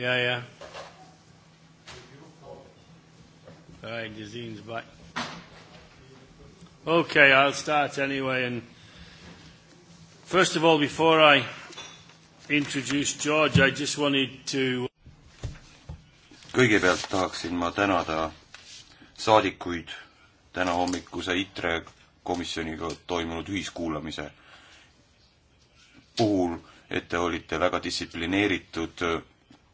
Yeah, yeah. All right, Gazine's back. Okay, I'll start anyway. And first of all, before I introduce George, I just wanted to kõigepealt tahaksin ma tänada saadikuid täna hommikuse ITRE komisjoniga toimunud ühiskuulamise puhul, et te olite väga distsiplineeritud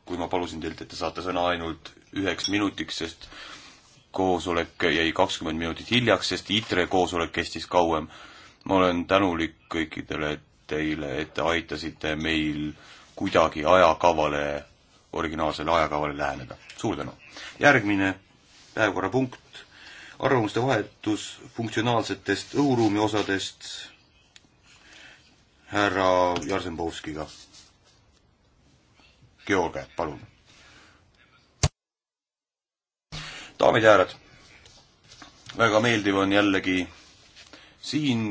kui ma palusin teilt, et te saate sõna ainult üheks minutiks, sest koosolek jäi kakskümmend minutit hiljaks, sest ITRE koosolek kestis kauem. ma olen tänulik kõikidele teile, et te aitasite meil kuidagi ajakavale, originaalsele ajakavale läheneda. suur tänu! järgmine päevakorrapunkt, arvamuste vahetus funktsionaalsetest õhuruumi osadest härra Jarzembovskiga Georgia, palun. daamid ja härrad, väga meeldiv on jällegi siin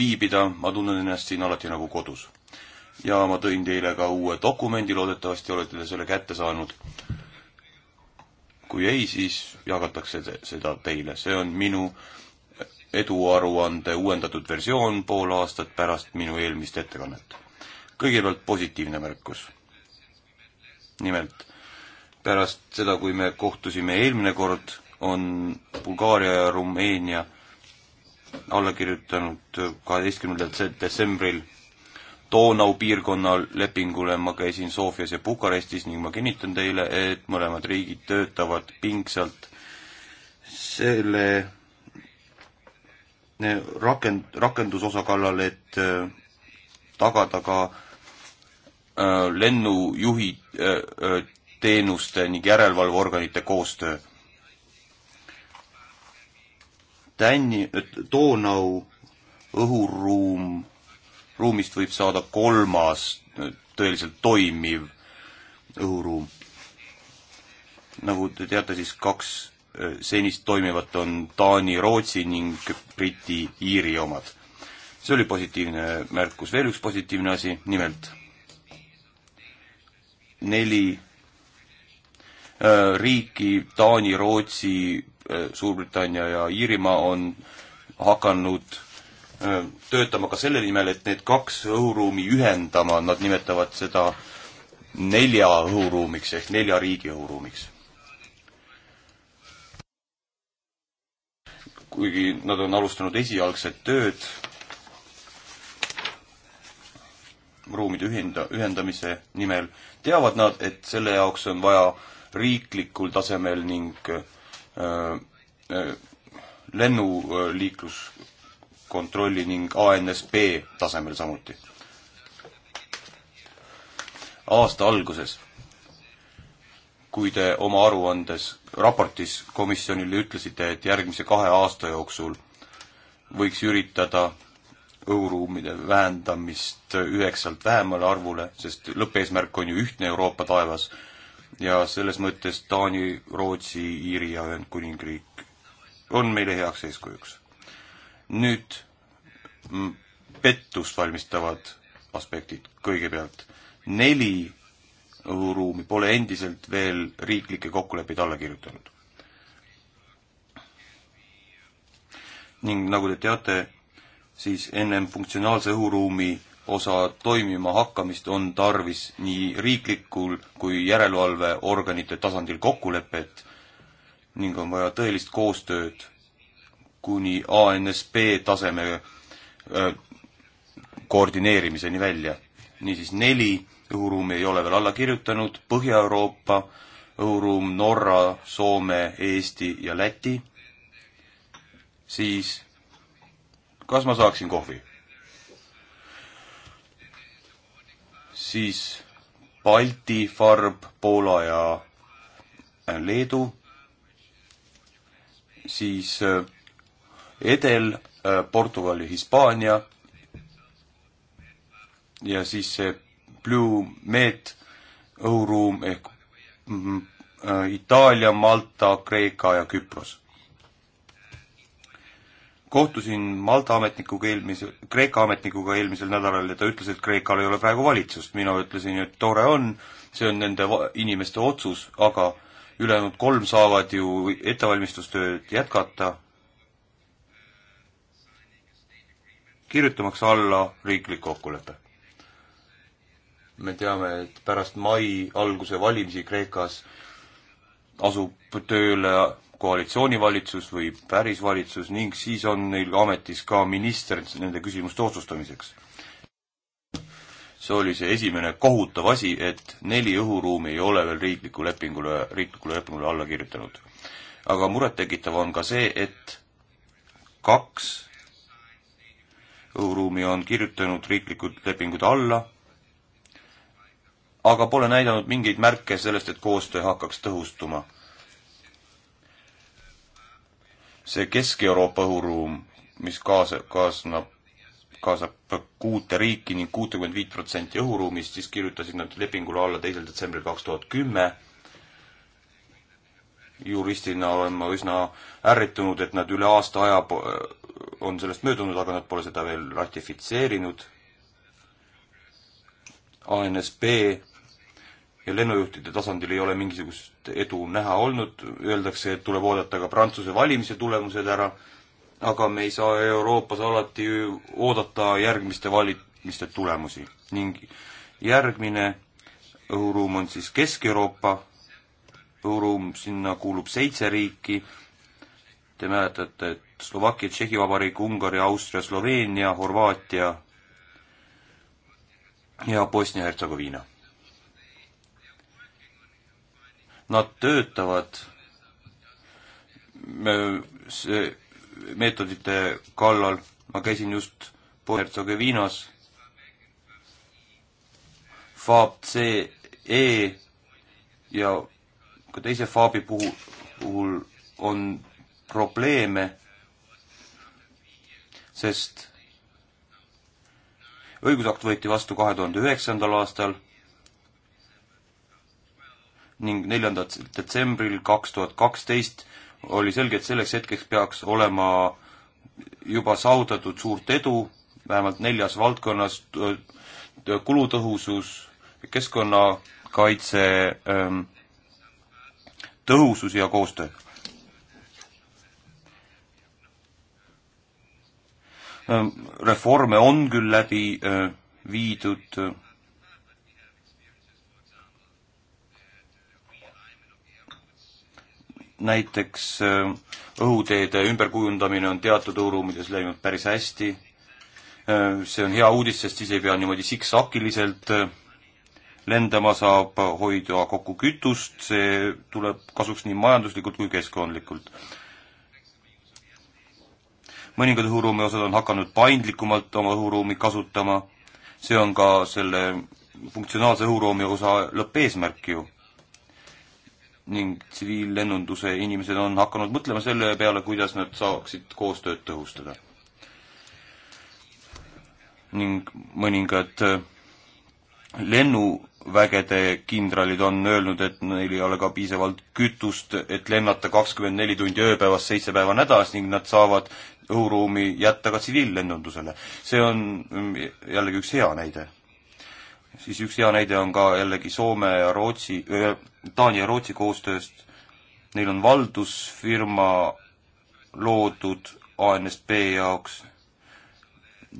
viibida, ma tunnen ennast siin alati nagu kodus. ja ma tõin teile ka uue dokumendi, loodetavasti olete te selle kätte saanud. kui ei, siis jagatakse seda teile, see on minu eduaruande uuendatud versioon pool aastat pärast minu eelmist ettekannet. kõigepealt positiivne märkus nimelt pärast seda, kui me kohtusime eelmine kord, on Bulgaaria ja Rumeenia alla kirjutanud kaheteistkümnendal detsembril Donau piirkonna lepingule, ma käisin Sofias ja Bukarestis ning ma kinnitan teile, et mõlemad riigid töötavad pingsalt selle rakend-, rakendusosakallal, et tagada ka -taga Äh, lennujuhi äh, äh, teenuste ning järelevalveorganite koostöö. Tänni, Donau õhuruum, ruumist võib saada kolmas tõeliselt toimiv õhuruum. nagu te teate, siis kaks senist toimivat on Taani, Rootsi ning Briti, Iiri omad. see oli positiivne märkus, veel üks positiivne asi, nimelt neli äh, riiki, Taani, Rootsi, äh, Suurbritannia ja Iirimaa on hakanud äh, töötama ka selle nimel, et need kaks õhuruumi ühendama, nad nimetavad seda nelja õhuruumiks ehk nelja riigi õhuruumiks. kuigi nad on alustanud esialgset tööd ruumide ühenda, ühendamise nimel teavad nad, et selle jaoks on vaja riiklikul tasemel ning öö, äh, öö, äh, lennuliikluskontrolli ning ANSB tasemel samuti. aasta alguses, kui te oma aruandes, raportis komisjonile ütlesite, et järgmise kahe aasta jooksul võiks üritada õhuruumide vähendamist üheksalt vähemale arvule, sest lõppeesmärk on ju ühtne Euroopa taevas. ja selles mõttes Taani, Rootsi, Iiri ja Ühendkuningriik on meile heaks eeskujuks. nüüd pettust valmistavad aspektid kõigepealt. neli õhuruumi pole endiselt veel riiklikke kokkuleppeid alla kirjutanud. ning nagu te teate, siis ennem funktsionaalse õhuruumi osa toimima hakkamist on tarvis nii riiklikul kui järelevalveorganite tasandil kokkulepet ning on vaja tõelist koostööd kuni ANSP taseme öö, koordineerimiseni välja. niisiis neli õhuruumi ei ole veel alla kirjutanud, Põhja-Euroopa õhuruum Norra, Soome, Eesti ja Läti, siis kas ma saaksin kohvi? siis Balti, Farb, Poola ja äh, Leedu, siis äh, Edel, äh, Portugal ja Hispaania ja siis see Blue Med õhuruum ehk mm, Itaalia, Malta, Kreeka ja Küpros kohtusin Malta ametnikuga eelmise, Kreeka ametnikuga eelmisel nädalal ja ta ütles, et Kreekal ei ole praegu valitsust, mina ütlesin, et tore on, see on nende inimeste otsus, aga ülejäänud kolm saavad ju ettevalmistustööd jätkata, kirjutamaks alla riiklik kokkulepe. me teame, et pärast mai alguse valimisi Kreekas asub tööle koalitsioonivalitsus või päris valitsus ning siis on neil ametis ka minister nende küsimuste otsustamiseks. see oli see esimene kohutav asi, et neli õhuruumi ei ole veel riikliku lepingule, riiklikule lepingule alla kirjutanud. aga murettekitav on ka see, et kaks õhuruumi on kirjutanud riiklikud lepingud alla, aga pole näidanud mingeid märke sellest, et koostöö hakkaks tõhustuma see Kesk-Euroopa õhuruum, mis kaasa, kaasnab, kaasab kuute riiki ning kuutekümmend viit protsenti õhuruumist, siis kirjutasid nad lepingule alla teisel detsembril kaks tuhat kümme. juristina olen ma üsna ärritunud, et nad üle aasta aja on sellest möödunud, aga nad pole seda veel ratifitseerinud. ANSB ja lennujuhtide tasandil ei ole mingisugust edu näha olnud, öeldakse, et tuleb oodata ka Prantsuse valimise tulemused ära, aga me ei saa Euroopas alati oodata järgmiste valimiste tulemusi ning järgmine õhuruum on siis Kesk-Euroopa õhuruum, sinna kuulub seitse riiki, te mäletate, et Slovakkia, Tšehhi Vabariik, Ungari, Austria, Sloveenia, Horvaatia ja Bosnia-Hertsegoviina Nad töötavad see meetodite kallal, ma käisin just Herzegoviinas, FAB-CE ja ka teise FAB-i puhul, puhul on probleeme, sest õigusakt võeti vastu kahe tuhande üheksandal aastal ning neljandat detsembril kaks tuhat kaksteist oli selge, et selleks hetkeks peaks olema juba saavutatud suurt edu, vähemalt neljas valdkonnas, kulutõhusus, keskkonnakaitse, ähm, tõhusus ja koostöö. Ähm, reforme on küll läbi äh, viidud äh, näiteks äh, õhuteede ümberkujundamine on teatud õhuruumides läinud päris hästi, äh, see on hea uudis, sest siis ei pea niimoodi siksakiliselt äh, lendama, saab hoida kokku kütust, see tuleb kasuks nii majanduslikult kui keskkondlikult. mõningad õhuruumi osad on hakanud paindlikumalt oma õhuruumi kasutama, see on ka selle funktsionaalse õhuruumi osa lõppeesmärk ju ning tsiviillennunduse inimesed on hakanud mõtlema selle peale, kuidas nad saaksid koostööd tõhustada. ning mõningad äh, lennuvägede kindralid on öelnud, et neil ei ole ka piisavalt kütust, et lennata kakskümmend neli tundi ööpäevas, seitse päeva nädalas ning nad saavad õhuruumi jätta ka tsiviillennundusele. see on mm, jällegi üks hea näide siis üks hea näide on ka jällegi Soome ja Rootsi, Taani ja Rootsi koostööst. Neil on valdusfirma loodud ANSB jaoks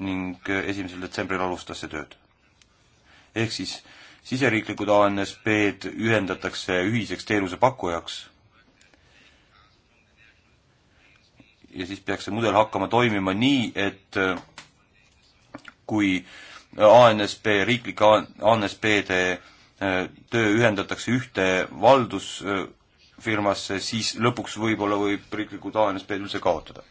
ning esimesel detsembril alustas see tööd. ehk siis siseriiklikud ANSB-d ühendatakse ühiseks teenusepakkujaks ja siis peaks see mudel hakkama toimima nii, et kui äh, ANSP, riiklike ANSP-de eh, töö ühendatakse ühte valdusfirmasse, siis lõpuks võib-olla võib riiklikud ANSP-d üldse kaotada.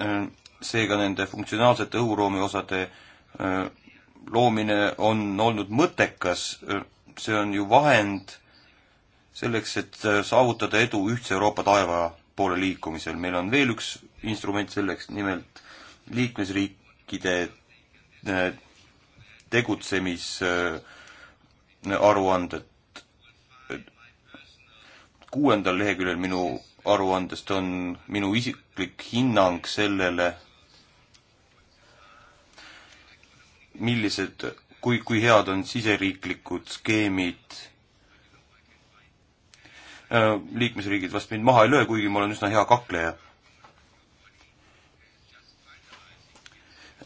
Eh, seega nende funktsionaalsete õhuruumi osade eh, loomine on olnud mõttekas, see on ju vahend selleks, et saavutada edu ühtse Euroopa taeva poole liikumisel. meil on veel üks instrument selleks, nimelt liikmesriikide äh, tegutsemisaruanded. Äh, kuuendal leheküljel minu aruandest on minu isiklik hinnang sellele, millised, kui, kui head on siseriiklikud skeemid Äh, liikmesriigid vast mind maha ei löö, kuigi ma olen üsna hea kakleja.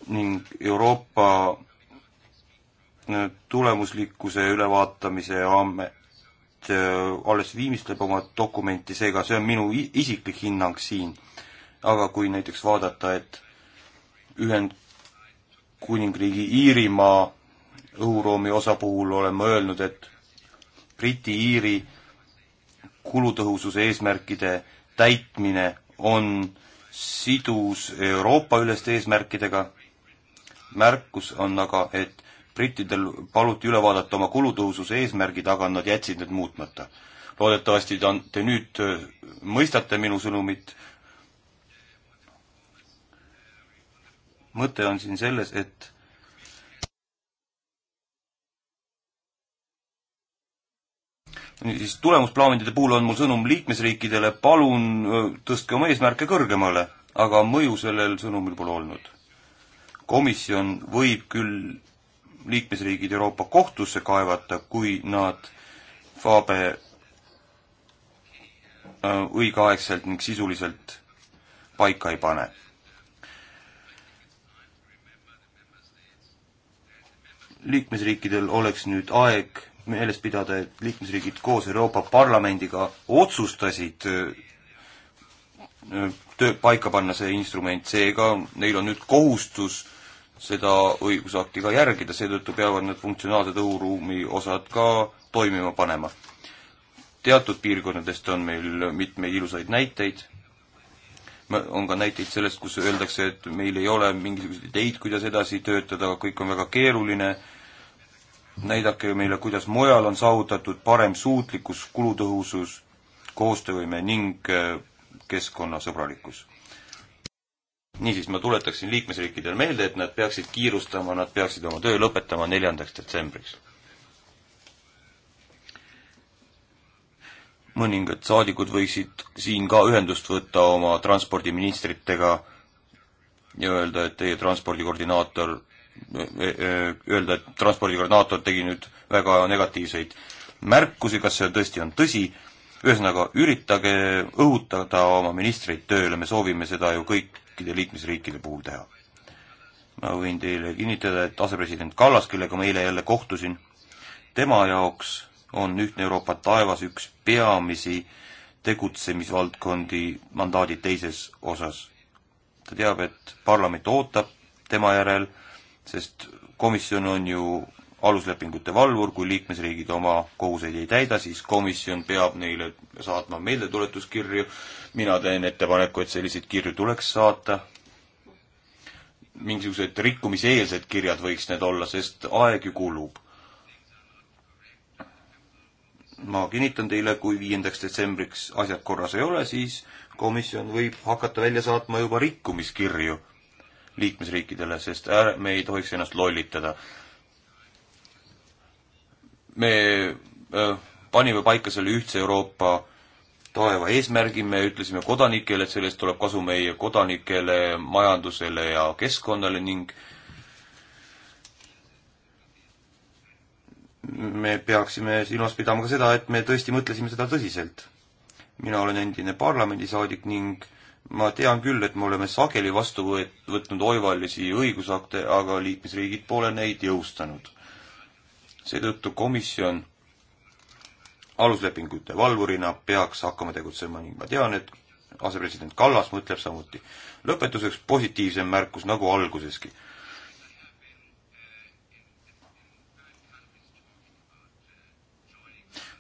ning Euroopa äh, tulemuslikkuse ülevaatamise amet äh, alles viimistleb oma dokumenti, seega see on minu isiklik hinnang siin. aga kui näiteks vaadata, et Ühendkuningriigi Iirimaa õhuruumi osa puhul olen ma öelnud, et Briti-Iiri kulutõhususe eesmärkide täitmine on sidus Euroopa üleste eesmärkidega. märkus on aga, et brittidel paluti üle vaadata oma kulutõhususe eesmärgid, aga nad jätsid need muutmata. loodetavasti ta on, te nüüd äh, mõistate minu sõnumit. mõte on siin selles, et siis tulemusplaanide puhul on mul sõnum liikmesriikidele, palun tõstke oma eesmärke kõrgemale, aga mõju sellel sõnumil pole olnud. komisjon võib küll liikmesriigid Euroopa kohtusse kaevata, kui nad Fabe õigeaegselt ning sisuliselt paika ei pane. liikmesriikidel oleks nüüd aeg meeles pidada, et liikmesriigid koos Euroopa Parlamendiga otsustasid äh, töö, paika panna see instrument, seega neil on nüüd kohustus seda õigusakti ka järgida, seetõttu peavad need funktsionaalsed õhuruumi osad ka toimima panema. teatud piirkondadest on meil mitmeid ilusaid näiteid, on ka näiteid sellest, kus öeldeks, et meil ei ole mingisuguseid ideid, kuidas edasi töötada, kõik on väga keeruline, näidake meile, kuidas mujal on saavutatud parem suutlikkus, kulutõhusus, koostöövõime ning äh, keskkonnasõbralikkus. niisiis, ma tuletaksin liikmesriikidele meelde, et nad peaksid kiirustama, nad peaksid oma töö lõpetama neljandaks detsembriks. mõningad saadikud võiksid siin ka ühendust võtta oma transpordiministritega ja öelda, et teie transpordikoordinaator Äh, äh, öelda, et transpordikoordinaator tegi nüüd väga negatiivseid märkusi, kas see tõesti on tõsi, ühesõnaga üritage õhutada oma ministreid tööle, me soovime seda ju kõikide liikmesriikide puhul teha. ma võin teile kinnitada, et asepresident Kallas, kellega ma eile jälle kohtusin, tema jaoks on Ühtne Euroopa taevas üks peamisi tegutsemisvaldkondi mandaadi teises osas. ta teab, et parlament ootab tema järel sest komisjon on ju aluslepingute valvur, kui liikmesriigid oma kohuseid ei täida, siis komisjon peab neile saatma meeldetuletuskirju, mina teen ettepaneku, et selliseid kirju tuleks saata, mingisugused rikkumiseelsed kirjad võiks need olla, sest aeg ju kulub. ma kinnitan teile, kui viiendaks detsembriks asjad korras ei ole, siis komisjon võib hakata välja saatma juba rikkumiskirju liikmesriikidele, sest ääre, me ei tohiks ennast lollitada. me äh, panime paika selle ühtse Euroopa taeva eesmärgi, me ütlesime kodanikele, et sellest tuleb kasu meie kodanikele, majandusele ja keskkonnale ning me peaksime silmas pidama ka seda, et me tõesti mõtlesime seda tõsiselt. mina olen endine parlamendisaadik ning ma tean küll, et me oleme sageli vastu võet-, võtnud oivalisi õigusakte, aga liikmesriigid pole neid jõustanud. seetõttu komisjon aluslepingute valvurina peaks hakkama tegutsema ning ma tean, et asepresident Kallas mõtleb samuti. lõpetuseks positiivsem märkus nagu alguseski.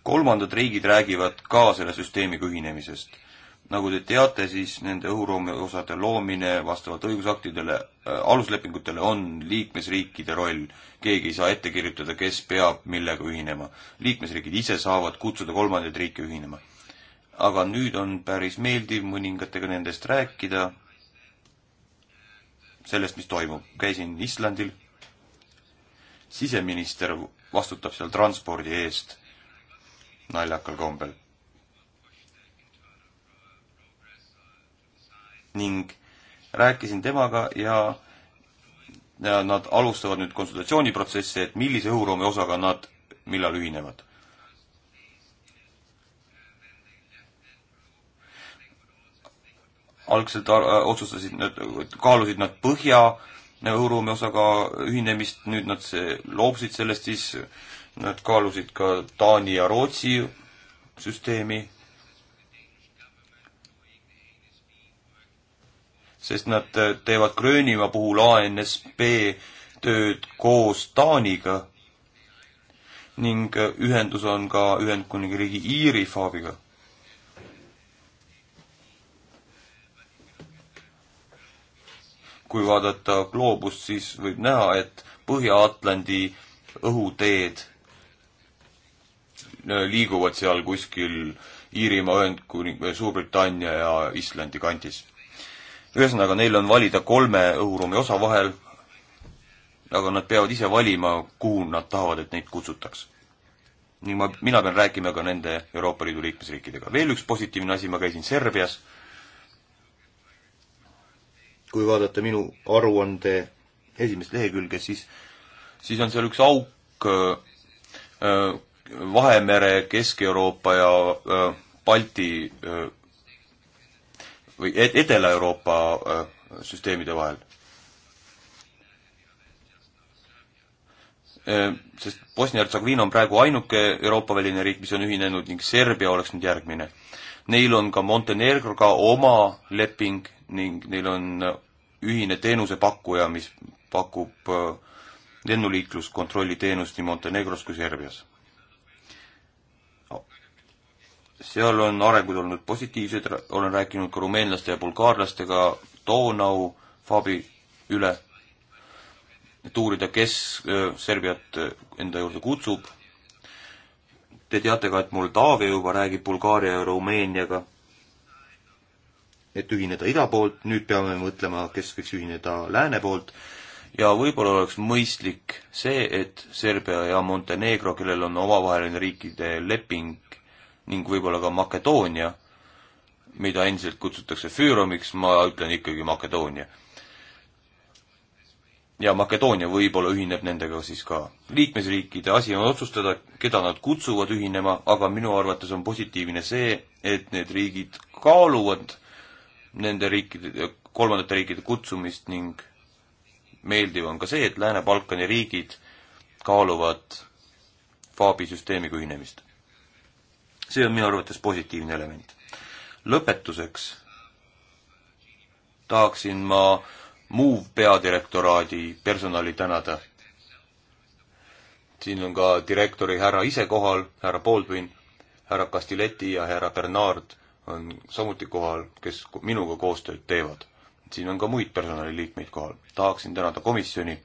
kolmandad riigid räägivad ka selle süsteemiga ühinemisest nagu te teate, siis nende õhuruumi osade loomine vastavalt õigusaktidele äh,, aluslepingutele on liikmesriikide roll. keegi ei saa ette kirjutada, kes peab millega ühinema. liikmesriigid ise saavad kutsuda kolmandaid riike ühinema. aga nüüd on päris meeldiv mõningatega nendest rääkida, sellest, mis toimub. käisin Islandil, siseminister vastutab seal transpordi eest naljakal kombel ning rääkisin temaga ja ja nad alustavad nüüd konsultatsiooniprotsessi, et millise õhuruumi osaga nad millal ühinevad. algselt otsustasid nad, kaalusid nad põhja õhuruumi osaga ühinemist, nüüd nad see, loobusid sellest, siis nad kaalusid ka Taani ja Rootsi süsteemi sest nad äh, teevad Gröönimaa puhul ANSB tööd koos Taaniga ning äh, ühendus on ka Ühendkuningriigi Iiri faabiga. kui vaadata gloobust, siis võib näha, et Põhja-Atlandi õhuteed äh, liiguvad seal kuskil Iirimaa, Ühendkuning-, Suurbritannia ja Islandi kandis ühesõnaga, neil on valida kolme õhuruumi osa vahel, aga nad peavad ise valima, kuhu nad tahavad, et neid kutsutaks. ning ma, mina pean rääkima ka nende Euroopa Liidu liikmesriikidega. veel üks positiivne asi, ma käisin Serbias, kui vaadata minu aruande esimest lehekülge, siis, siis on seal üks auk öö, äh, äh, Vahemere, Kesk-Euroopa ja öö, äh, Balti öö, või e-, Edela-Euroopa äh, süsteemide vahel. Äh, sest Bosnia-Hertsegoviina on praegu ainuke Euroopa-väline riik, mis on ühinenud ning Serbia oleks nüüd järgmine. Neil on ka Montenegroga oma leping ning neil on äh, ühine teenusepakkuja, mis pakub lennuliikluskontrolli teenust nii Montenegros kui Serbias seal on arengud olnud positiivsed, olen rääkinud ka rumeenlaste ja bulgaarlastega Donau Fabi üle, et uurida, kes äh, Serbiat äh, enda juurde kutsub. Te teate ka, et Moldaavia juba räägib Bulgaaria ja Rumeeniaga, et ühineda ida poolt, nüüd peame mõtlema, kes võiks ühineda lääne poolt ja võib-olla oleks mõistlik see, et Serbia ja Montenegro, kellel on omavaheline riikide leping, ning võib-olla ka Makedoonia, mida endiselt kutsutakse Füüromiks, ma ütlen ikkagi Makedoonia. ja Makedoonia võib-olla ühineb nendega siis ka. liikmesriikide asi on otsustada, keda nad kutsuvad ühinema, aga minu arvates on positiivne see, et need riigid kaaluvad nende riikide, kolmandate riikide kutsumist ning meeldiv on ka see, et Lääne-Balkani riigid kaaluvad FAB-i süsteemiga ühinemist see on minu arvates positiivne element. lõpetuseks tahaksin ma muu peadirektoraadi personali tänada. siin on ka direktori härra ise kohal, härra Baldwin, härra Castiletti ja härra Bernard on samuti kohal, kes minuga koostööd teevad. siin on ka muid personaliliikmeid kohal. tahaksin tänada komisjoni,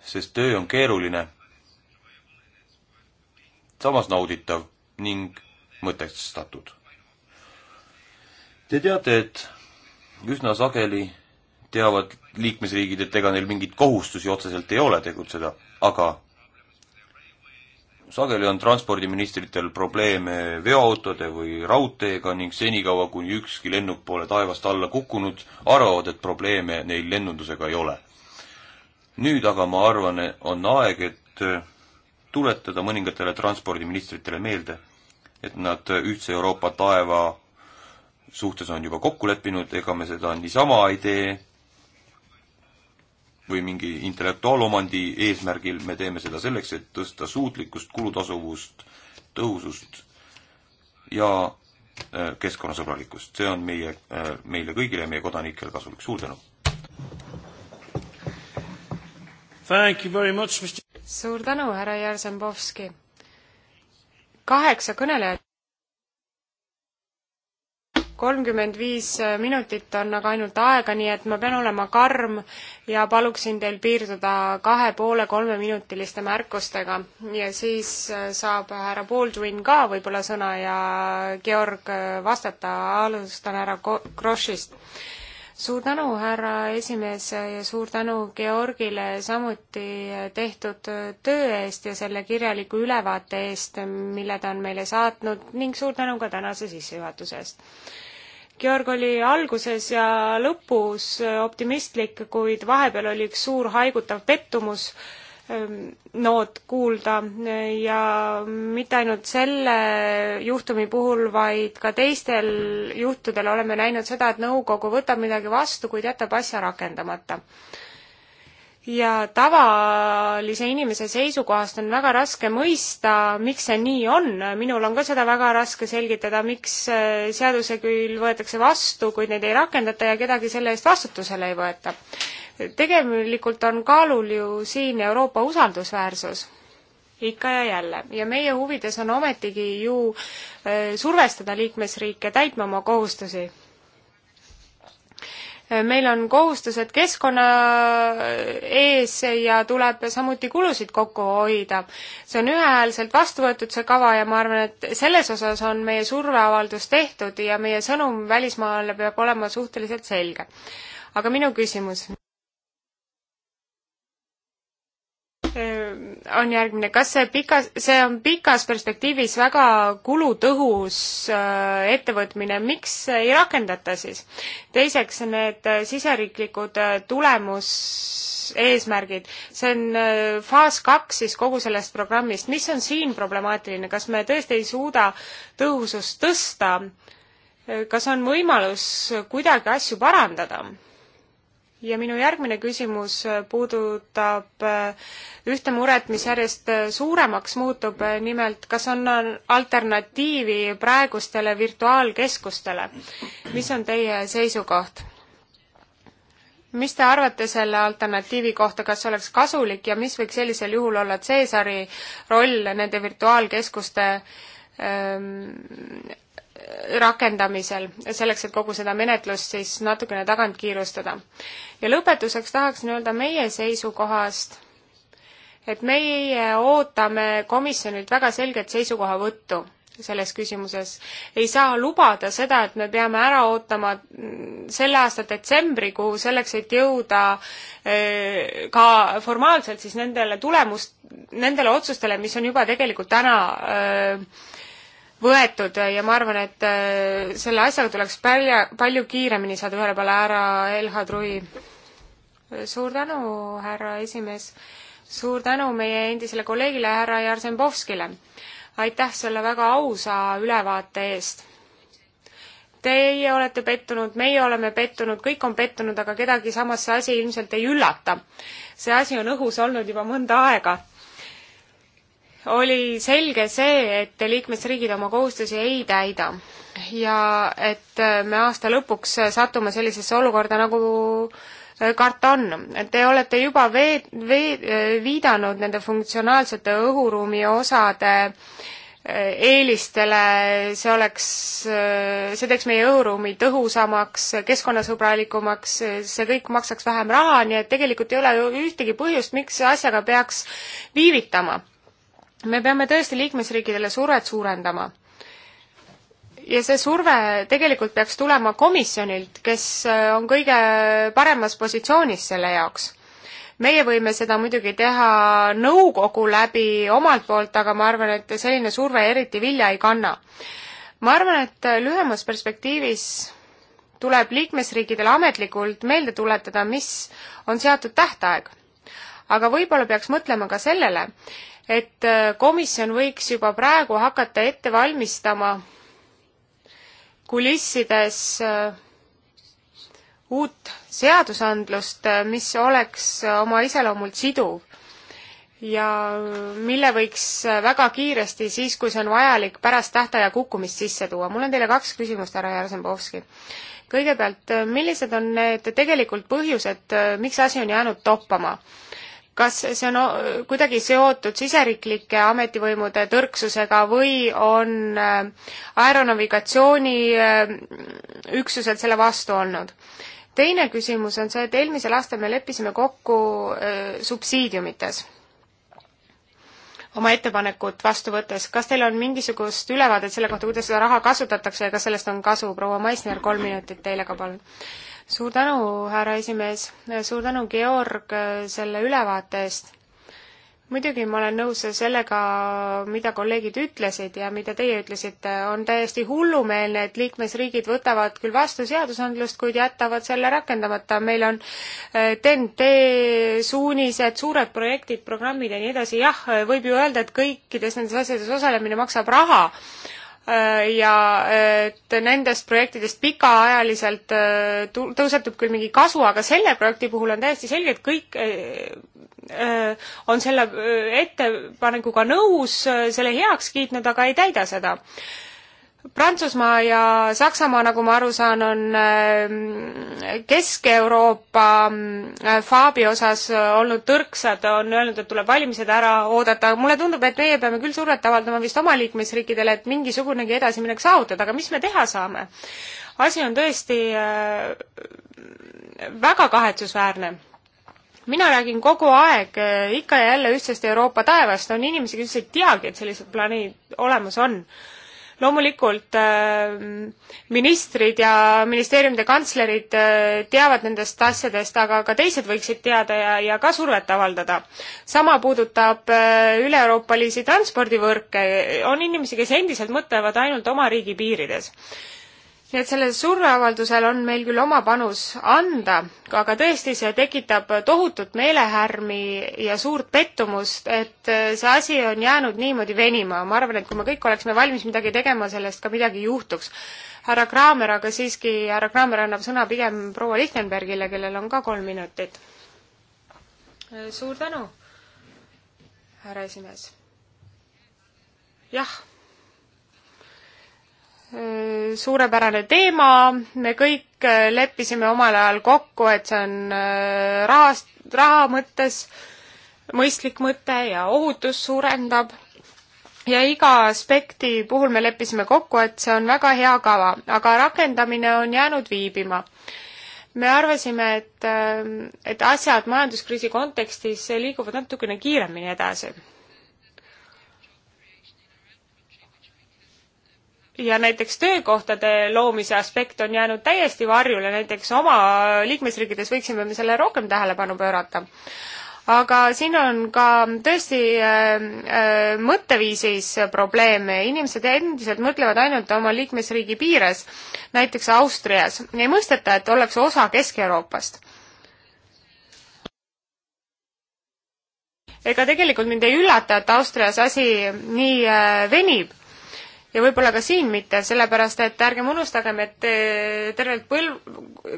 sest töö on keeruline, samas nauditav ning mõtestatud. Te teate, et üsna sageli teavad liikmesriigid, et ega neil mingeid kohustusi otseselt ei ole tegutseda, aga sageli on transpordiministritel probleeme veoautode või raudteega ning senikaua, kuni ükski lennuk pole taevast alla kukkunud, arvavad, et probleeme neil lennundusega ei ole. nüüd aga ma arvan, on aeg, et tuletada mõningatele transpordiministritele meelde, et nad ühtse Euroopa taeva suhtes on juba kokku leppinud, ega me seda niisama ei tee või mingi intellektuaalomandi eesmärgil, me teeme seda selleks, et tõsta suutlikkust, kulutasuvust, tõhusust ja äh, keskkonnasõbralikkust. see on meie, äh, meile kõigile ja meie kodanikele kasulik. suur tänu! suur tänu, härra Jarzembovski. kaheksa kõnelejat. kolmkümmend viis äh, minutit on aga ainult aega, nii et ma pean olema karm ja paluksin teil piirduda kahe poole kolmeminutiliste märkustega ja siis äh, saab härra Baldwin ka võib-olla sõna ja Georg äh, vastata, alustan härra Grossist. Kroshist suur tänu, härra esimees ja suur tänu Georgile samuti tehtud töö eest ja selle kirjaliku ülevaate eest, mille ta on meile saatnud ning suur tänu ka tänase sissejuhatuse eest. Georg oli alguses ja lõpus optimistlik, kuid vahepeal oli üks suur haigutav pettumus Ähm, noot kuulda ja mitte ainult selle juhtumi puhul, vaid ka teistel juhtudel oleme näinud seda, et nõukogu võtab midagi vastu, kuid jätab asja rakendamata. ja tavalise inimese seisukohast on väga raske mõista, miks see nii on, minul on ka seda väga raske selgitada, miks äh, seaduse küll võetakse vastu, kuid neid ei rakendata ja kedagi selle eest vastutusele ei võeta tegelikult on kaalul ju siin Euroopa usaldusväärsus ikka ja jälle ja meie huvides on ometigi ju äh, survestada liikmesriike täitma oma kohustusi. Äh, meil on kohustused keskkonna äh, ees ja tuleb samuti kulusid kokku hoida. see on ühehäälselt vastu võetud, see kava, ja ma arvan, et selles osas on meie surveavaldus tehtud ja meie sõnum välismaale peab olema suhteliselt selge. aga minu küsimus Ehm, on järgmine, kas see pikas, see on pikas perspektiivis väga kulutõhus äh, ettevõtmine, miks ei rakendata siis? teiseks, need äh, siseriiklikud äh, tulemus eesmärgid, see on faas kaks siis kogu sellest programmist, mis on siin problemaatiline, kas me tõesti ei suuda tõhusust tõsta, kas on võimalus kuidagi asju parandada? ja minu järgmine küsimus puudutab äh, ühte muret, mis järjest äh, suuremaks muutub, äh, nimelt kas on alternatiivi praegustele virtuaalkeskustele? mis on teie seisukoht? mis te arvate selle alternatiivi kohta, kas oleks kasulik ja mis võiks sellisel juhul olla Caesari roll nende virtuaalkeskuste ähm, rakendamisel, selleks, et kogu seda menetlust siis natukene tagant kiirustada. ja lõpetuseks tahaksin öelda meie seisukohast, et meie ootame komisjonilt väga selget seisukohavõttu selles küsimuses. ei saa lubada seda, et me peame ära ootama mm, selle aasta detsembrikuu selleks, et jõuda äh, ka formaalselt siis nendele tulemust, nendele otsustele, mis on juba tegelikult täna öö, äh, võetud ja ma arvan, et äh, selle asjaga tuleks palja, palju kiiremini saada ühele poole ära LH Trui. suur tänu, härra esimees. suur tänu meie endisele kolleegile, härra Jarzembovskile. aitäh selle väga ausa ülevaate eest. Teie olete pettunud, meie oleme pettunud, kõik on pettunud, aga kedagi samas see asi ilmselt ei üllata. see asi on õhus olnud juba mõnda aega oli selge see, et liikmesriigid oma kohustusi ei täida ja et äh, me aasta lõpuks äh, satume sellisesse olukorda, nagu äh, karta on. Te olete juba vee-, vee-, viidanud nende funktsionaalsete õhuruumi osade eelistele, see oleks, see teeks meie õhuruumi tõhusamaks, keskkonnasõbralikumaks, see kõik maksaks vähem raha, nii et tegelikult ei ole ju ühtegi põhjust, miks asjaga peaks viivitama me peame tõesti liikmesriikidele survet suurendama. ja see surve tegelikult peaks tulema komisjonilt, kes äh, on kõige paremas positsioonis selle jaoks. meie võime seda muidugi teha nõukogu läbi omalt poolt, aga ma arvan, et selline surve eriti vilja ei kanna. ma arvan, et lühemas perspektiivis tuleb liikmesriikidele ametlikult meelde tuletada, mis on seatud tähtaeg. aga võib-olla peaks mõtlema ka sellele, et äh, komisjon võiks juba praegu hakata ette valmistama kulissides äh, uut seadusandlust, äh, mis oleks oma iseloomult siduv ja mille võiks väga kiiresti, siis kui see on vajalik, pärast tähtaja kukkumist sisse tuua. mul on teile kaks küsimust, härra Jarzembovski. kõigepealt, millised on need tegelikult põhjused, miks asi on jäänud toppama? kas see on kuidagi seotud siseriiklike ametivõimude tõrksusega või on äh, aeronavigatsiooni äh, üksused selle vastu olnud? teine küsimus on see, et eelmisel aastal me leppisime kokku äh, subsiidiumites oma ettepanekut vastu võttes. kas teil on mingisugust ülevaadet selle kohta, kuidas seda raha kasutatakse ja kas sellest on kasu? proua Maisner, kolm minutit teile ka palun suur tänu, härra esimees, suur tänu, Georg, selle ülevaate eest. muidugi ma olen nõus sellega, mida kolleegid ütlesid ja mida teie ütlesite, on täiesti hullumeelne, et liikmesriigid võtavad küll vastu seadusandlust, kuid jätavad selle rakendamata. meil on TNT eh, suunised, suured projektid, programmid ja nii edasi, jah, võib ju öelda, et kõikides nendes asjades osalemine maksab raha Äh, ja äh, et nendest projektidest pikaajaliselt äh, tõusetub küll mingi kasu, aga selle projekti puhul on täiesti selge, et kõik on selle ettepanekuga nõus, selle heaks kiitnud, aga ei täida seda Prantsusmaa ja Saksamaa, nagu ma aru saan, on ähm, Kesk-Euroopa äh, faabi osas olnud tõrksad, on öelnud, et tuleb valimised ära oodata, mulle tundub, et meie peame küll survet avaldama vist oma liikmesriikidele, et mingisugunegi edasiminek saavutada, aga mis me teha saame? asi on tõesti äh, väga kahetsusväärne mina räägin kogu aeg äh, ikka ja jälle ühtsest Euroopa taevast, on inimesi, kes ei teagi, et sellised planeedid olemas on loomulikult äh, ministrid ja ministeeriumide kantslerid äh, teavad nendest asjadest, aga ka teised võiksid teada ja, ja ka survet avaldada. sama puudutab äh, üle-euroopalisi transpordivõrke, on inimesi, kes endiselt mõtlevad ainult oma riigi piirides nii et sellel surveavaldusel on meil küll oma panus anda, aga tõesti, see tekitab tohutut meelehärmi ja suurt pettumust, et äh, see asi on jäänud niimoodi venima. ma arvan, et kui me kõik oleksime valmis midagi tegema, sellest ka midagi juhtuks. härra Kraamer aga siiski, härra Kraamer annab sõna pigem proua Lichtenbergile, kellel on ka kolm minutit. suur tänu, härra esimees. jah Äh, suurepärane teema, me kõik äh, leppisime omal ajal kokku, et see on äh, rahast, raha mõttes mõistlik mõte ja ohutus suurendab. ja iga aspekti puhul me leppisime kokku, et see on väga hea kava, aga rakendamine on jäänud viibima. me arvasime, et, et asjad majanduskriisi kontekstis liiguvad natukene kiiremini edasi ja näiteks töökohtade loomise aspekt on jäänud täiesti varjule, näiteks oma liikmesriikides võiksime me selle rohkem tähelepanu pöörata. aga siin on ka tõesti äh, äh, mõtteviisis probleeme, inimesed endiselt mõtlevad ainult oma liikmesriigi piires, näiteks Austrias, ei mõisteta, et ollakse osa Kesk-Euroopast ega tegelikult mind ei üllata, et Austrias asi nii äh, venib ja võib-olla ka siin mitte, sellepärast et ärgem unustagem, et eh, tervelt põlv,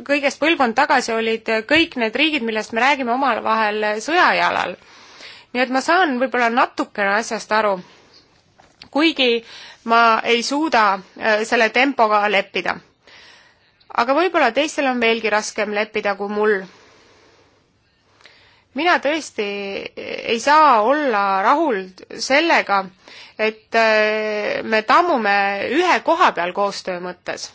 kõigest põlvkond tagasi olid kõik need riigid, millest me räägime, omavahel sõjajalal. nii et ma saan võib-olla natukene asjast aru, kuigi ma ei suuda eh, selle tempoga leppida. aga võib-olla teistel on veelgi raskem leppida kui mul mina tõesti ei saa olla rahul sellega, et äh, me tammume ühe koha peal koostöö mõttes.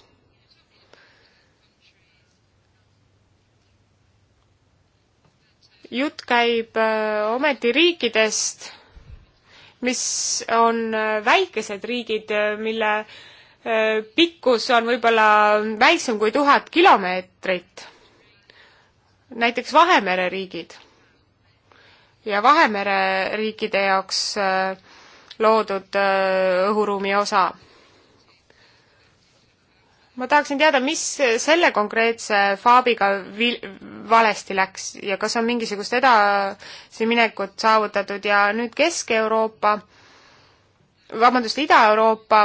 jutt käib äh, ometi riikidest, mis on äh, väikesed riigid, mille pikkus on võib-olla väiksem kui tuhat kilomeetrit. näiteks Vahemere riigid ja Vahemere riikide jaoks äh, loodud äh, õhuruumi osa. ma tahaksin teada, mis selle konkreetse Faabiga vil-, valesti läks ja kas on mingisugust edasiminekut saavutatud ja nüüd Kesk-Euroopa, vabandust, Ida-Euroopa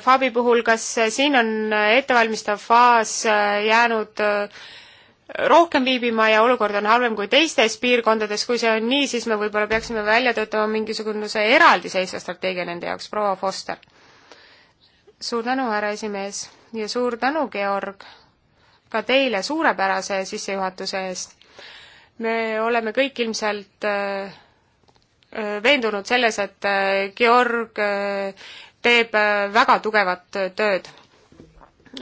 Faabi puhul, kas siin on ettevalmistav faas äh, jäänud äh, rohkem viibima ja olukord on halvem kui teistes piirkondades, kui see on nii, siis me võib-olla peaksime välja töötama mingisuguse eraldiseisva strateegia nende jaoks, proua Foster. suur tänu, härra esimees, ja suur tänu, Georg, ka teile suurepärase sissejuhatuse eest. me oleme kõik ilmselt äh, äh veendunud selles, et Georg teeb äh, väga tugevat tööd.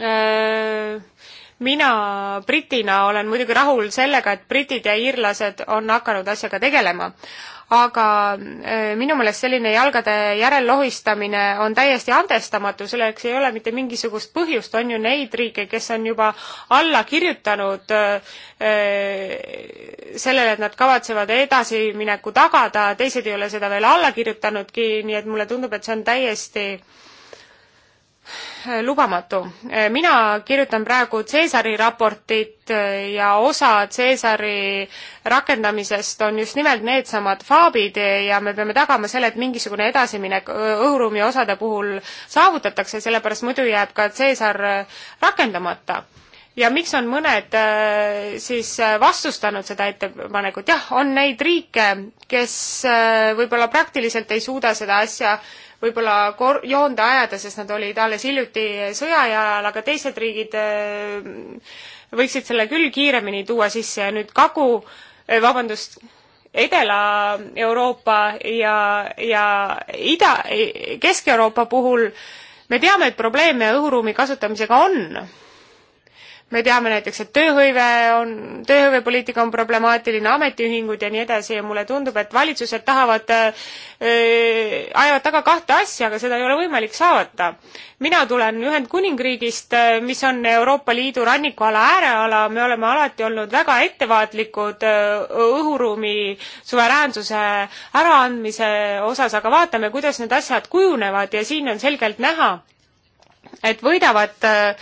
Äh, mina britina olen muidugi rahul sellega, et britid ja iirlased on hakanud asjaga tegelema, aga äh, minu meelest selline jalgade järel lohistamine on täiesti andestamatu, selleks ei ole mitte mingisugust põhjust, on ju neid riike, kes on juba alla kirjutanud äh, äh, sellele, et nad kavatsevad edasimineku tagada, teised ei ole seda veel alla kirjutanudki, nii et mulle tundub, et see on täiesti äh, lubamatu. mina kirjutan praegu Caesari raportit äh, ja osa Caesari rakendamisest on just nimelt needsamad faabid äh, ja me peame tagama selle, et mingisugune edasiminek äh, õhuruumi osade puhul saavutatakse, sellepärast muidu jääb ka Caesar rakendamata ja miks on mõned äh, siis äh, vastustanud seda ettepanekut, jah, on neid riike, kes äh, võib-olla praktiliselt ei suuda seda asja võib-olla kor-, joonde ajada, sest nad olid alles hiljuti sõjaja ajal, aga teised riigid võiksid selle küll kiiremini tuua sisse ja nüüd Kagu, vabandust, Edela-Euroopa ja, ja Ida, Kesk-Euroopa puhul me teame, et probleeme õhuruumi kasutamisega on me teame näiteks, et tööhõive on, tööhõivepoliitika on problemaatiline, ametiühingud ja nii edasi ja mulle tundub, et valitsused tahavad äh,, ajavad taga kahte asja, aga seda ei ole võimalik saavutada. mina tulen Ühendkuningriigist, mis on Euroopa Liidu rannikuala ääreala, me oleme alati olnud väga ettevaatlikud õhuruumi suveräänsuse äraandmise osas, aga vaatame, kuidas need asjad kujunevad ja siin on selgelt näha, et võidavad äh,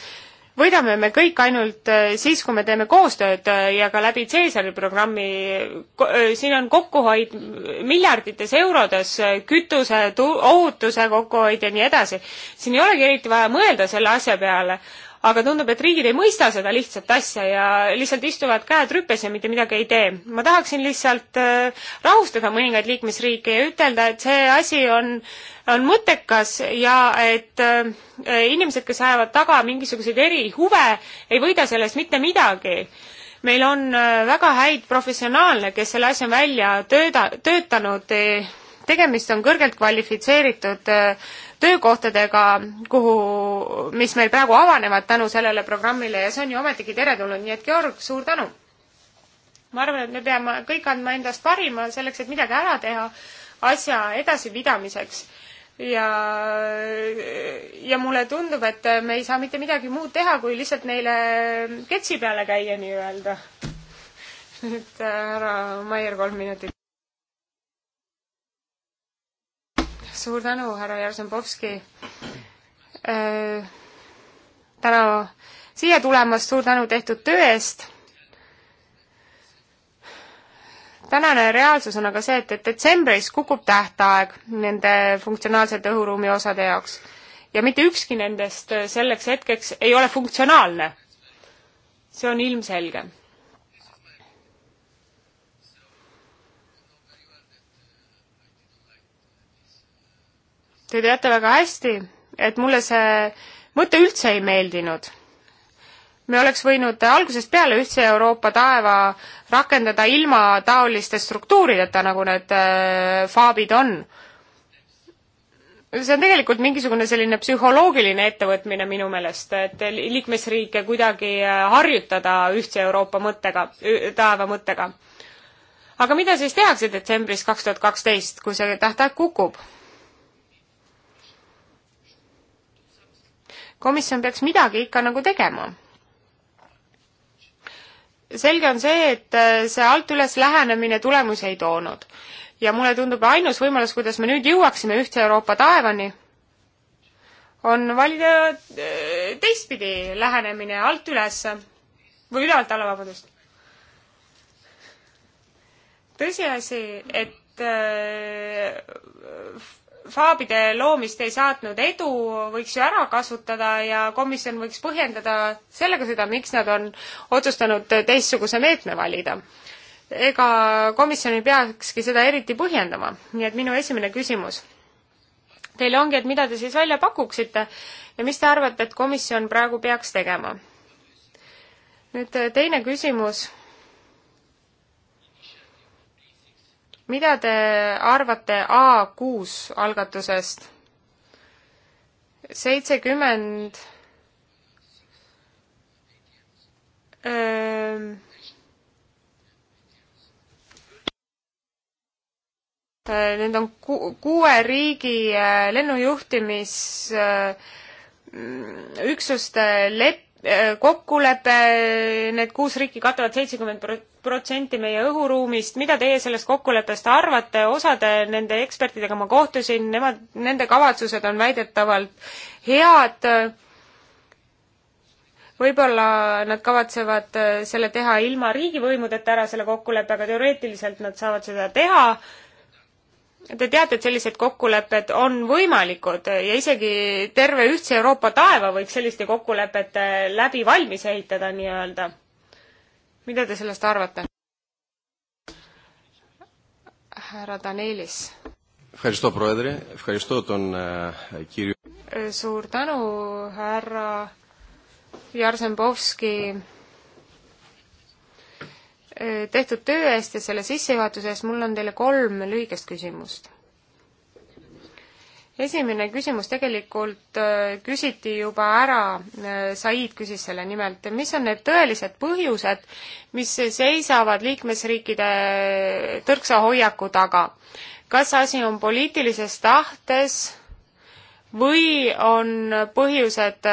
võidame me kõik ainult äh, siis, kui me teeme koostööd äh, ja ka läbi Caesari programmi. Äh, siin on kokkuhoid miljardites eurodes, kütuse, ohutuse kokkuhoid ja nii edasi. siin ei olegi eriti vaja mõelda selle asja peale aga tundub, et riigid ei mõista seda lihtsat asja ja lihtsalt istuvad käed rüpes ja mitte midagi ei tee. ma tahaksin lihtsalt äh, rahustada mõningaid liikmesriike ja ütelda, et see asi on, on mõttekas ja et äh, inimesed, kes ajavad taga mingisuguseid erihuve, ei võida sellest mitte midagi meil on äh, väga häid professionaale, kes selle asja välja tööda, töötanud. tegemist on kõrgelt kvalifitseeritud äh, töökohtadega, kuhu, mis meil praegu avanevad tänu sellele programmile ja see on ju ometigi teretulnud, nii et Georg, suur tänu! ma arvan, et me peame kõik andma endast parima selleks, et midagi ära teha asja edasipidamiseks ja, ja mulle tundub, et me ei saa mitte midagi muud teha, kui lihtsalt neile ketsi peale käia nii-öelda. nüüd härra äh, Maier, kolm minutit. suur tänu, härra Jarzembovski äh,. täna siia tulemast, suur tänu tehtud töö eest. tänane reaalsus on aga see, et, et detsembris kukub tähtaeg nende funktsionaalsete õhuruumi osade jaoks ja mitte ükski nendest selleks hetkeks ei ole funktsionaalne. see on ilmselge Te teate väga hästi, et mulle see mõte üldse ei meeldinud. me oleks võinud algusest peale ühtse Euroopa taeva rakendada ilma taoliste struktuurideta, nagu need äh, faabid on. see on tegelikult mingisugune selline psühholoogiline ettevõtmine minu meelest, et liikmesriike kuidagi äh, harjutada ühtse Euroopa mõttega, taeva mõttega. aga mida siis tehakse detsembris kaks tuhat kaksteist, kui see tähtaeg kukub? komisjon peaks midagi ikka nagu tegema. selge on see, et äh, see alt üles lähenemine tulemusi ei toonud ja mulle tundub ainus võimalus, kuidas me nüüd jõuaksime ühtse Euroopa taevani, on valida äh, teistpidi lähenemine alt üles või ülevalt alla, vabandust. tõsiasi, et äh, faabide loomist ei saatnud edu, võiks ju ära kasutada ja komisjon võiks põhjendada sellega seda, miks nad on otsustanud teistsuguse meetme valida. ega komisjon ei peakski seda eriti põhjendama, nii et minu esimene küsimus teile ongi, et mida te siis välja pakuksite ja mis te arvate, et komisjon praegu peaks tegema? nüüd teine küsimus mida te arvate A6 algatusest? seitsekümmend ähm, äh, Need on ku-, kuue riigi äh, lennujuhtimisüksuste äh, lep-, kokkulepe, need kuus riiki katavad seitsekümmend prot-, protsenti meie õhuruumist, mida teie sellest kokkuleppest arvate, osade nende ekspertidega ma kohtusin, nemad, nende kavatsused on väidetavalt head, võib-olla nad kavatsevad äh, selle teha ilma riigivõimudeta ära, selle kokkuleppega, teoreetiliselt nad saavad seda teha, Te teate, et sellised kokkulepped on võimalikud ja isegi terve ühtse Euroopa taeva võiks selliste kokkulepete läbi valmis ehitada nii-öelda mida te sellest arvate? härra Danelis. suur tänu, härra Jarzembovski tehtud töö eest ja selle sissejuhatuse eest, mul on teile kolm lühikest küsimust esimene küsimus tegelikult äh, küsiti juba ära, äh, Said küsis selle nimelt, mis on need tõelised põhjused, mis seisavad liikmesriikide äh, tõrksa hoiaku taga? kas asi on poliitilises tahtes või on põhjused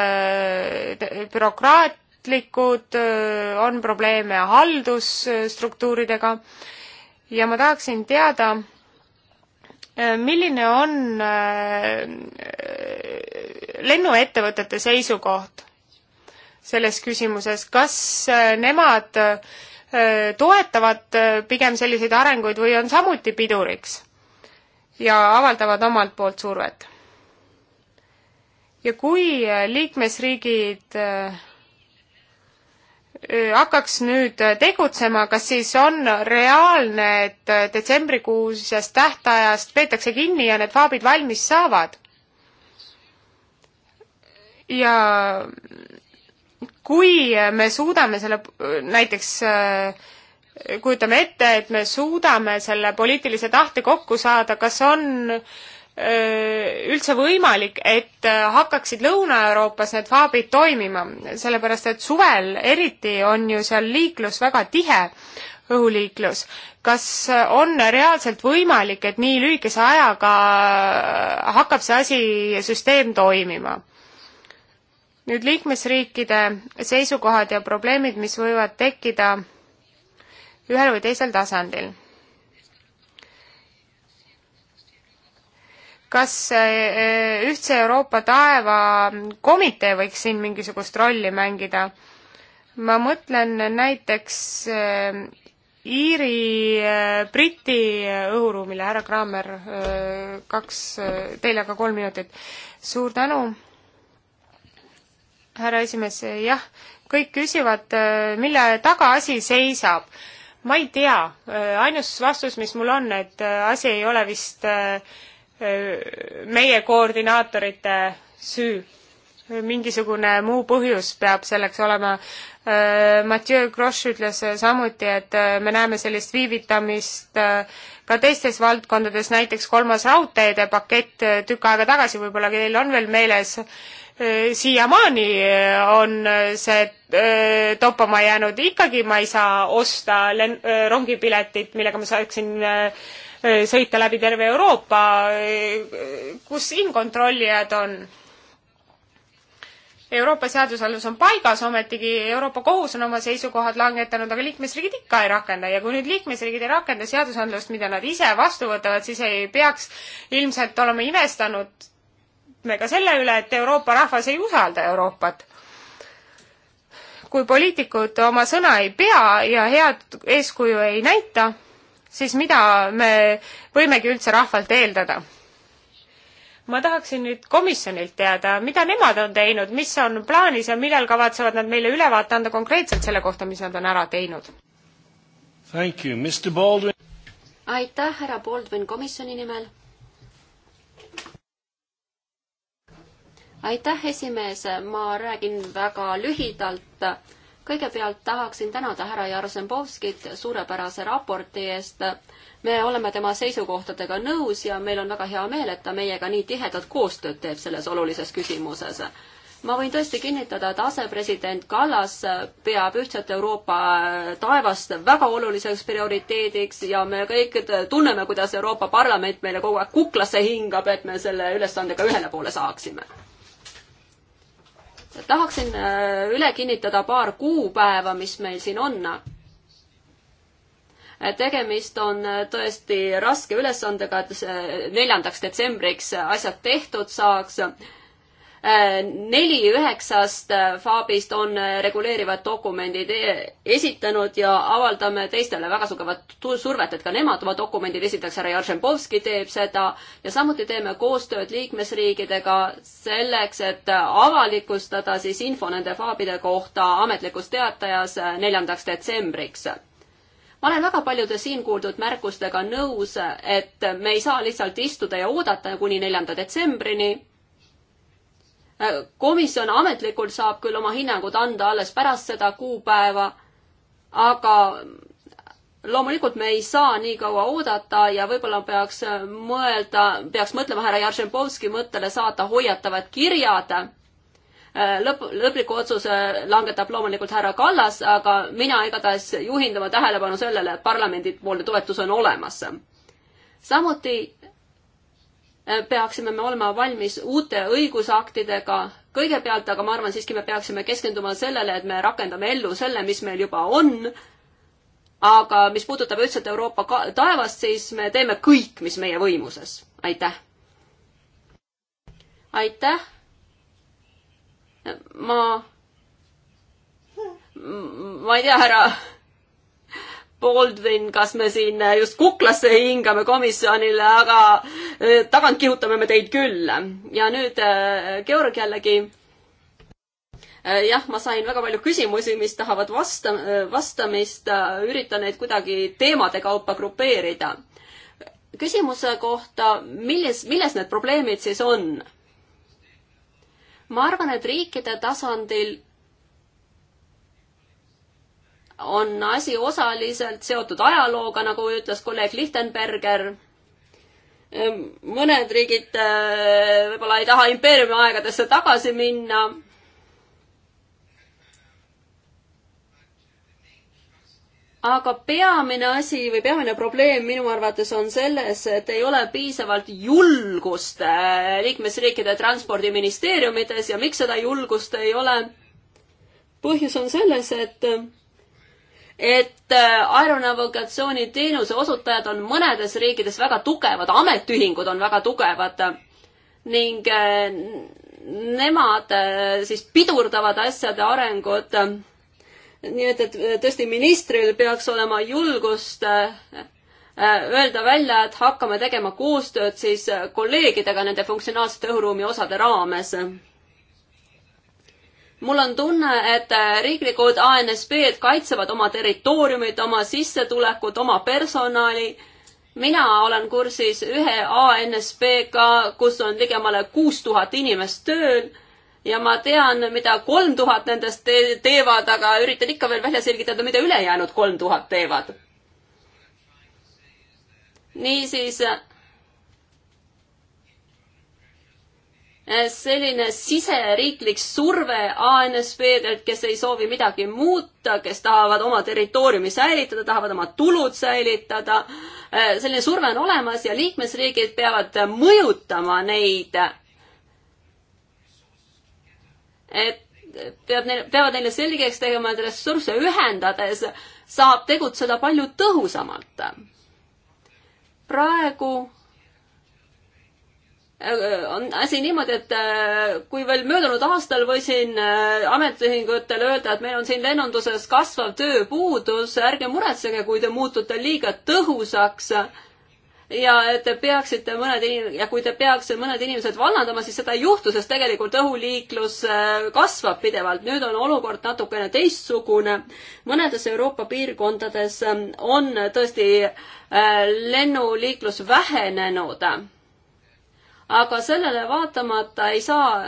bürokraatlikud, on probleeme haldusstruktuuridega ja ma tahaksin teada, Äh, milline on äh, lennuettevõtete seisukoht selles küsimuses, kas äh, nemad toetavad pigem selliseid arenguid või on samuti piduriks ja avaldavad omalt poolt survet? ja kui liikmesriigid hakkaks nüüd tegutsema, kas siis on reaalne, et detsembrikuusest tähtajast peetakse kinni ja need faabid valmis saavad? ja kui me suudame selle, näiteks kujutame ette, et me suudame selle poliitilise tahte kokku saada, kas on äh, Äh, üldse võimalik, et äh, hakkaksid Lõuna-Euroopas need faabrid toimima, sellepärast et suvel eriti on ju seal liiklus väga tihe, õhuliiklus. kas äh, on reaalselt võimalik, et nii lühikese ajaga hakkab see asi, süsteem toimima? nüüd liikmesriikide seisukohad ja probleemid, mis võivad tekkida ühel või teisel tasandil kas eh, eh, Ühtse Euroopa Taeva komitee võiks siin mingisugust rolli mängida? ma mõtlen näiteks eh, Iiri, Briti õhuruumile, härra Kramer, kaks, teile ka kolm minutit. suur tänu, härra esimees, jah, kõik küsivad, mille taga asi seisab ma ei tea, ainus vastus, mis mul on, et asi ei ole vist äh, meie koordinaatorite süü. mingisugune muu põhjus peab selleks olema. Äh, Mathieu Grosch ütles samuti, et äh, me näeme sellist viivitamist äh, ka teistes valdkondades, näiteks kolmas raudteede pakett tükk aega tagasi, võib-olla teil on veel meeles, siiamaani on see toppama jäänud, ikkagi ma ei saa osta len-, rongipiletit, millega ma saaksin äh, Eh, sõita läbi terve Euroopa, eh, kus inimkontrollijad on. Euroopa seadusandlus on paigas, ometigi Euroopa Kohus on oma seisukohad langetanud, aga liikmesriigid ikka ei rakenda ja kui nüüd liikmesriigid ei rakenda seadusandlust, mida nad ise vastu võtavad, siis ei peaks ilmselt olema imestanud me ka selle üle, et Euroopa rahvas ei usalda Euroopat kui poliitikud oma sõna ei pea ja head eeskuju ei näita, siis mida me võimegi üldse rahvalt eeldada? ma tahaksin nüüd komisjonilt teada, mida nemad on teinud, mis on plaanis ja millal kavatsevad nad meile ülevaate anda konkreetselt selle kohta, mis nad on ära teinud? aitäh, härra Baldwin komisjoni nimel. aitäh, esimees, ma räägin väga lühidalt kõigepealt tahaksin tänada härra Jarzembovskit suurepärase raporti eest. me oleme tema seisukohtadega nõus ja meil on väga hea meel, et ta meiega nii tihedat koostööd teeb selles olulises küsimuses. ma võin tõesti kinnitada, et asepresident Kallas peab ühtset Euroopa taevast väga oluliseks prioriteediks ja me kõik tunneme, kuidas Euroopa Parlament meile kogu aeg kuklasse hingab, et me selle ülesandega ühele poole saaksime tahaksin äh, üle kinnitada paar kuupäeva, mis meil siin on. Äh, tegemist on äh, tõesti raske ülesandega, et neljandaks detsembriks asjad tehtud saaks neli üheksast äh, FAB-ist on äh, reguleerivad dokumendid äh, esitanud ja avaldame teistele väga sugevat survet, et ka nemad oma dokumendid esitaks, härra Jaržembovski teeb seda ja samuti teeme koostööd liikmesriikidega selleks, et avalikustada siis info nende FAB-ide kohta ametlikus teatajas neljandaks detsembriks ma olen väga paljude siin kuuldud märkustega nõus, et me ei saa lihtsalt istuda ja oodata kuni neljanda detsembrini, Äh, komisjon ametlikult saab küll oma hinnangud anda alles pärast seda kuupäeva, aga loomulikult me ei saa nii kaua oodata ja võib-olla peaks äh, mõelda, peaks mõtlema härra Jaršenbovski mõttele saata hoiatavad kirjad. Äh, lõpp, lõpliku otsuse langetab loomulikult härra Kallas, aga mina igatahes juhin tema tähelepanu sellele, et parlamendi poolne toetus on olemas. samuti peaksime me olema valmis uute õigusaktidega kõigepealt, aga ma arvan siiski me peaksime keskenduma sellele, et me rakendame ellu selle, mis meil juba on. aga mis puudutab üldse Euroopa taevast, siis me teeme kõik, mis meie võimuses. aitäh. aitäh. ma, ma ei tea, härra Baldwin, kas me siin just kuklasse hingame komisjonile, aga eh, tagant kihutame me teid küll. ja nüüd eh, Georg jällegi. Eh, jah, ma sain väga palju küsimusi, mis tahavad vasta, vastamist, üritan neid kuidagi teemade kaupa grupeerida. küsimuse kohta, milles, milles need probleemid siis on? ma arvan, et riikide tasandil on asi osaliselt seotud ajalooga, nagu ütles kolleeg Lichtenberger. Ehm, mõned riigid äh, võib-olla ei taha impeeriumi aegadesse tagasi minna. aga peamine asi või peamine probleem minu arvates on selles, et ei ole piisavalt julgust äh, liikmesriikide transpordiministeeriumides ja miks seda julgust ei ole? põhjus on selles, et et äh, aeronavigatsiooni teenuse osutajad on mõnedes riikides väga tugevad, ametiühingud on väga tugevad ning äh, nemad äh, siis pidurdavad asjade arengut. nii et, et tõesti ministril peaks olema julgust öelda välja, et hakkame tegema koostööd siis kolleegidega nende funktsionaalsete õhuruumi osade raames mul on tunne, et äh, riiklikud ANSB-d kaitsevad oma territooriumit, oma sissetulekut, oma personali. mina olen kursis ühe ANSB-ga, kus on ligemale kuus tuhat inimest tööl ja ma tean, mida kolm tuhat nendest te teevad, aga üritan ikka veel välja selgitada, mida ülejäänud kolm tuhat teevad. niisiis Äh, selline siseriiklik surve ANSV-delt, kes ei soovi midagi muuta, kes tahavad oma territooriumi säilitada, tahavad oma tulud säilitada. Äh, selline surve on olemas ja liikmesriigid peavad mõjutama neid. et peab neile, peavad neile selgeks tegema, et ressursse ühendades saab tegutseda palju tõhusamalt. praegu Äh, on asi niimoodi, et äh, kui veel möödunud aastal võisin äh, ametiühingutele öelda, et meil on siin lennunduses kasvav tööpuudus, ärge muretsege, kui te muutute liiga tõhusaks ja et te peaksite mõned inim- ja kui te peaks mõned inimesed vallandama, siis seda ei juhtu, sest tegelikult õhuliiklus kasvab pidevalt. nüüd on olukord natukene teistsugune. mõnedes Euroopa piirkondades ähm, on tõesti lennuliiklus vähenenud aga sellele vaatamata ei saa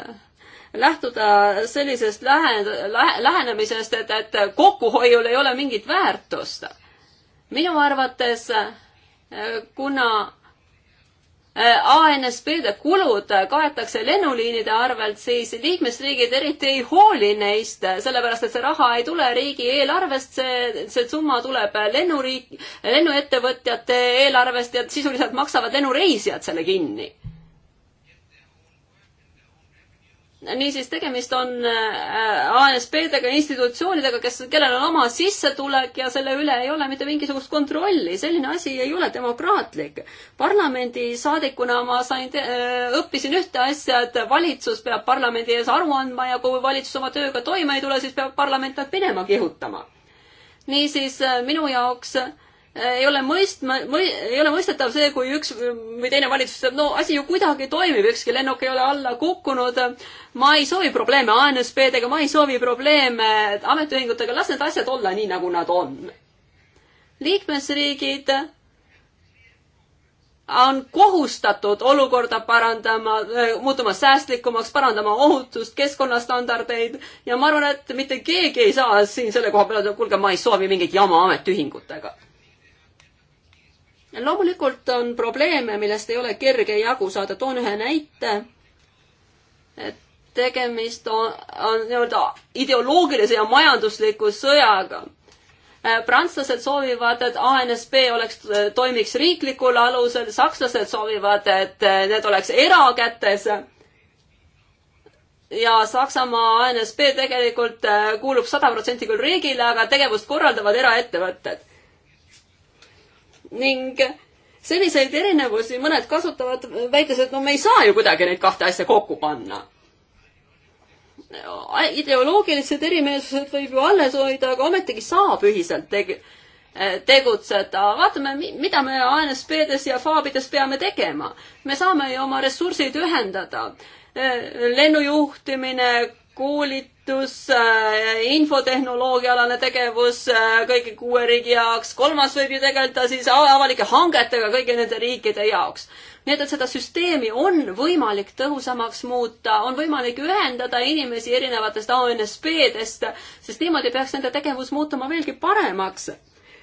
lähtuda sellisest lähen-, lähenemisest, et, et kokkuhoiul ei ole mingit väärtust. minu arvates, kuna äh, ANSP-de kulud kaetakse lennuliinide arvelt, siis liikmesriigid eriti ei hooli neist, sellepärast et see raha ei tule riigieelarvest, see, see summa tuleb lennuriik, lennuettevõtjate eelarvest ja sisuliselt maksavad lennureisijad selle kinni niisiis, tegemist on äh, ASB-dega, institutsioonidega, kes, kellel on oma sissetulek ja selle üle ei ole mitte mingisugust kontrolli. selline asi ei ole demokraatlik. parlamendisaadikuna ma sain, äh, õppisin ühte asja, et valitsus peab parlamendi ees aru andma ja kui valitsus oma tööga toime ei tule, siis peab parlament nad minema kihutama. niisiis äh, minu jaoks äh, ei ole mõistma mõi,, ei ole mõistetav see, kui üks või teine valitsus ütleb, no asi ju kuidagi toimib, ükski lennuk ei ole alla kukkunud. ma ei soovi probleeme ANSP-dega, ma ei soovi probleeme ametiühingutega, las need asjad olla nii, nagu nad on. liikmesriigid on kohustatud olukorda parandama, muutuma säästlikumaks, parandama ohutust, keskkonnastandardeid ja ma arvan, et mitte keegi ei saa siin selle koha peal öelda, kuulge, ma ei soovi mingit jama ametiühingutega loomulikult on probleeme, millest ei ole kerge jagu saada, toon ühe näite. tegemist on, on nii-öelda ideoloogilise ja majandusliku sõjaga. Äh, prantslased soovivad, et ANSP oleks, äh, toimiks riiklikul alusel, sakslased soovivad, et äh, need oleks erakätes ja Saksamaa ANSP tegelikult kuulub sada protsenti küll riigile, aga tegevust korraldavad eraettevõtted ning selliseid erinevusi mõned kasutavad, väites, et no me ei saa ju kuidagi neid kahte asja kokku panna. ideoloogilised erimeelsused võib ju alles hoida, aga ometigi saab ühiselt teg-, tegutseda. vaatame, mida me ANSP-des ja FAB-ides peame tegema. me saame ju oma ressursid ühendada. lennujuhtimine, koolid, ennetus, äh, infotehnoloogiaalane tegevus äh, kõigi kuue riigi jaoks, kolmas võib ju tegeleda siis avalike hangetega kõigi nende riikide jaoks. nii et, et seda süsteemi on võimalik tõhusamaks muuta, on võimalik ühendada inimesi erinevatest ANSP-dest, sest niimoodi peaks nende tegevus muutuma veelgi paremaks.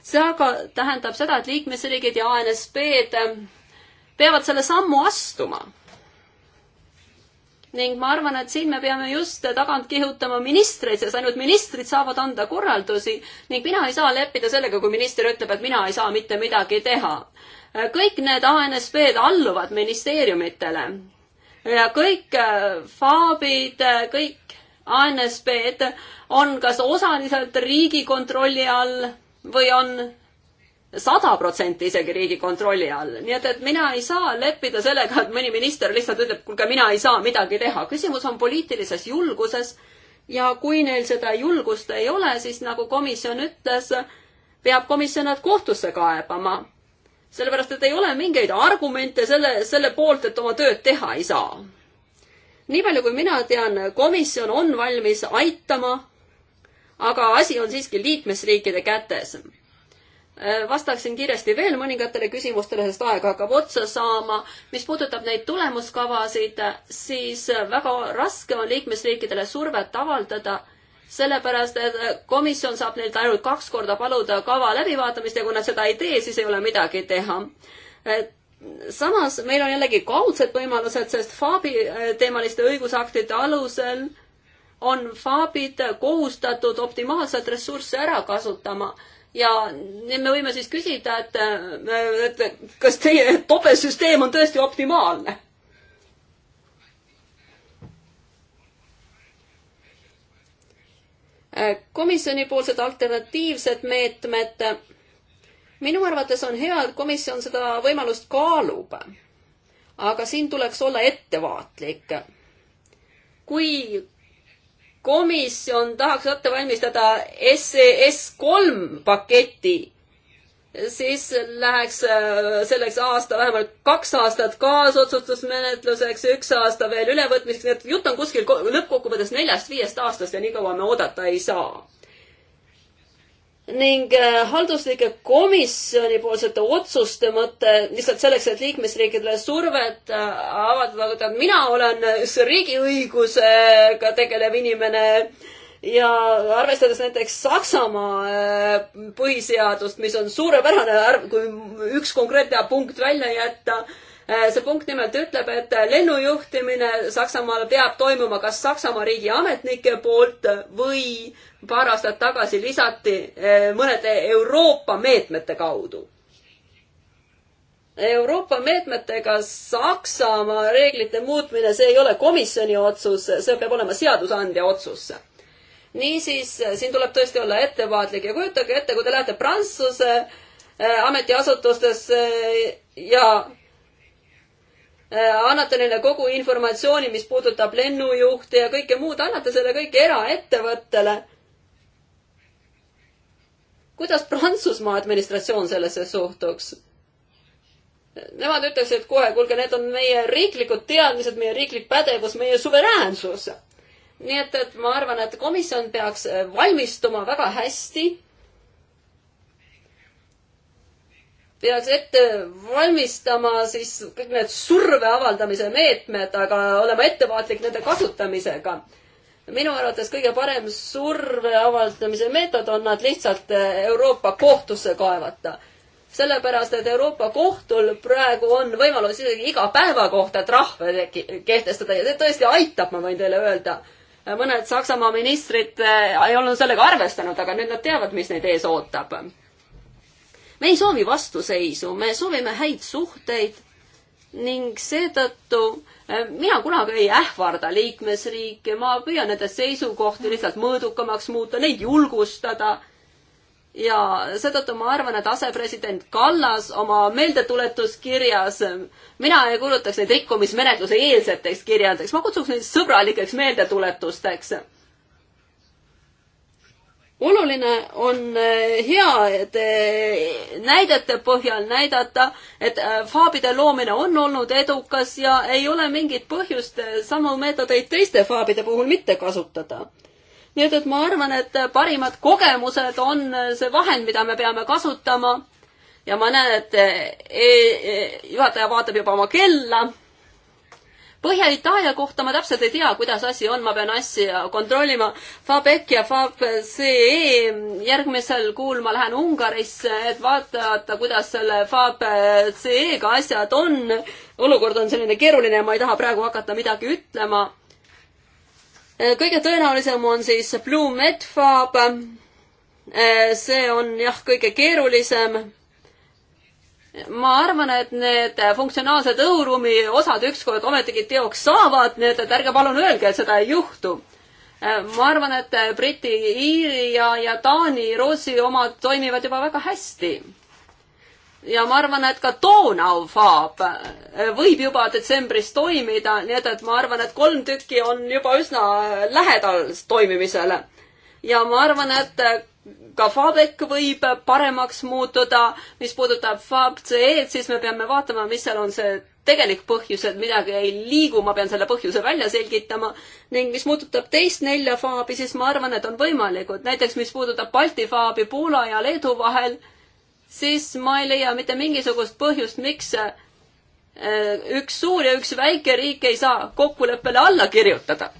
see aga tähendab seda, et liikmesriigid ja ANSP-d äh, peavad selle sammu astuma ning ma arvan, et siin me peame just tagant kihutama ministreid, sest ainult ministrid saavad anda korraldusi ning mina ei saa leppida sellega, kui minister ütleb, et mina ei saa mitte midagi teha. kõik need ANSV-d alluvad ministeeriumitele ja kõik äh, FAB-id, äh, kõik ANSV-d on kas osaliselt riigikontrolli all või on sada protsenti isegi Riigikontrolli all, nii et, et mina ei saa leppida sellega, et mõni minister lihtsalt ütleb, kuulge, mina ei saa midagi teha. küsimus on poliitilises julguses ja kui neil seda julgust ei ole, siis nagu komisjon ütles, peab komisjon nad kohtusse kaebama. sellepärast, et ei ole mingeid argumente selle, selle poolt, et oma tööd teha ei saa. nii palju, kui mina tean, komisjon on valmis aitama, aga asi on siiski liikmesriikide kätes Äh, vastaksin kiiresti veel mõningatele küsimustele, sest aeg hakkab otsa saama. mis puudutab neid tulemuskavasid, siis väga raske on liikmesriikidele survet avaldada, sellepärast et komisjon saab neilt ainult kaks korda paluda kava läbivaatamist ja kui nad seda ei tee, siis ei ole midagi teha. samas meil on jällegi kaudsed võimalused, sest FAB-i äh, teemaliste õigusaktide alusel on FAB-id kohustatud optimaalselt ressursse ära kasutama ja me võime siis küsida, et, et kas teie topesüsteem on tõesti optimaalne? komisjonipoolsed alternatiivsed meetmed, minu arvates on hea, et komisjon seda võimalust kaalub. aga siin tuleks olla ettevaatlik. kui komisjon tahaks ette valmistada SES e kolm paketti, siis läheks äh, selleks aasta vähemalt kaks aastat kaasotsustusmenetluseks, üks aasta veel ülevõtmiseks, nii et jutt on kuskil lõppkokkuvõttes neljast-viiest aastast ja nii kaua me oodata ei saa ning äh, halduslike komisjonipoolsete otsuste mõte lihtsalt selleks, et liikmesriikidele survet äh, avaldada, mina olen üks riigiõigusega tegelev inimene ja arvestades näiteks Saksamaa äh, põhiseadust, mis on suurepärane, kui üks konkreetne punkt välja jätta Äh, see punkt nimelt ütleb, et lennujuhtimine Saksamaal peab toimuma kas Saksamaa riigi ametnike poolt või paar aastat tagasi lisati äh, mõnede Euroopa meetmete kaudu Euroopa meetmetega Saksamaa reeglite muutmine, see ei ole komisjoni otsus, see peab olema seadusandja otsus. niisiis, siin tuleb tõesti olla ettevaatlik ja kujutage ette, kui te lähete Prantsuse äh, ametiasutustesse ja Äh, annate neile kogu informatsiooni, mis puudutab lennujuhte ja kõike muud, annate selle kõik eraettevõttele. kuidas Prantsusmaa administratsioon sellesse suhtuks? Nemad ütleksid kohe, kuulge, need on meie riiklikud teadmised, meie riiklik pädevus, meie suveräänsus. nii et, et ma arvan, et komisjon peaks valmistuma väga hästi peaks ette valmistama siis kõik need surve avaldamise meetmed, aga olema ettevaatlik nende kasutamisega. minu arvates kõige parem surve avaldamise meetod on nad lihtsalt Euroopa kohtusse kaevata. sellepärast, et Euroopa kohtul praegu on võimalus isegi iga päeva kohta trahve kehtestada ja see tõesti aitab, ma võin teile öelda. mõned Saksamaa ministrid äh, ei olnud sellega arvestanud, aga nüüd nad teavad, mis neid ees ootab me ei soovi vastuseisu, me soovime häid suhteid ning seetõttu eh, mina kunagi ei ähvarda liikmesriike, ma püüan nende seisukohti lihtsalt mõõdukamaks muuta, neid julgustada. ja seetõttu ma arvan, et asepresident Kallas oma meeldetuletuskirjas, mina ei kuulutaks neid rikkumismenetluse eelseteks kirjadeks, ma kutsuks neid sõbralikeks meeldetuletusteks oluline on eh, hea eh, näidete põhjal näidata, et eh, faabide loomine on olnud edukas ja ei ole mingit põhjust samu meetodeid teiste faabide puhul mitte kasutada. nii et, et ma arvan, et parimad kogemused on see vahend, mida me peame kasutama. ja ma näen, et e-, e-, juhataja vaatab juba oma kella Põhja-Itaalia kohta ma täpselt ei tea, kuidas asi on, ma pean asja kontrollima. Fabek ja Fab.ce, järgmisel kuul ma lähen Ungarisse, et vaadata, kuidas selle Fab.ce-ga asjad on. olukord on selline keeruline ja ma ei taha praegu hakata midagi ütlema. kõige tõenäolisem on siis Blue Medfab. see on jah, kõige keerulisem ma arvan, et need funktsionaalsed õhuruumi osad ükskord ometigi teoks saavad, nii et ärge palun öelge, et seda ei juhtu ma arvan, et Briti, Iiri ja, ja Taani, Rootsi omad toimivad juba väga hästi. ja ma arvan, et ka Donau faab võib juba detsembris toimida, nii et, et ma arvan, et kolm tükki on juba üsna lähedal toimimisele ja ma arvan, et ka Fabek võib paremaks muutuda. mis puudutab Fab.ee-d, siis me peame vaatama, mis seal on see tegelik põhjus, et midagi ei liigu, ma pean selle põhjuse välja selgitama. ning mis puudutab teist nelja faabi, siis ma arvan, et on võimalikud. näiteks mis puudutab Balti faabi Poola ja Leedu vahel, siis ma ei leia mitte mingisugust põhjust, miks äh, üks suur ja üks väike riik ei saa kokkuleppele alla kirjutada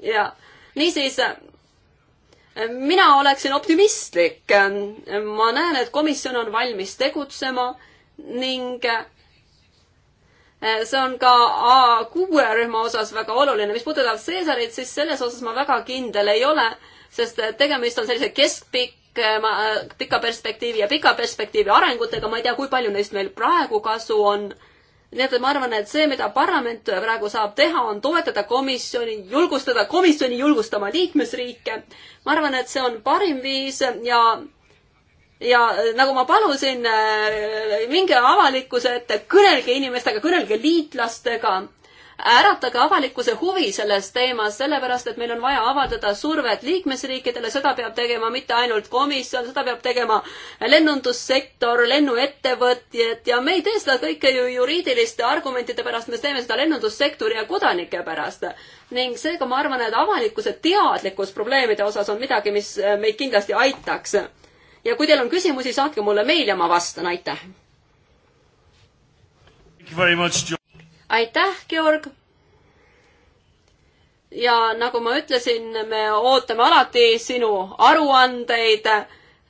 ja niisiis, mina oleksin optimistlik. ma näen, et komisjon on valmis tegutsema ning eh, see on ka A6 rühma osas väga oluline. mis puudutab Caesarit, siis selles osas ma väga kindel ei ole, sest tegemist on sellise keskpikma, eh, pika perspektiivi ja pika perspektiivi arengutega. ma ei tea, kui palju neist meil praegu kasu on nii et ma arvan, et see, mida parlament praegu saab teha, on toetada komisjoni, julgustada komisjoni julgustama liikmesriike. ma arvan, et see on parim viis ja ja nagu ma palusin, minge avalikkuse ette, kõnelge inimestega, kõnelge liitlastega äratage avalikkuse huvi selles teemas, sellepärast et meil on vaja avaldada survet liikmesriikidele, seda peab tegema mitte ainult komisjon, seda peab tegema lennundussektor, lennuettevõtjad ja me ei tee seda kõike ju juriidiliste argumentide pärast, me teeme seda lennundussektori ja kodanike pärast. ning seega ma arvan, et avalikkuse teadlikkus probleemide osas on midagi, mis meid kindlasti aitaks. ja kui teil on küsimusi, saatke mulle meil ja ma vastan, aitäh! aitäh, Georg! ja nagu ma ütlesin, me ootame alati sinu aruandeid.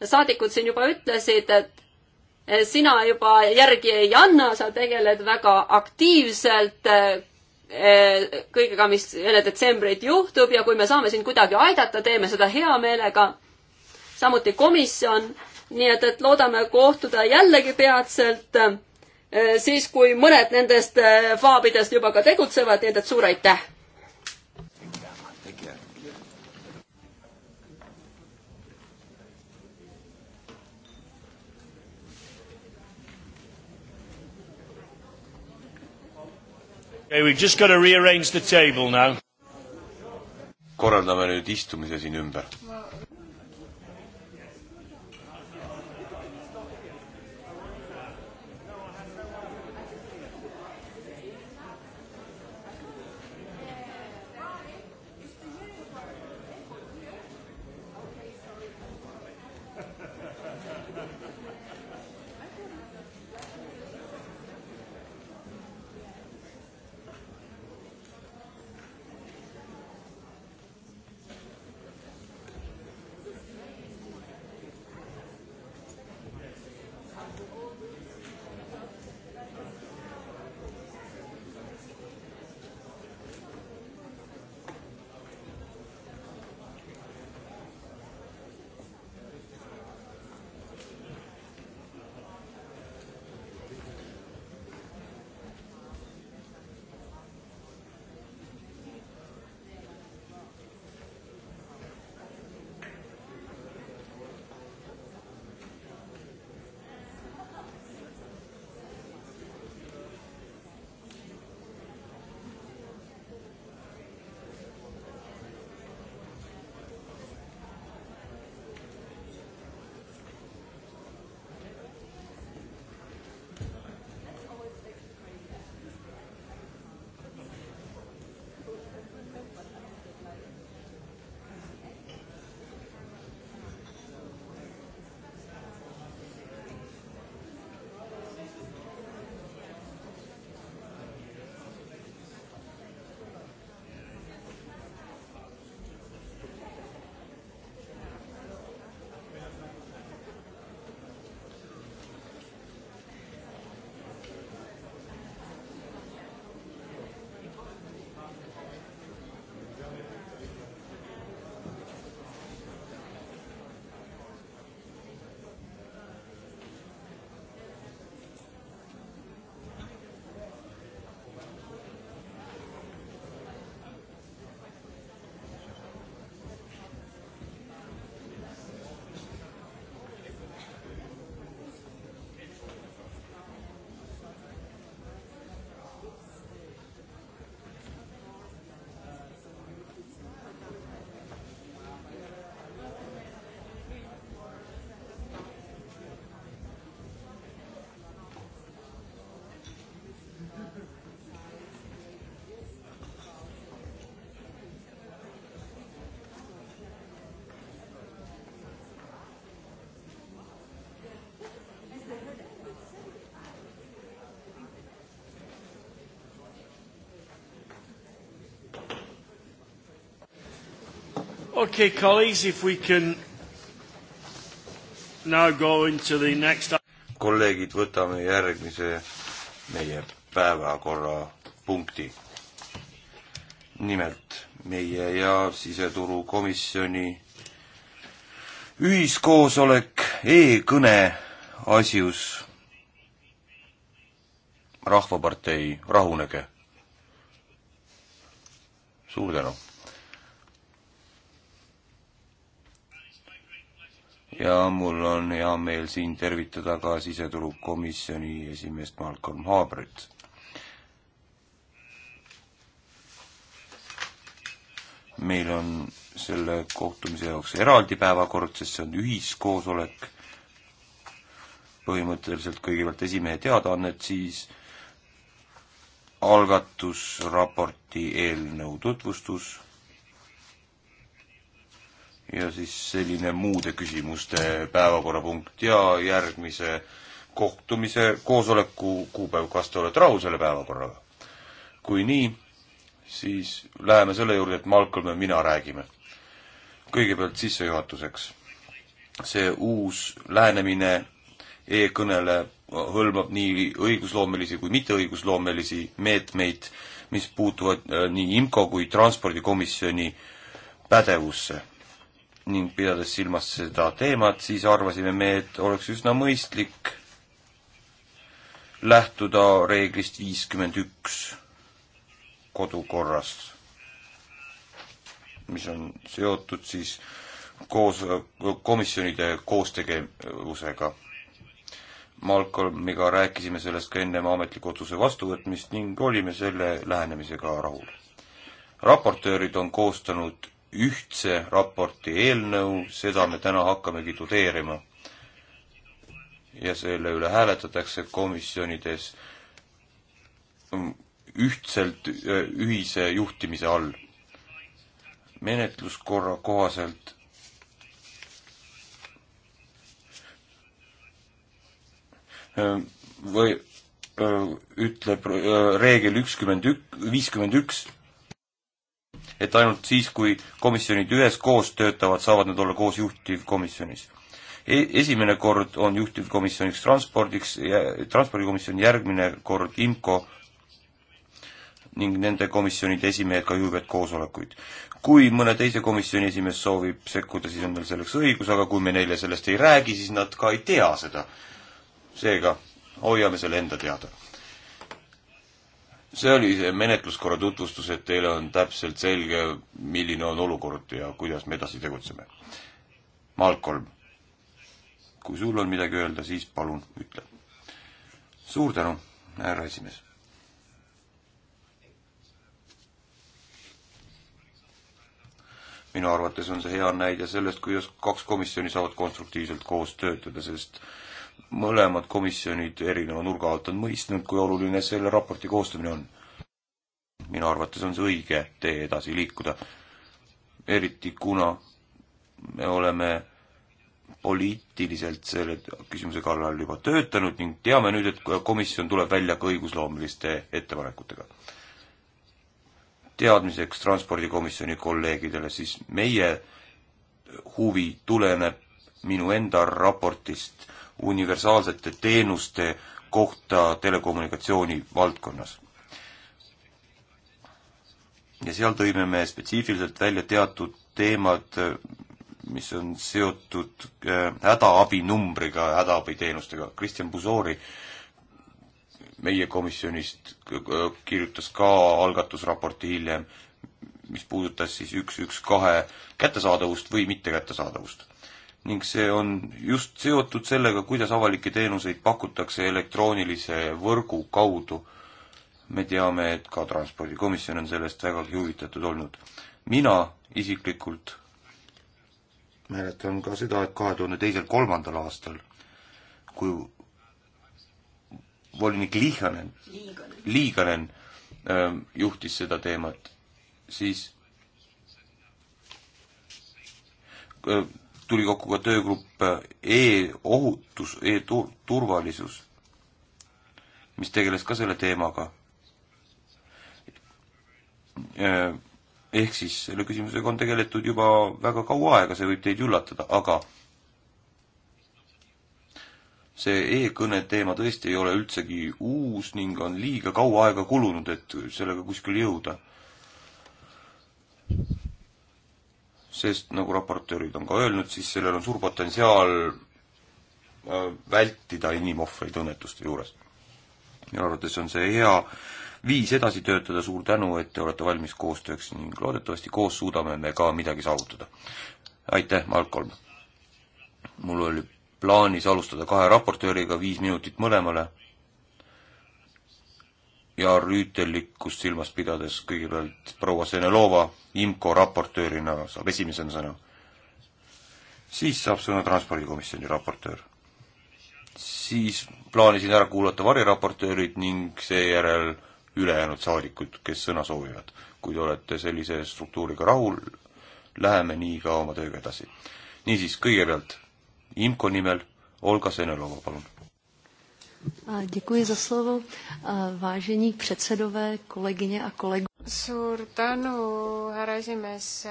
saadikud siin juba ütlesid, et sina juba järgi ei anna, sa tegeled väga aktiivselt eh, kõigega, mis enne detsembrit juhtub ja kui me saame sind kuidagi aidata, teeme seda hea meelega. samuti komisjon, nii et, et loodame kohtuda jällegi peatselt Eh, siis, kui mõned nendest eh, faabidest juba ka tegutsevad, nii et suur aitäh! Okay, we've just got to rearrange the table now. korraldame nüüd istumise siin ümber Okay, colleagues, if we can now go into the next... kolleegid, võtame järgmise meie päevakorrapunkti. nimelt meie ja siseturukomisjoni ühiskoosolek e-kõne asjus Rahvapartei Rahunege. suur tänu ja mul on hea meel siin tervitada ka siseturukomisjoni esimeest Malcolm Haabrit. meil on selle kohtumise jaoks eraldi päevakord, sest see on ühiskoosolek, põhimõtteliselt kõigepealt esimehe teadaannet, siis algatusraporti eelnõu tutvustus ja siis selline muude küsimuste päevakorrapunkt ja järgmise kohtumise koosoleku kuupäev, kas te olete rahul selle päevakorraga? kui nii, siis läheme selle juurde, et Malcolm ja mina räägime. kõigepealt sissejuhatuseks. see uus lähenemine e-kõnele hõlmab nii õigusloomelisi kui mitteõigusloomelisi meetmeid, mis puutuvad äh, nii IMCO kui Transpordikomisjoni pädevusse ning pidades silmas seda teemat, siis arvasime me, et oleks üsna mõistlik lähtuda reeglist viiskümmend üks kodukorrast, mis on seotud siis koos, komisjonide koostegevusega. Malcolmiga rääkisime sellest ka ennem ametliku otsuse vastuvõtmist ning olime selle lähenemisega rahul. raportöörid on koostanud ühtse raporti eelnõu, seda me täna hakkamegi tudeerima. ja selle üle hääletatakse komisjonides ühtselt äh, ühise juhtimise all. menetluskorra kohaselt või äh, ütleb äh, reegel ükskümmend ük-, viiskümmend üks, et ainult siis, kui komisjonid üheskoos töötavad, saavad nad olla koos juhtivkomisjonis e. Esimene kord on juhtivkomisjoniks transpordiks, transpordikomisjon, järgmine kord IMCO ning nende komisjonide esimehed ka juhivad koosolekuid. kui mõne teise komisjoni esimees soovib sekkuda, siis on tal selleks õigus, aga kui me neile sellest ei räägi, siis nad ka ei tea seda. seega hoiame selle enda teada see oli see menetluskorra tutvustus, et teile on täpselt selge, milline on olukord ja kuidas me edasi tegutseme. Malcolm, kui sul on midagi öelda, siis palun ütle. suur tänu, härra esimees. minu arvates on see hea näide sellest, kuidas kaks komisjoni saavad konstruktiivselt koos töötada, sest äh, mõlemad komisjonid erineva nurga alt on mõistnud, kui oluline selle raporti koostamine on. minu arvates on see õige tee edasi liikuda. eriti kuna me oleme poliitiliselt selle küsimuse kallal juba töötanud ning teame nüüd, et komisjon tuleb välja ka õigusloomeliste ettepanekutega. teadmiseks transpordikomisjoni kolleegidele, siis meie huvi tuleneb minu enda raportist universaalsete teenuste kohta telekommunikatsiooni valdkonnas. ja seal tõime me spetsiifiliselt välja teatud teemad, mis on seotud äh, hädaabinumbriga, hädaabiteenustega. Kristjan Buzoori meie komisjonist äh, kirjutas ka algatusraporti hiljem, mis puudutas siis üks, üks, kahe kättesaadavust või mittekättesaadavust ning see on just seotud sellega, kuidas avalikke teenuseid pakutakse elektroonilise võrgu kaudu. me teame, et ka Transpordikomisjon on sellest vägagi huvitatud olnud. mina isiklikult mäletan ka seda, et kahe tuhande teisel, kolmandal aastal, kui volinik Lihanen, Liiganen ähm, juhtis seda teemat, siis öö, äh, tuli kokku ka töögrupp äh, e-ohutus e, e-turvalisus, mis tegeles ka selle teemaga. Äh, ehk siis selle küsimusega on tegeletud juba väga kaua aega, see võib teid üllatada, aga see e-kõne teema tõesti ei ole üldsegi uus ning on liiga kaua aega kulunud, et sellega kuskile jõuda sest nagu raportöörid on ka öelnud, siis sellel on suur potentsiaal äh, vältida inimohvreid õnnetuste juures. minu arvates on see hea viis edasi töötada, suur tänu, et te olete valmis koostööks ning loodetavasti koos suudame me ka midagi saavutada. aitäh, Malcolm! mul oli plaanis alustada kahe raportööriga, viis minutit mõlemale ja rüütellikkust silmas pidades kõigepealt proua Senelova IMCO raportöörina saab esimesena sõna. siis saab sõna Transpordikomisjoni raportöör. siis plaanisin ära kuulata variraportöörid ning seejärel ülejäänud saadikud, kes sõna soovivad. kui te olete sellise struktuuriga rahul, läheme nii ka oma tööga edasi. niisiis, kõigepealt IMCO nimel Olga Senelova, palun Děkuji za slovo. Vážení předsedové, kolegyně a kolegů. suur tänu, härra esimees,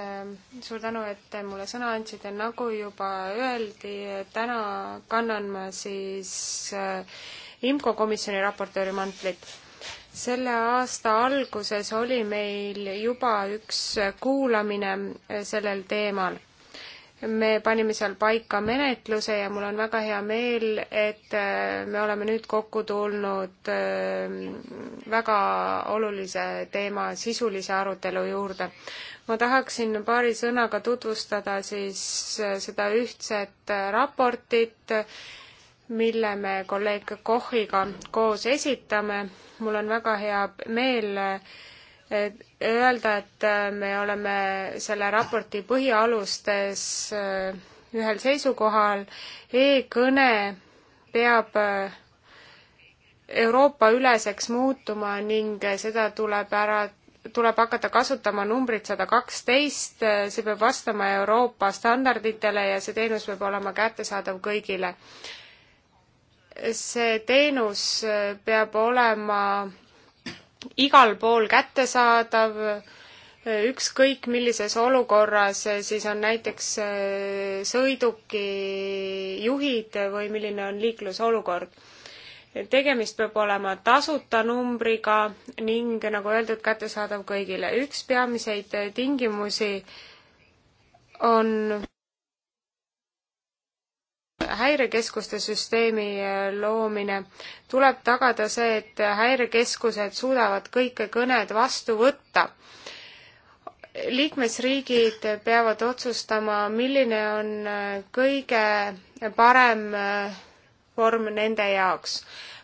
suur tänu, et te mulle sõna andsite, nagu juba öeldi, täna kannan ma siis äh, IMCO komisjoni raportööri mantlit. selle aasta alguses oli meil juba üks kuulamine äh, sellel teemal me panime seal paika menetluse ja mul on väga hea meel, et äh, me oleme nüüd kokku tulnud äh, väga olulise teema sisulise arutelu juurde. ma tahaksin paari sõnaga tutvustada siis äh, seda ühtset raportit, mille me kolleeg Kohiga koos esitame. mul on väga hea meel öelda, et äh, me oleme selle raporti põhialustes äh, ühel seisukohal e, e-kõne peab äh, Euroopa-üleseks muutuma ning seda tuleb ära, tuleb hakata kasutama numbrit sada kaksteist, see peab vastama Euroopa standarditele ja see teenus peab olema kättesaadav kõigile. see teenus peab olema igal pool kättesaadav, ükskõik millises olukorras siis on näiteks äh, sõiduki juhid või milline on liiklusolukord. tegemist peab olema tasuta numbriga ning nagu öeldud, kättesaadav kõigile. üks peamiseid tingimusi on häirekeskuste süsteemi äh, loomine. tuleb tagada see, et häirekeskused suudavad kõik kõned vastu võtta. liikmesriigid peavad otsustama, milline on äh, kõige parem äh, vorm nende jaoks.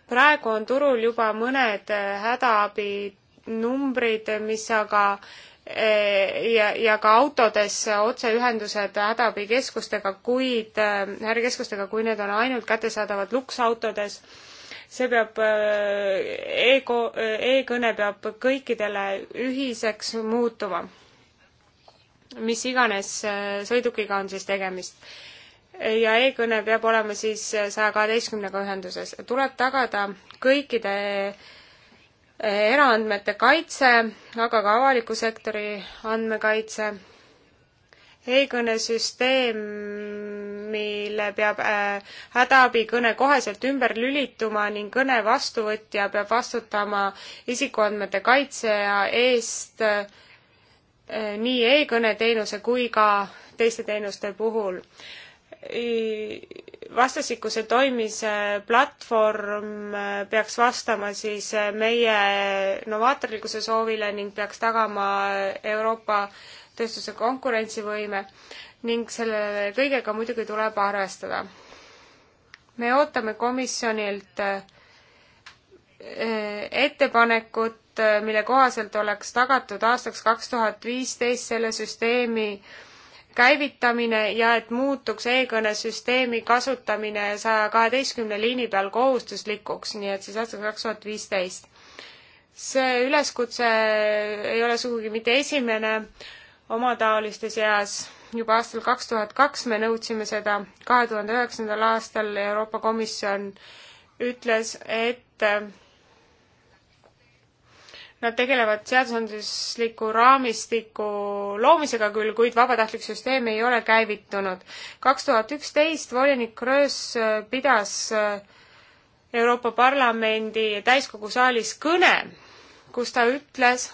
praegu on turul juba mõned hädaabinumbrid, mis aga Eh, ja, ja ka autodes otseühendused hädaabikeskustega, kuid, häirekeskustega, eh, kui need on ainult kättesaadavad luksautodes, see peab e, e-kõne peab kõikidele ühiseks muutuma. mis iganes sõidukiga on siis tegemist ja e-kõne peab olema siis saja kaheteistkümnega ühenduses. tuleb tagada kõikide eraandmete kaitse, aga ka avaliku sektori andmekaitse e, e-kõnesüsteem, mille peab äh, hädaabikõne koheselt ümber lülituma ning kõne vastuvõtja peab vastutama isikuandmete kaitse eest äh, nii e-kõne teenuse kui ka teiste teenuste puhul vastastikuse toimimise platvorm äh, peaks vastama siis äh, meie novaatorlikkuse soovile ning peaks tagama Euroopa tööstuse konkurentsivõime ning selle kõigega muidugi tuleb arvestada. me ootame komisjonilt äh, ettepanekut, mille kohaselt oleks tagatud aastaks kaks tuhat viisteist selle süsteemi äh, käivitamine ja et muutuks e-kõnesüsteemi kasutamine saja kaheteistkümne liini peal kohustuslikuks, nii et siis aastaks kaks tuhat viisteist. see üleskutse ei ole sugugi mitte esimene omataoliste seas, juba aastal kaks tuhat kaks me nõudsime seda, kahe tuhande üheksandal aastal Euroopa Komisjon ütles, et Nad tegelevad seadusandlusliku raamistiku loomisega küll, kuid vabatahtlik süsteem ei ole käivitunud. kaks tuhat üksteist volinik Kröös pidas äh, Euroopa Parlamendi täiskogu saalis kõne, kus ta ütles,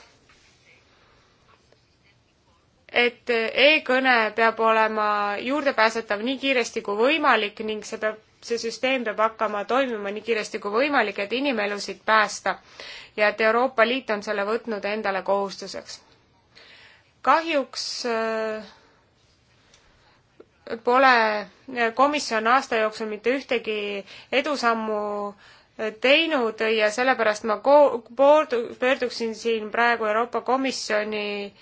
et e-kõne peab olema juurdepääsetav nii kiiresti kui võimalik ning see peab see süsteem peab hakkama toimima nii kiiresti kui võimalik, et inimelusid päästa ja et Euroopa Liit on selle võtnud endale kohustuseks. kahjuks äh, pole komisjon aasta jooksul mitte ühtegi edusammu äh, teinud ja sellepärast ma ko-, pöörduksin siin praegu Euroopa Komisjoni äh,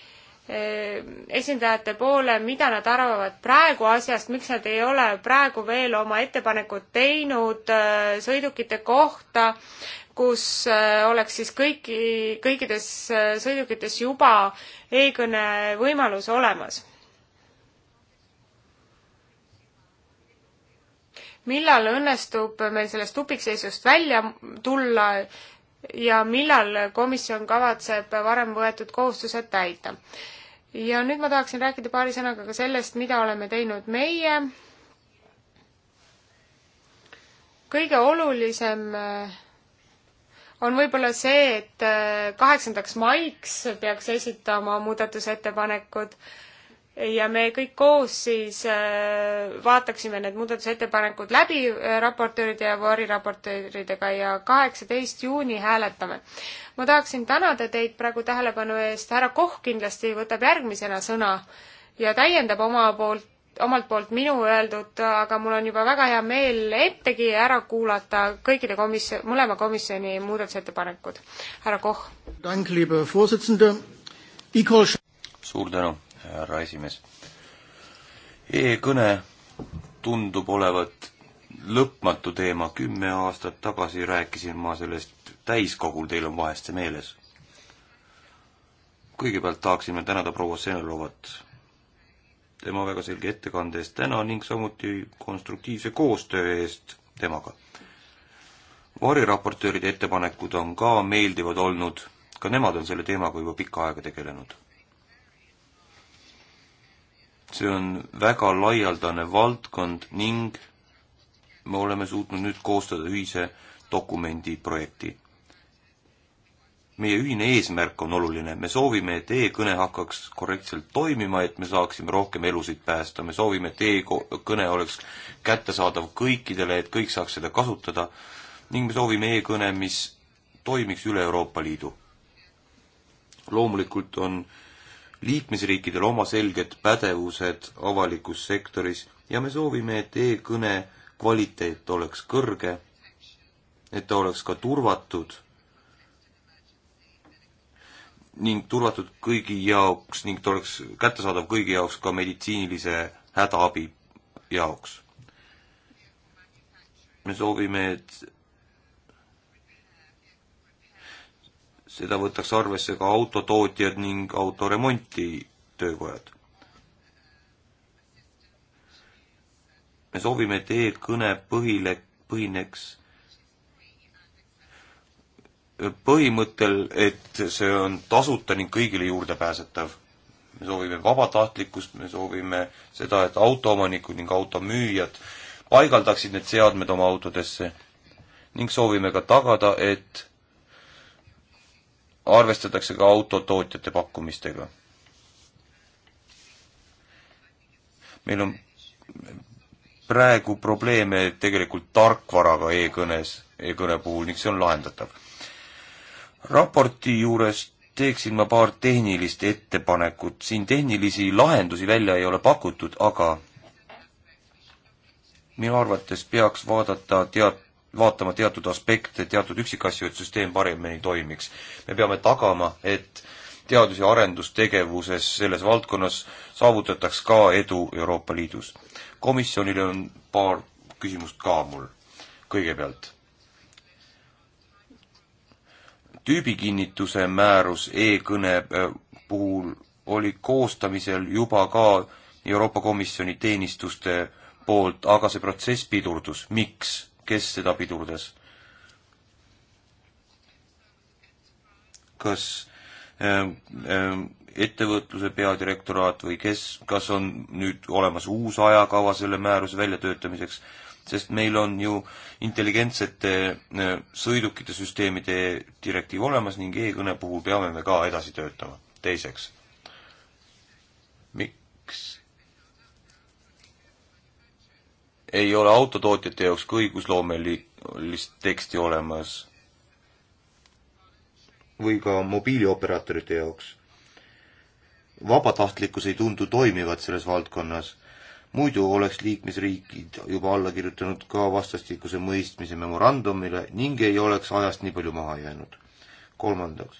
esindajate poole, mida nad arvavad praegu asjast, miks nad ei ole praegu veel oma ettepanekut teinud äh, sõidukite kohta, kus äh, oleks siis kõiki, kõikides äh, sõidukites juba e-kõne võimalus olemas. millal õnnestub meil sellest tupikseisust välja tulla ja millal komisjon kavatseb varem võetud kohustused täita? ja nüüd ma tahaksin rääkida paari sõnaga ka sellest, mida oleme teinud meie. kõige olulisem äh, on võib-olla see, et äh, kaheksandaks maiks peaks esitama muudatusettepanekud ja me kõik koos siis äh, vaataksime need muudatusettepanekud läbi äh, raportööride ja variraportööridega ja kaheksateist juuni hääletame. ma tahaksin tänada teid praegu tähelepanu eest, härra Koch kindlasti võtab järgmisena sõna ja täiendab oma poolt, omalt poolt minu öeldut, aga mul on juba väga hea meel ettegi ära kuulata kõikide komisjon, mõlema komisjoni muudatusettepanekud. härra Koch. suur tänu härra esimees. E-kõne tundub olevat lõpmatu teema, kümme aastat tagasi rääkisin ma sellest täiskogul, teil on vahest see meeles. kõigepealt tahaksime tänada proua Senelovat tema väga selge ettekande eest täna ning samuti konstruktiivse koostöö eest temaga. variraportööride ettepanekud on ka meeldivad olnud, ka nemad on selle teemaga juba pikka aega tegelenud see on väga laialdane valdkond ning me oleme suutnud nüüd koostada ühise dokumendi projekti. meie ühine eesmärk on oluline, me soovime, et e-kõne hakkaks korrektselt toimima, et me saaksime rohkem elusid päästa, me soovime, et e-kõne oleks kättesaadav kõikidele, et kõik saaks seda kasutada ning me soovime e-kõne, mis toimiks üle Euroopa Liidu. loomulikult on äh, liikmesriikidel oma selged pädevused avalikus sektoris ja me soovime, et e-kõne kvaliteet oleks kõrge, et ta oleks ka turvatud ning turvatud kõigi jaoks ning ta oleks kättesaadav kõigi jaoks ka meditsiinilise hädaabi jaoks. me soovime, et seda võtaks arvesse ka autotootjad ning autoremonti töökojad. me soovime, et e-kõne põhile, põhineks põhimõttel, et see on tasuta ning kõigile juurdepääsetav. me soovime vabatahtlikkust, me soovime seda, et autoomanikud ning automüüjad paigaldaksid need seadmed oma autodesse ning soovime ka tagada, et arvestatakse ka autotootjate pakkumistega. meil on praegu probleeme tegelikult tarkvaraga e-kõnes e, e-kõne puhul ning see on lahendatav. raporti juures teeksin ma paar tehnilist ettepanekut, siin tehnilisi lahendusi välja ei ole pakutud, aga minu arvates peaks vaadata teat-, vaatama teatud aspekte, teatud üksikasju, et süsteem paremini toimiks. me peame tagama, et teadus- ja arendustegevuses selles valdkonnas saavutataks ka edu Euroopa Liidus. komisjonile on paar küsimust ka mul kõigepealt. tüübikinnituse määrus e-kõne äh, puhul oli koostamisel juba ka Euroopa Komisjoni teenistuste poolt, aga see protsess pidurdus. miks? kes seda pidurdas? kas ähm, ähm, ettevõtluse peadirektoraat või kes, kas on nüüd olemas uus ajakava selle määruse väljatöötamiseks, sest meil on ju intelligentsete äh, sõidukite süsteemide direktiiv olemas ning e-kõne puhul peame me ka edasi töötama. teiseks ei ole autotootjate jaoks ka õigusloomelist teksti olemas või ka mobiilioperaatorite jaoks. vabatahtlikkus ei tundu toimivat selles valdkonnas, muidu oleks liikmesriigid juba alla kirjutanud ka vastastikuse mõistmise memorandumile ning ei oleks ajast nii palju maha jäänud. kolmandaks,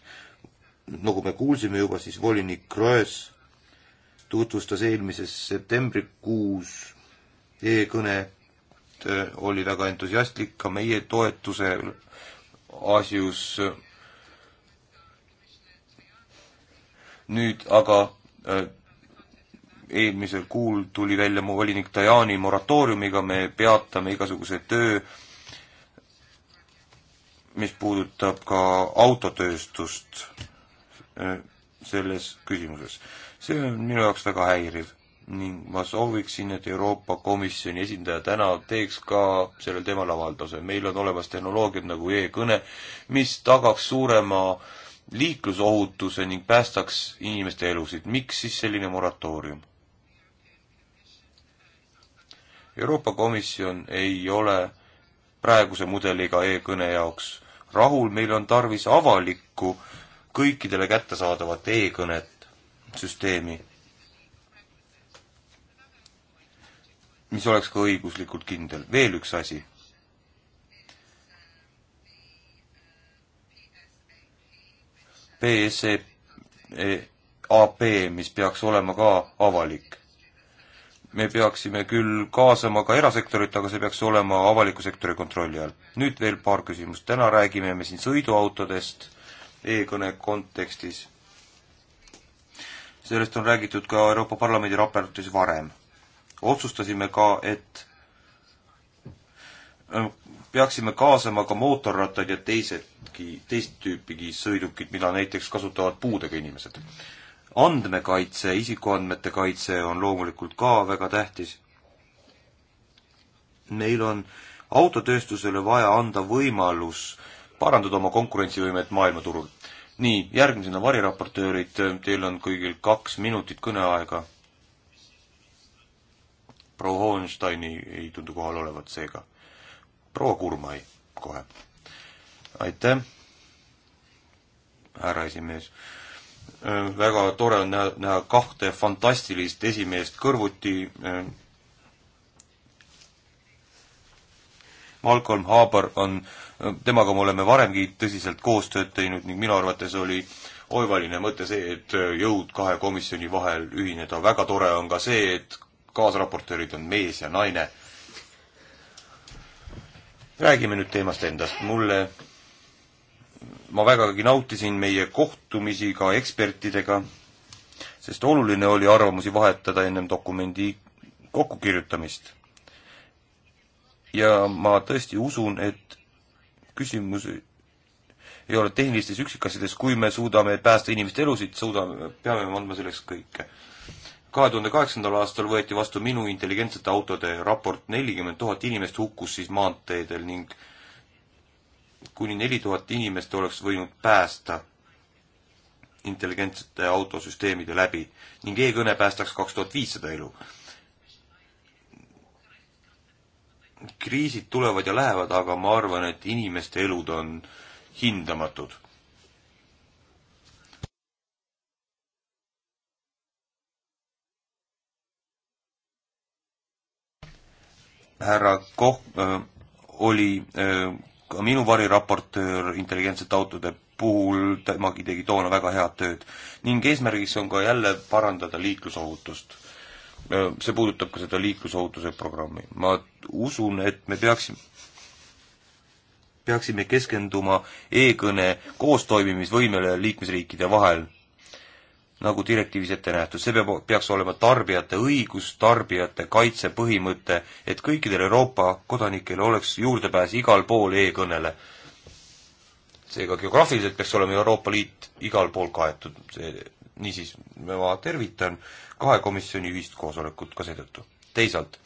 nagu me kuulsime juba, siis volinik Kroes tutvustas eelmises septembrikuus e-kõne äh, oli väga entusiastlik ka meie toetuse asjus. nüüd aga äh, eelmisel kuul tuli välja mu volinik Tajani moratooriumiga, me peatame igasuguse töö, mis puudutab ka autotööstust äh, selles küsimuses. see on minu jaoks väga häiriv ning ma sooviksin, et Euroopa Komisjoni esindaja täna teeks ka sellel teemal avalduse. meil on olemas tehnoloogiad nagu e-kõne, mis tagaks suurema liiklusohutuse ning päästaks inimeste elusid. miks siis selline moratoorium? Euroopa Komisjon ei ole praeguse mudeliga e-kõne jaoks rahul, meil on tarvis avalikku, kõikidele kättesaadavat e-kõnet süsteemi mis oleks ka õiguslikult kindel. veel üks asi. PSE e, AP, mis peaks olema ka avalik. me peaksime küll kaasama ka erasektorit, aga see peaks olema avaliku sektori kontrolli all. nüüd veel paar küsimust. täna räägime me siin sõiduautodest e-kõne kontekstis. sellest on räägitud ka Euroopa Parlamendi raportis varem otsustasime ka, et äh, peaksime kaasama ka mootorrattad ja teisedki, teist tüüpigi sõidukid, mida näiteks kasutavad puudega inimesed. andmekaitse, isikuandmete kaitse on loomulikult ka väga tähtis. meil on autotööstusele vaja anda võimalus parandada oma konkurentsivõimet maailmaturul. nii, järgmisena variraportöörid, teil on kõigil kaks minutit kõneaega proua Hohensteini ei tundu kohal olevat seega. proua Kurmai kohe. aitäh, härra esimees. Äh, väga tore on näha, näha kahte fantastilist esimeest kõrvuti. Äh. Malcolm Haber on, äh, temaga me oleme varemgi tõsiselt koostööd teinud ning minu arvates oli oivaline mõte see, et jõud kahe komisjoni vahel ühineda. väga tore on ka see, et kaasraportöörid on mees ja naine. räägime nüüd teemast endast. mulle, ma vägagi nautisin meie kohtumisi ka ekspertidega, sest oluline oli arvamusi vahetada ennem dokumendi kokkukirjutamist. ja ma tõesti usun, et küsimus ei ole tehnilistes üksikasjades, kui me suudame päästa inimeste elusid, suudame, peame andma selleks kõike kahe tuhande kaheksandal aastal võeti vastu minu intelligentsete autode raport, nelikümmend tuhat inimest hukkus siis maanteedel ning kuni neli tuhat inimest oleks võinud päästa intelligentsete autosüsteemide läbi ning e-kõne päästaks kaks tuhat viissada elu. kriisid tulevad ja lähevad, aga ma arvan, et inimeste elud on hindamatud härra Koch äh, oli äh, ka minu variraportöör intelligentsete autode puhul, temagi tegi toona väga head tööd ning eesmärgiks on ka jälle parandada liiklusohutust äh,. see puudutab ka seda liiklusohutuse programmi. ma usun, et me peaksime peaksime keskenduma e-kõne koostoimimisvõimele liikmesriikide vahel nagu direktiivis ette nähtud, see peab, peaks olema tarbijate õigus, tarbijate kaitse põhimõte, et kõikidel Euroopa kodanikel oleks juurdepääs igal pool e-kõnele. seega geograafiliselt peaks olema Euroopa Liit igal pool kaetud, see, niisiis, ma tervitan kahe komisjoni ühist koosolekut ka seetõttu. teisalt,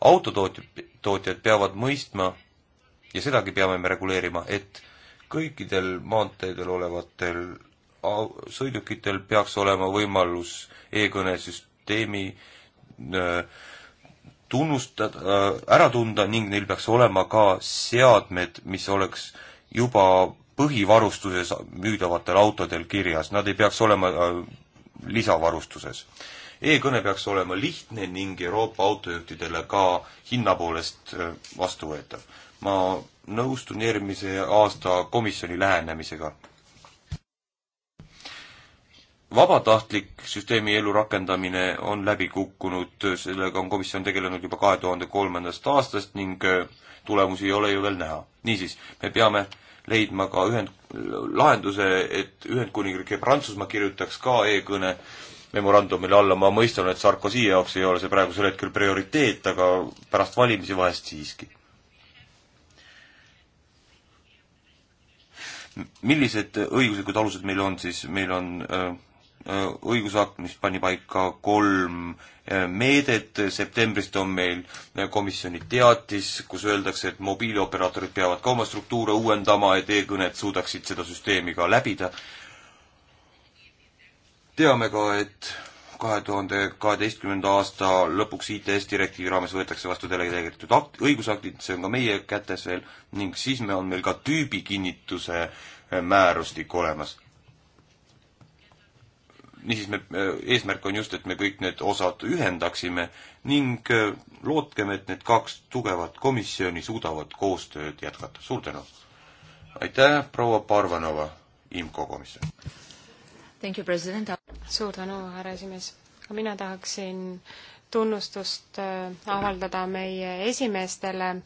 autotootjad, tootjad peavad mõistma ja sedagi peame me reguleerima, et kõikidel maanteedel olevatel sõidukitel peaks olema võimalus e-kõnesüsteemi äh, tunnustada, äh, ära tunda ning neil peaks olema ka seadmed, mis oleks juba põhivarustuses müüdavatel autodel kirjas, nad ei peaks olema äh, lisavarustuses e-kõne peaks olema lihtne ning Euroopa autojuhtidele ka hinna poolest vastuvõetav. ma nõustun järgmise aasta komisjoni lähenemisega vabatahtlik süsteemi ellurakendamine on läbi kukkunud, sellega on komisjon tegelenud juba kahe tuhande kolmandast aastast ning äh, tulemusi ei ole ju veel näha. niisiis, me peame leidma ka ühend, lahenduse, et Ühendkuningriik ja Prantsusmaa kirjutaks ka e-kõne memorandumile alla, ma mõistan, et Sarkozy jaoks ei ole see praegusel hetkel prioriteet, aga pärast valimisi vahest siiski. millised õiguslikud alused meil on siis, meil on äh, Äh, õigusakt, mis pani paika kolm äh, meedet, septembrist on meil äh, komisjoni teatis, kus öeldakse, et mobiilioperaatorid peavad ka oma struktuure uuendama, et e-kõned suudaksid seda süsteemi ka läbida. teame ka, et kahe tuhande kaheteistkümnenda aasta lõpuks ITS direktiivi raames võetakse vastu delegeeritud akt, õigusaktid, see on ka meie kätes veel, ning siis me, on meil ka tüübikinnituse määrustik olemas niisiis me, eesmärk on just, et me kõik need osad ühendaksime ning äh, lootkem, et need kaks tugevat komisjoni suudavad koostööd jätkata. suur tänu! aitäh, proua Parvanova, IMCO komisjon! suur tänu, härra esimees! ka mina tahaksin tunnustust äh, avaldada meie esimeestele äh,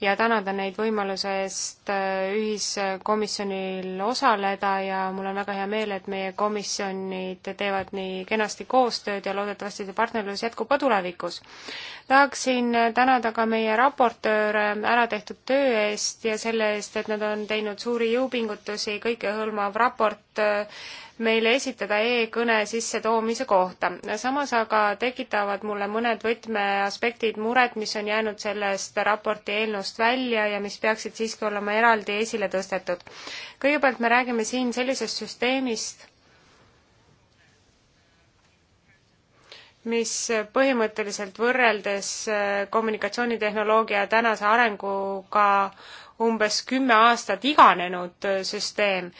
ja tänada neid võimaluse eest äh, ühiskomisjonil osaleda ja mul on väga hea meel, et meie komisjonid teevad nii kenasti koostööd ja loodetavasti see partnerlus jätkub ka tulevikus. tahaksin tänada ka meie raportööre ära tehtud töö eest ja selle eest, et nad on teinud suuri jõupingutusi, kõikehõlmav raport infot äh, meile esitada e-kõne sissetoomise kohta. samas aga tekitavad mulle mõned võtmeaspektid muret, mis on jäänud sellest raporti eelnõust välja ja mis peaksid siiski olema eraldi esile tõstetud. kõigepealt me räägime siin sellisest süsteemist, mis põhimõtteliselt võrreldes äh, kommunikatsioonitehnoloogia tänase arenguga umbes kümme aastat iganenud äh, süsteem,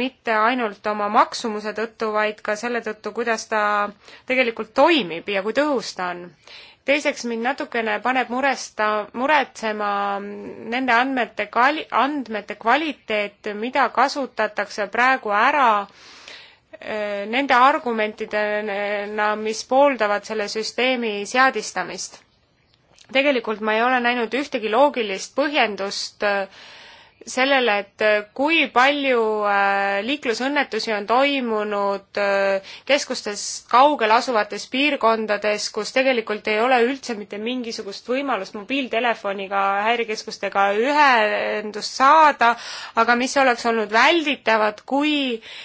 mitte ainult oma maksumuse tõttu, vaid ka selle tõttu, kuidas ta tegelikult toimib ja kui tõhus ta on. teiseks mind natukene paneb muresta, muretsema nende andmete kali-, andmete kvaliteet, mida kasutatakse praegu ära äh, nende argumentidena, mis pooldavad selle süsteemi seadistamist tegelikult ma ei ole näinud ühtegi loogilist põhjendust äh, sellele, et äh, kui palju äh, liiklusõnnetusi on toimunud keskustest kaugel asuvates piirkondades, kus tegelikult ei ole üldse mitte mingisugust võimalust mobiiltelefoniga häirekeskustega ühendust saada, aga mis oleks olnud välditavad, kui äh,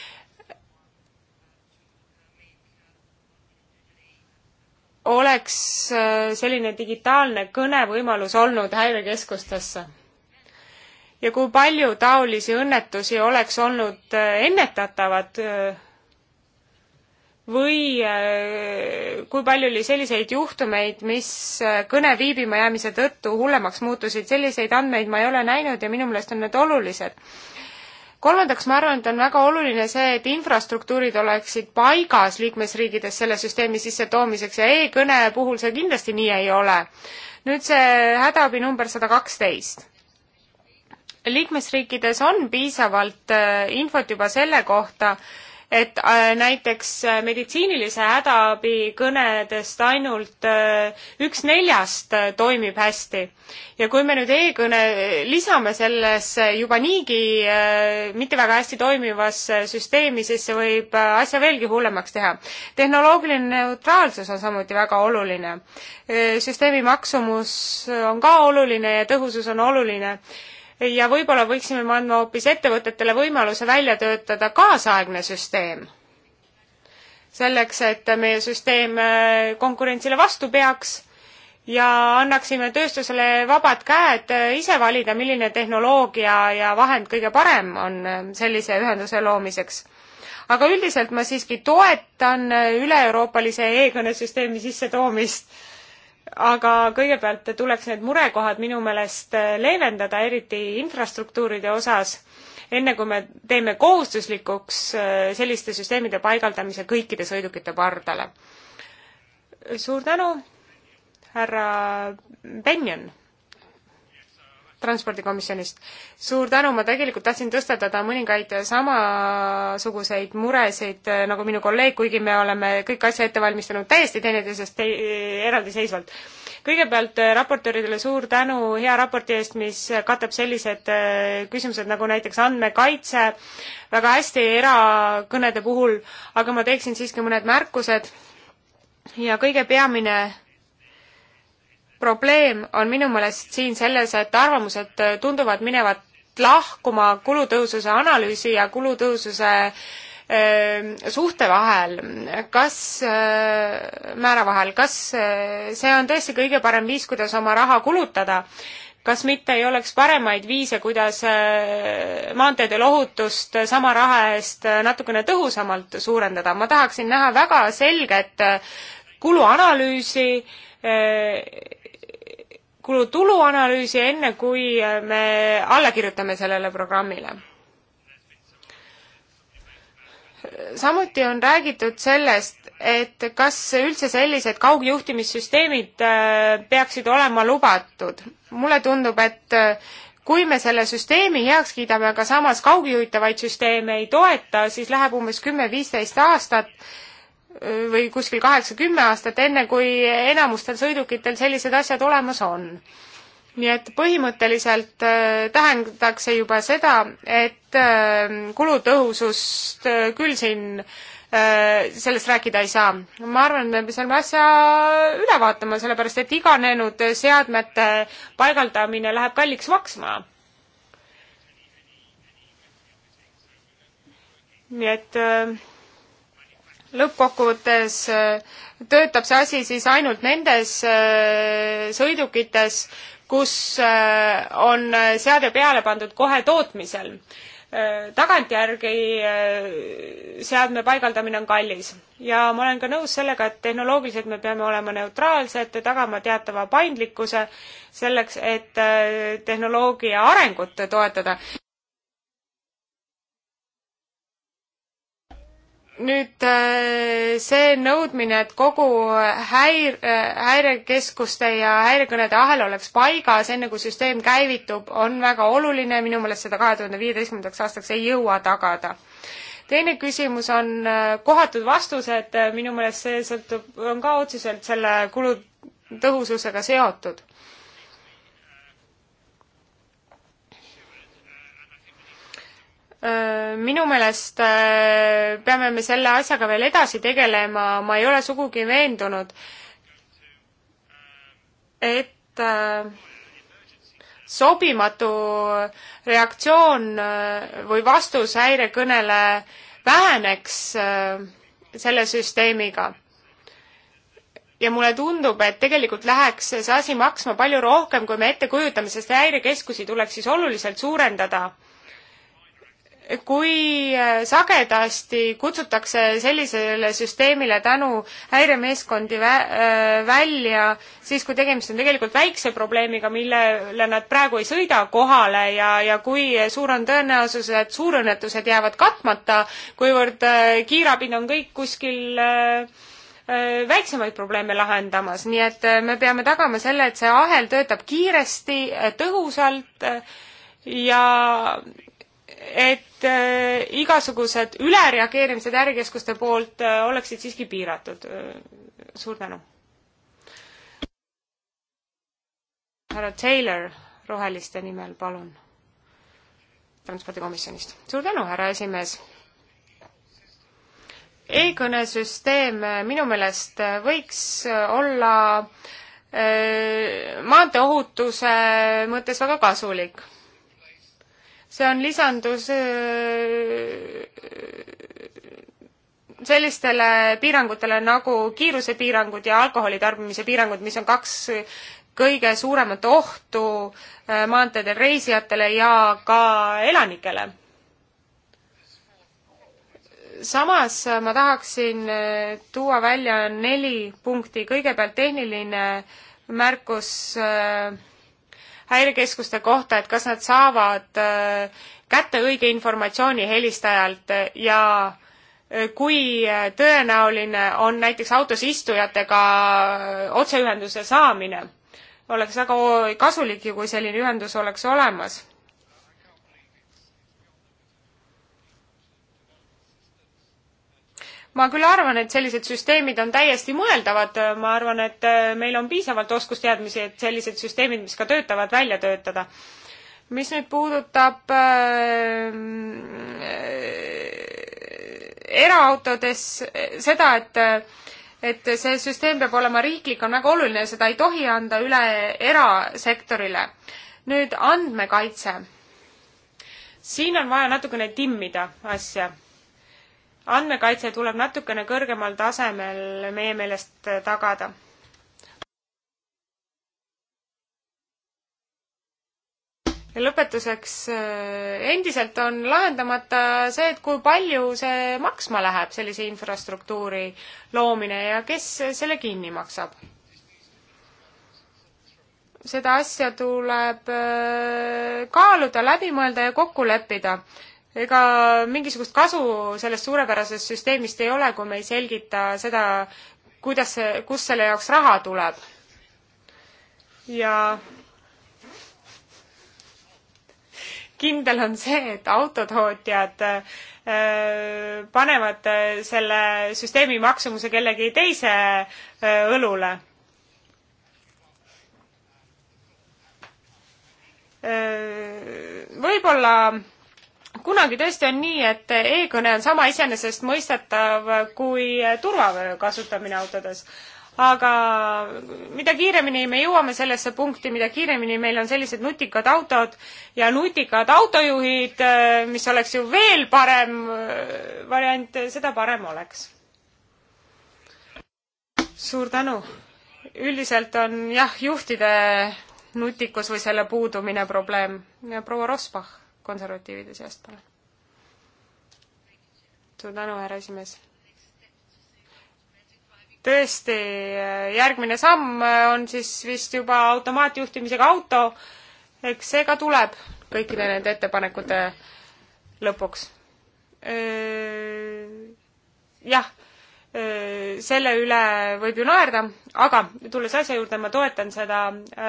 oleks äh, selline digitaalne kõnevõimalus olnud häirekeskustesse? ja kui palju taolisi õnnetusi oleks olnud äh, ennetatavad äh, või kui palju oli selliseid juhtumeid, mis kõne viibima jäämise tõttu hullemaks muutusid, selliseid andmeid ma ei ole näinud ja minu meelest on need olulised kolmandaks, ma arvan, et on väga oluline see, et infrastruktuurid oleksid paigas liikmesriikides selle süsteemi sissetoomiseks ja e-kõne puhul see kindlasti nii ei ole. nüüd see hädaabi number sada kaksteist. liikmesriikides on piisavalt äh, infot juba selle kohta, et äh, näiteks äh, meditsiinilise hädaabi kõnedest ainult äh, üks neljast toimib hästi. ja kui me nüüd e-kõne lisame sellesse juba niigi mitte väga hästi toimivasse süsteemi, siis see võib asja veelgi hullemaks teha. tehnoloogiline neutraalsus on samuti väga oluline. süsteemi maksumus on ka oluline ja tõhusus on oluline ja võib-olla võiksime me andma hoopis ettevõtetele võimaluse välja töötada kaasaegne süsteem. selleks, et meie süsteem äh, konkurentsile vastu peaks ja annaksime tööstusele vabad käed äh, ise valida, milline tehnoloogia ja vahend kõige parem on äh, sellise ühenduse loomiseks. aga üldiselt ma siiski toetan üle-euroopalise e-kõnesüsteemi sissetoomist aga kõigepealt tuleks need murekohad minu meelest äh, leevendada, eriti infrastruktuuride osas, enne kui me teeme kohustuslikuks äh, selliste süsteemide paigaldamise kõikide sõidukite pardale. suur tänu, härra Benjon transpordikomisjonist. suur tänu, ma tegelikult tahtsin tõstatada mõningaid samasuguseid muresid eh, nagu minu kolleeg, kuigi me oleme kõik asja ette valmistanud täiesti teineteisest eraldiseisvalt. kõigepealt eh, raportööridele suur tänu hea raporti eest, mis katab sellised eh, küsimused nagu näiteks andmekaitse väga hästi erakõnede puhul, aga ma teeksin siiski mõned märkused ja kõige peamine probleem on minu meelest siin selles, et arvamused tunduvad minevat lahkuma kulutõhususe analüüsi ja kulutõhususe ähm, suhte vahel, kas, äh, määra vahel, kas äh, see on tõesti kõige parem viis, kuidas oma raha kulutada? kas mitte ei oleks paremaid viise, kuidas äh, maanteedel ohutust sama raha eest natukene tõhusamalt suurendada? ma tahaksin näha väga selget kuluanalüüsi kulutulu analüüsi, enne kui me alla kirjutame sellele programmile. samuti on räägitud sellest, et kas üldse sellised kaugjuhtimissüsteemid äh, peaksid olema lubatud. mulle tundub, et äh, kui me selle süsteemi heaks kiidame, aga samas kaugjuhitavaid süsteeme ei toeta, siis läheb umbes kümme-viisteist aastat, või kuskil kaheksa-kümme aastat, enne kui enamustel sõidukitel sellised asjad olemas on. nii et põhimõtteliselt äh, tähendaks see juba seda, et äh, kulutõhusust äh, küll siin sellest rääkida ei saa. ma arvan, me peame asja üle vaatama, sellepärast et iganenud seadmete paigaldamine läheb kalliks maksma. nii et äh, lõppkokkuvõttes äh, töötab see asi siis ainult nendes äh, sõidukites, kus äh, on seade peale pandud kohe tootmisel. tagantjärgi seadme paigaldamine on kallis ja ma olen ka nõus sellega, et tehnoloogiliselt me peame olema neutraalsed, tagama teatava paindlikkuse selleks, et tehnoloogia arengut toetada. nüüd äh, see nõudmine, et kogu häir-, äh, häirekeskuste ja häirekõnede ahel oleks paigas, enne kui süsteem käivitub, on väga oluline, minu meelest seda kahe tuhande viieteistkümnendaks aastaks ei jõua tagada. teine küsimus on äh, kohatud vastused, minu meelest see sõltub, on ka otseselt selle kulutõhususega seotud Äh, minu meelest äh, peame me selle asjaga veel edasi tegelema, ma ei ole sugugi veendunud, et äh, sobimatu reaktsioon või vastus häirekõnele väheneks selle süsteemiga. ja mulle tundub, et tegelikult läheks see asi maksma palju rohkem, kui me ette kujutame, sest häirekeskusi tuleks siis oluliselt suurendada kui äh, sagedasti kutsutakse sellisele süsteemile tänu häiremeeskondi vä-, äh, välja, siis kui tegemist on tegelikult väikse probleemiga, millele nad praegu ei sõida kohale ja, ja kui suur on tõenäosus, et suurõnnetused jäävad katmata, kuivõrd äh, kiirabid on kõik kuskil väiksemaid probleeme lahendamas, nii et me peame tagama selle, et see ahel töötab kiiresti, tõhusalt ja et äh, igasugused ülereageerimised ärikeskuste poolt äh, oleksid siiski piiratud. Äh, suur tänu. härra Taylor Roheliste nimel, palun. transpordikomisjonist. suur tänu, härra esimees e-kõnesüsteem minu meelest võiks olla maanteeohutuse mõttes väga kasulik see on lisandus äh, sellistele piirangutele nagu kiirusepiirangud ja alkoholi tarbimise piirangud, mis on kaks kõige suuremat ohtu äh, maanteedel reisijatele ja ka elanikele. samas ma tahaksin äh, tuua välja neli punkti, kõigepealt tehniline märkus äh, häirekeskuste kohta, et kas nad saavad äh, kätte õige informatsiooni helistajalt äh, ja äh, kui tõenäoline on näiteks autos istujatega otseühenduse saamine. oleks väga kasulik ju, kui selline ühendus oleks olemas ma küll arvan, et sellised süsteemid on täiesti mõeldavad, ma arvan, et äh, meil on piisavalt oskusteadmisi, et sellised süsteemid, mis ka töötavad, välja töötada. mis nüüd puudutab äh, eraautodes äh, seda, et äh, et see süsteem peab olema riiklik, on väga oluline, seda ei tohi anda üle erasektorile. nüüd andmekaitse. siin on vaja natukene timmida asja andmekaitse tuleb natukene kõrgemal tasemel meie meelest tagada. ja lõpetuseks, äh, endiselt on lahendamata see, et kui palju see maksma läheb, sellise infrastruktuuri loomine ja kes selle kinni maksab? seda asja tuleb äh, kaaluda, läbi mõelda ja kokku leppida ega mingisugust kasu sellest suurepärasest süsteemist ei ole, kui me ei selgita seda, kuidas see, kust selle jaoks raha tuleb. ja kindel on see, et autotootjad äh, panevad selle süsteemi maksumuse kellegi teise äh, õlule äh, võib-olla kunagi tõesti on nii, et e-kõne on sama iseenesestmõistetav kui turvavöö kasutamine autodes. aga mida kiiremini me jõuame sellesse punkti, mida kiiremini meil on sellised nutikad autod ja nutikad autojuhid, mis oleks ju veel parem variant, seda parem oleks. suur tänu. üldiselt on jah, juhtide nutikus või selle puudumine probleem. proua Rosbach konservatiivide seast, palun. suur tänu, härra esimees. tõesti, järgmine samm on siis vist juba automaatjuhtimisega auto, eks see ka tuleb kõikide nende ettepanekute lõpuks. jah selle üle võib ju naerda, aga tulles asja juurde, ma toetan seda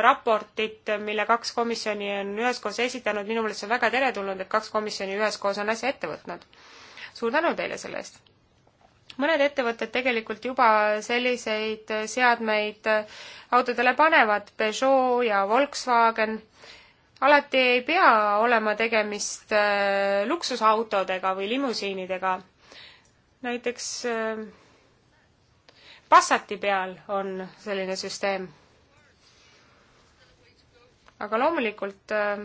raportit, mille kaks komisjoni on üheskoos esitanud, minu meelest see on väga teretulnud, et kaks komisjoni üheskoos on asja ette võtnud. suur tänu teile selle eest! mõned ettevõtted tegelikult juba selliseid seadmeid autodele panevad, Peugeot ja Volkswagen, alati ei pea olema tegemist äh, luksusautodega või limusiinidega. näiteks äh, Passati peal on selline süsteem. aga loomulikult äh,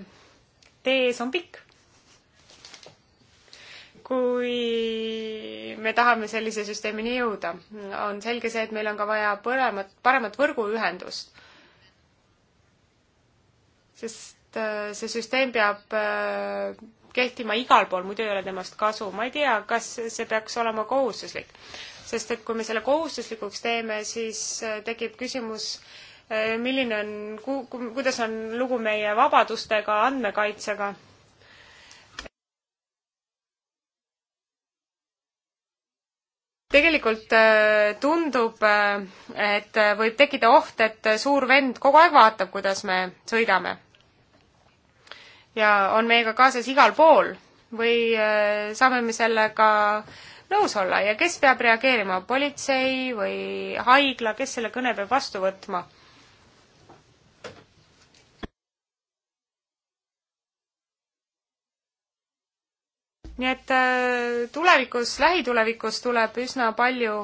tee ees on pikk. kui me tahame sellise süsteemini jõuda, on selge see, et meil on ka vaja paremat, paremat võrguühendust. sest äh, see süsteem peab äh, kehtima igal pool, muidu ei ole temast kasu. ma ei tea, kas see peaks olema kohustuslik sest et kui me selle kohustuslikuks teeme, siis äh, tekib küsimus, äh, milline on ku,, kuidas on lugu meie vabadustega, andmekaitsega tegelikult äh, tundub, et võib tekkida oht, et suur vend kogu aeg vaatab, kuidas me sõidame. ja on meiega kaasas igal pool või saame me sellega nõus olla ja kes peab reageerima, politsei või haigla, kes selle kõne peab vastu võtma? nii et äh, tulevikus, lähitulevikus tuleb üsna palju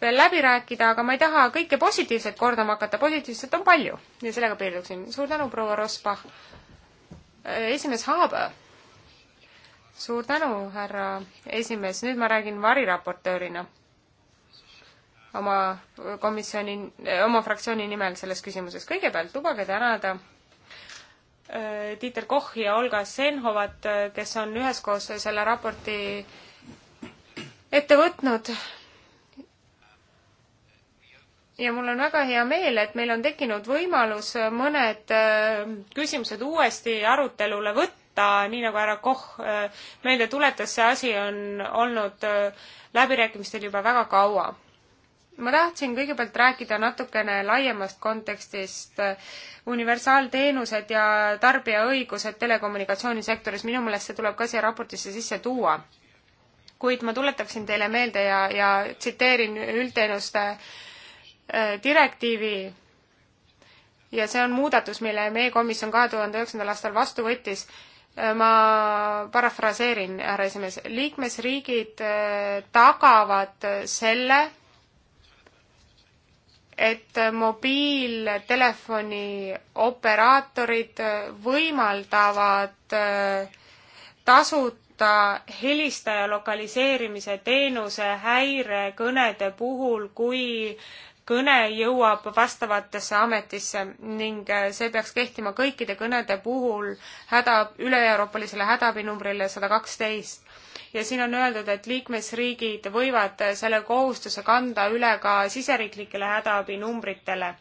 veel läbi rääkida, aga ma ei taha kõike positiivset kordama hakata, positiivset on palju ja sellega piirduksin. suur tänu, proua Rosbach. Äh, esimees Haaber suur tänu, härra esimees, nüüd ma räägin variraportöörina oma komisjoni, oma fraktsiooni nimel selles küsimuses. kõigepealt lubage tänada Tiiter äh, Koch ja Olga Senhovat, äh, kes on üheskoos selle raporti ette võtnud. ja mul on väga hea meel, et meil on tekkinud võimalus mõned äh, küsimused uuesti arutelule võtta ta, nii nagu härra Koch äh, meelde tuletas, see asi on olnud äh, läbirääkimistel juba väga kaua. ma tahtsin kõigepealt rääkida natukene laiemast kontekstist äh, universaalteenused ja tarbijaõigused telekommunikatsioonisektoris, minu meelest see tuleb ka siia raportisse sisse tuua kuid ma tuletaksin teile meelde ja, ja tsiteerin üldteenuste direktiivi ja see on muudatus, mille meie komisjon kahe tuhande üheksandal aastal vastu võttis ma parafraseerin, härra esimees, liikmesriigid eh, tagavad selle, et mobiiltelefoni operaatorid võimaldavad eh, tasuta helistaja lokaliseerimise teenuse häirekõnede puhul, kui kõne jõuab vastavatesse ametisse ning äh, see peaks kehtima kõikide kõnede puhul häda, üle-euroopalisele hädaabinumbrile sada kaksteist. ja siin on öeldud, et liikmesriigid võivad äh, selle kohustuse kanda üle ka siseriiklikele hädaabinumbritele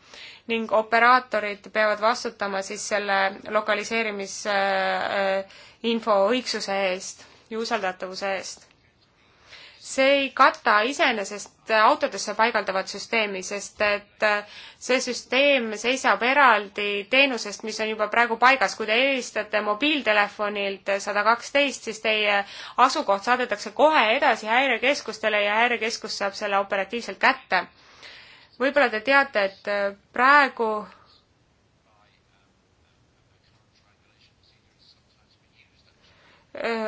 ning operaatorid peavad vastutama siis selle lokaliseerimisinfo äh, õigsuse eest ja usaldatavuse eest see ei kata iseenesest autodesse paigaldavat süsteemi, sest et äh, see süsteem seisab eraldi teenusest, mis on juba praegu paigas. kui te helistate mobiiltelefonilt sada kaksteist, siis teie asukoht saadetakse kohe edasi häirekeskustele ja häirekeskus saab selle operatiivselt kätte. võib-olla te teate, et äh, praegu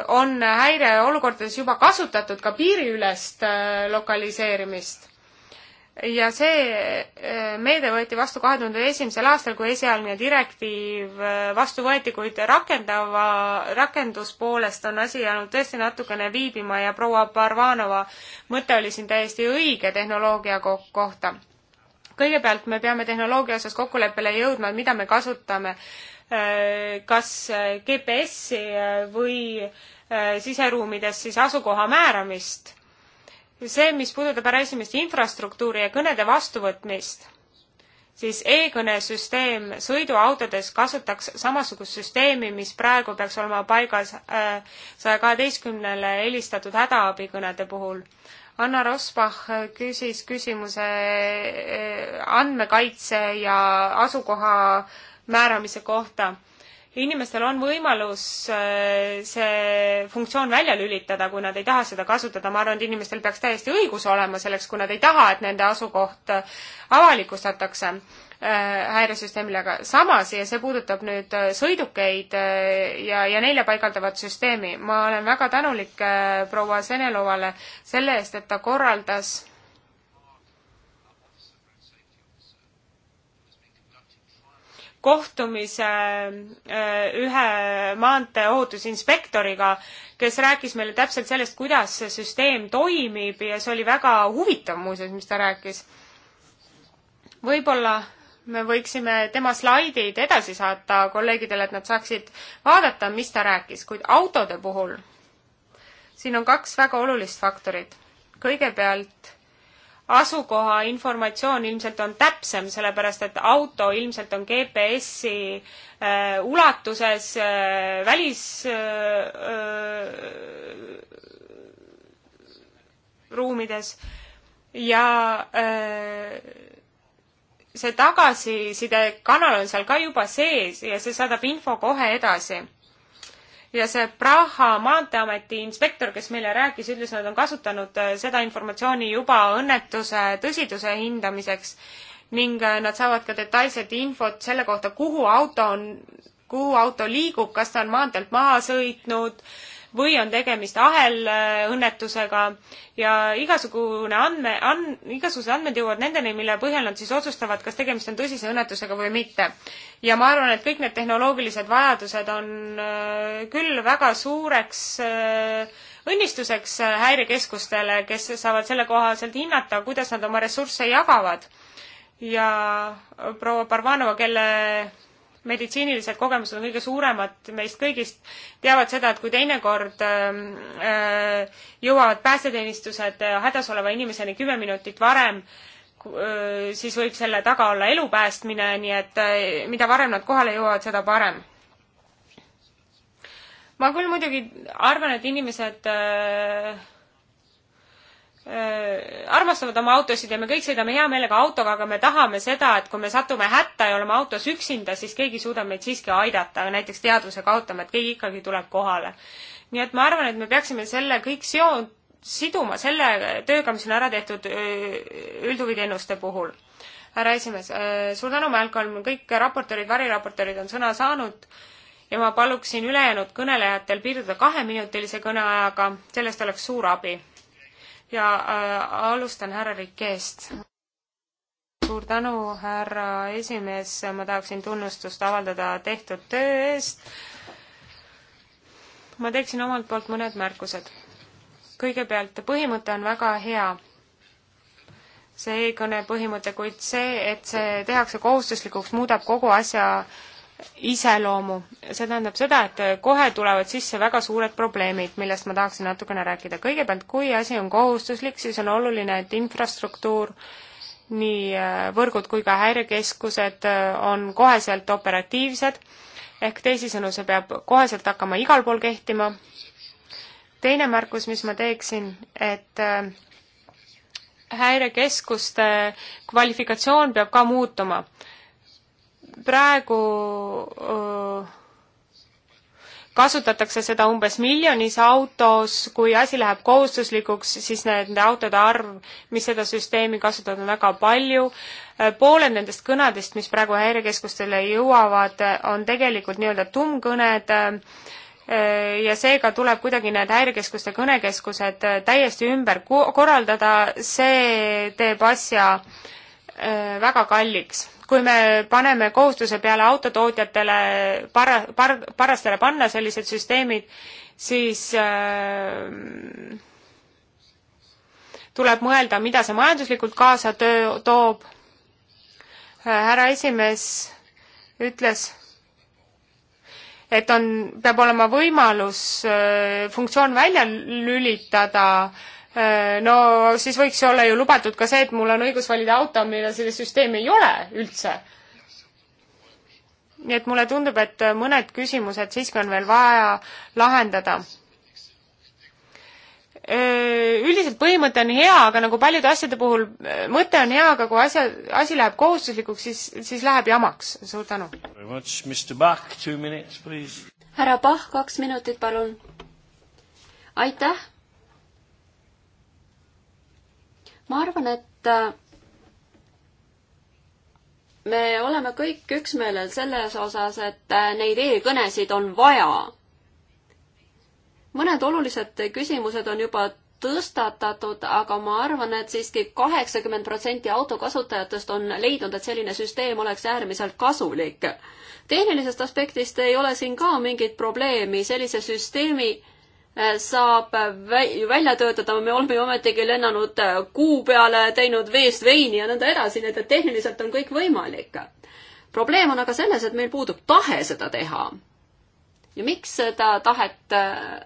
on häireolukordades juba kasutatud ka piiriülest äh, lokaliseerimist. ja see äh, meede võeti vastu kahe tuhande esimesel aastal, kui esialgne direktiiv äh, vastu võeti, kuid rakendava, rakenduspoolest on asi jäänud tõesti natukene viibima ja proua Barvanova mõte oli siin täiesti õige tehnoloogia ko kohta kõigepealt me peame tehnoloogia osas kokkuleppele jõudma, et mida me kasutame Äh, kas äh, GPS-i äh, või siseruumides siis asukoha määramist. see, mis puudutab härra esimest infrastruktuuri ja kõnede vastuvõtmist, siis e-kõnesüsteem sõiduautodes kasutaks samasugust süsteemi, mis praegu peaks olema paigas saja kaheteistkümnele helistatud hädaabikõnede puhul. Anna Rosbach küsis küsimuse andmekaitse ja asukoha äh, määramise kohta. inimestel on võimalus äh, see funktsioon välja lülitada, kui nad ei taha seda kasutada, ma arvan, et inimestel peaks täiesti õigus olema selleks, kui nad ei taha, et nende asukoht äh, avalikustatakse äh, häiresüsteemile, aga samas, ja see puudutab nüüd sõidukeid ja, ja neile paigaldavat süsteemi, ma olen väga tänulik proua Senelovale selle eest, et ta korraldas kohtumise äh, ühe maanteeohutusinspektoriga, kes rääkis meile täpselt sellest, kuidas see süsteem toimib ja see oli väga huvitav muuseas, mis ta rääkis. võib-olla me võiksime tema slaidid edasi saata kolleegidele, et nad saaksid vaadata, mis ta rääkis, kuid autode puhul siin on kaks väga olulist faktorit. kõigepealt asukoha informatsioon ilmselt on täpsem, sellepärast et auto ilmselt on GPS-i äh, ulatuses äh, välisruumides äh, ja äh, see tagasisidekanal on seal ka juba sees ja see saadab info kohe edasi ja see Praha maanteeameti inspektor, kes meile rääkis, ütles, nad on kasutanud äh, seda informatsiooni juba õnnetuse tõsiduse hindamiseks ning äh, nad saavad ka detailset infot selle kohta, kuhu auto on, kuhu auto liigub, kas ta on maanteelt maha sõitnud äh,, või on tegemist ahelõnnetusega ja igasugune andme, and-, igasugused andmed jõuavad nendeni, mille põhjal nad siis otsustavad, kas tegemist on tõsise õnnetusega või mitte. ja ma arvan, et kõik need tehnoloogilised vajadused on äh, küll väga suureks äh, õnnistuseks äh, häirekeskustele, kes saavad selle kohaselt hinnata, kuidas nad oma ressursse jagavad. ja proua Parvanova, kelle meditsiinilised kogemused on kõige suuremad meist kõigist, teavad seda, et kui teinekord ähm, äh, jõuavad päästeteenistused äh, hädas oleva inimeseni kümme minutit varem, äh, siis võib selle taga olla elu päästmine, nii et äh, mida varem nad kohale jõuavad, seda parem. ma küll muidugi arvan, et inimesed äh, Äh, armastavad oma autosid ja me kõik sõidame hea meelega autoga, aga me tahame seda, et kui me satume hätta ja oleme autos üksinda, siis keegi suudab meid siiski aidata, näiteks teadvuse kaotama, et keegi ikkagi tuleb kohale. nii et ma arvan, et me peaksime selle kõik seo-, siduma selle tööga, mis on ära tehtud äh, üldhuviteenuste puhul. härra esimees, äh, suur tänu, Malcolm, kõik raportöörid, variraportöörid on sõna saanud ja ma paluksin ülejäänud kõnelejatel piirduda kaheminutilise kõneajaga, sellest oleks suur abi ja äh, alustan härra Rikeest. suur tänu, härra esimees, ma tahaksin tunnustust avaldada tehtud töö eest. ma teeksin omalt poolt mõned märkused. kõigepealt, põhimõte on väga hea see e-kõne põhimõte, kuid see, et see tehakse kohustuslikuks, muudab kogu asja äh, iseloomu. see tähendab seda, et kohe tulevad sisse väga suured probleemid, millest ma tahaksin natukene rääkida. kõigepealt, kui asi on kohustuslik, siis on oluline, et infrastruktuur, nii äh, võrgud kui ka häirekeskused äh, on koheselt operatiivsed, ehk teisisõnu, see peab koheselt hakkama igal pool kehtima. teine märkus, mis ma teeksin, et äh, häirekeskuste kvalifikatsioon peab ka muutuma praegu kasutatakse seda umbes miljonis autos, kui asi läheb kohustuslikuks, siis nende autode arv, mis seda süsteemi kasutavad, on väga palju. pooled nendest kõnedest, mis praegu häirekeskustele jõuavad, on tegelikult nii-öelda tummkõned ja seega tuleb kuidagi need häirekeskuste kõnekeskused täiesti ümber korraldada, see teeb asja väga kalliks kui me paneme kohustuse peale autotootjatele para-, par-, parastele panna sellised süsteemid, siis äh, tuleb mõelda, mida see majanduslikult kaasa töö toob. härra esimees ütles, et on, peab olema võimalus äh, funktsioon välja lülitada äh, Äh, no siis võiks ju olla ju lubatud ka see, et mul on õigus valida auto, millel sellist süsteemi ei ole üldse. nii et mulle tundub, et mõned küsimused siiski on veel vaja lahendada äh, üldiselt põhimõte on hea, aga nagu paljude asjade puhul, äh, mõte on hea, aga kui asja, asi läheb kohustuslikuks, siis, siis läheb jamaks. suur tänu. härra Bach, kaks minutit, palun. aitäh. ma arvan, et äh, me oleme kõik üksmeelel selles osas, et äh, neid e-kõnesid on vaja. mõned olulised küsimused on juba tõstatatud, aga ma arvan, et siiski kaheksakümmend protsenti autokasutajatest on leidnud, et selline süsteem oleks äärmiselt kasulik. tehnilisest aspektist ei ole siin ka mingit probleemi, sellise süsteemi Äh, saab äh, välja töötada, me oleme ju ometigi lennanud äh, kuu peale, teinud veest veini ja nõnda edasi, nii et tehniliselt on kõik võimalik. probleem on aga selles, et meil puudub tahe seda teha. ja miks seda tahet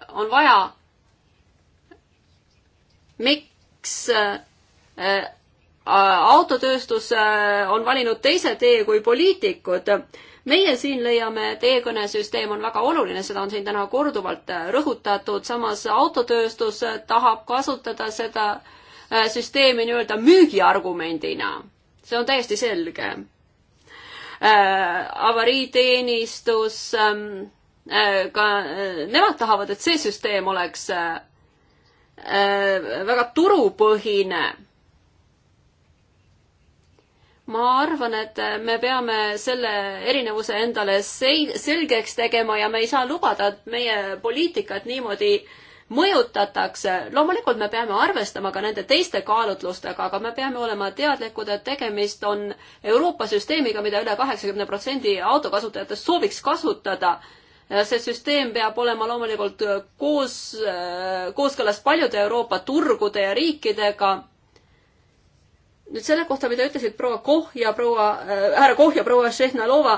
on vaja? miks autotööstus on valinud teise tee kui poliitikud? meie siin leiame, et e-kõnesüsteem on väga oluline, seda on siin täna korduvalt äh, rõhutatud, samas autotööstus äh, tahab kasutada seda äh, süsteemi nii-öelda müügiargumendina. see on täiesti selge äh,. avariiteenistus ähm, äh,, ka äh, nemad tahavad, et see süsteem oleks äh, väga turupõhine ma arvan, et me peame selle erinevuse endale selgeks tegema ja me ei saa lubada, et meie poliitikat niimoodi mõjutatakse. loomulikult me peame arvestama ka nende teiste kaalutlustega, aga me peame olema teadlikud, et tegemist on Euroopa süsteemiga mida, mida üle kaheksakümne protsendi autokasutajatest sooviks kasutada see süsteem peab olema loomulikult koos, kooskõlas paljude Euroopa turgude ja riikidega nüüd selle kohta, mida ütlesid proua Koh ja proua äh,, härra Koh ja proua Šehnalova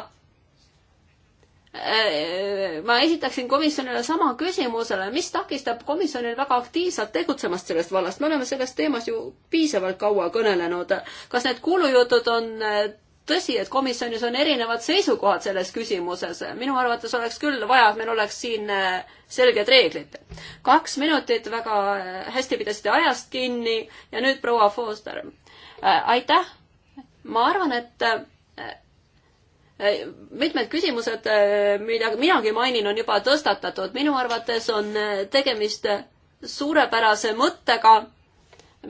äh,. ma esitaksin komisjonile sama küsimusele, mis takistab komisjonil väga aktiivselt tegutsemast sellest vallast, me oleme sellest teemast ju piisavalt kaua kõnelenud. kas need kuulujutud on äh, tõsi, et komisjonis on erinevad seisukohad selles küsimuses. minu arvates oleks küll vaja, et meil oleks siin äh, selged reeglid. kaks minutit, väga äh, hästi pidasite ajast kinni ja nüüd proua Foster. Äh, aitäh! ma arvan, et äh, äh, mitmed küsimused, mida minagi mainin, on juba tõstatatud. minu arvates on tegemist suurepärase mõttega,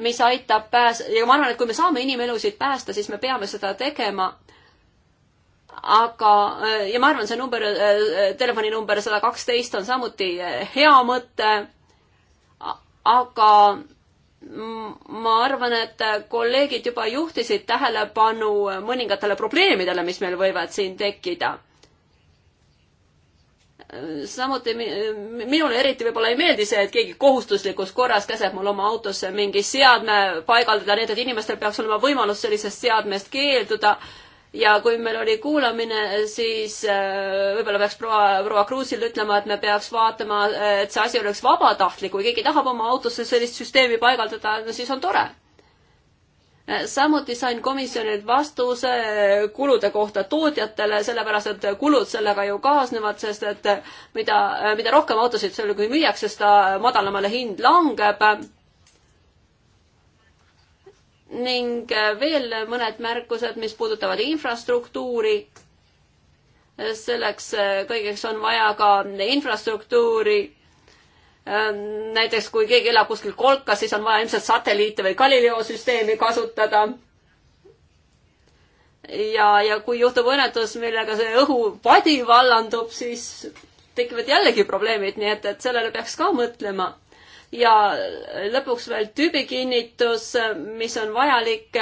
mis aitab pääs- ja ma arvan, et kui me saame inimelusid päästa, siis me peame seda tegema aga, ja ma arvan, see number, telefoninumber sada kaksteist on samuti hea mõte, aga ma arvan, et kolleegid juba juhtisid tähelepanu mõningatele probleemidele, mis meil võivad siin tekkida. samuti minule eriti võib-olla ei meeldi see, et keegi kohustuslikus korras käseb mul oma autosse mingi seadme paigaldada, nii et, et inimestel peaks olema võimalus sellisest seadmest keelduda ja kui meil oli kuulamine, siis äh, võib-olla peaks proua, proua Kruusile ütlema, et me peaks vaatama, et see asi oleks vabatahtlik, kui keegi tahab oma autosse sellist süsteemi paigaldada, siis on tore. Äh, samuti sain komisjonilt vastuse äh, kulude kohta tootjatele, sellepärast et kulud sellega ju kaasnevad, sest et mida, mida rohkem autosid seal kui müüakse, seda madalamale hind langeb ning äh, veel mõned märkused, mis puudutavad infrastruktuuri. selleks äh, kõigeks on vaja ka infrastruktuuri. Ähm, näiteks kui keegi elab kuskil kolkas, siis on vaja ilmselt satelliite või Galileo süsteemi kasutada. ja, ja kui juhtub õnnetus, millega see õhupadi vallandub, siis tekivad jällegi probleemid, nii et, et sellele peaks ka mõtlema ja lõpuks veel tüübikinnitus, mis on vajalik.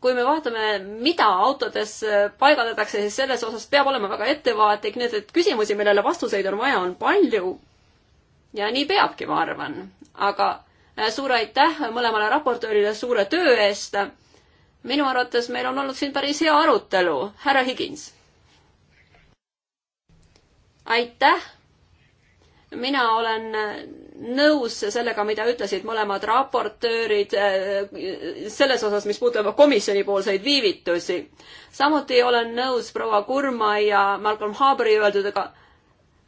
kui me vaatame, mida autodes paigaldatakse, siis selles osas peab olema väga ettevaatlik, nii et, et küsimusi, millele vastuseid on vaja, on palju. ja nii peabki, ma arvan, aga äh, suur aitäh mõlemale raportöörile suure töö eest. minu arvates meil on olnud siin päris hea arutelu, härra Higins. aitäh mina olen äh, nõus sellega, mida ütlesid mõlemad raportöörid äh, selles osas, mis puudutab komisjonipoolseid viivitusi. samuti olen nõus proua Kurmai ja Malcolm Harbori öeldudega.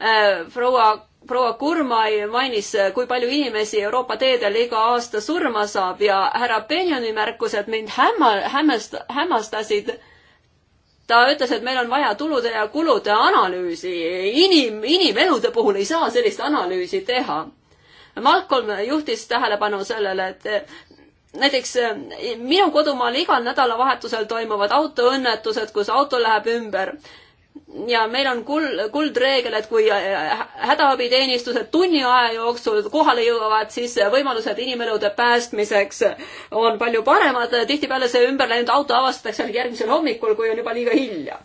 Äh, proua, proua Kurmai mainis, kui palju inimesi Euroopa teedel iga aasta surma saab ja härra Benjoni märkused mind hämma, hämmast-, hämmastasid ta ütles, et meil on vaja tulude ja kulude analüüsi. inim, inimelude puhul ei saa sellist analüüsi teha. Malcolm juhtis tähelepanu sellele, et näiteks eh, minu kodumaal igal nädalavahetusel toimuvad autoõnnetused, kus auto läheb ümber ja meil on kuld, kuldreegel, et kui äh, hädaabiteenistused tunni aja jooksul kohale jõuavad, siis võimalused inimelude päästmiseks on palju paremad. tihtipeale see ümberläinud auto avastatakse järgmisel hommikul, kui on juba liiga hilja.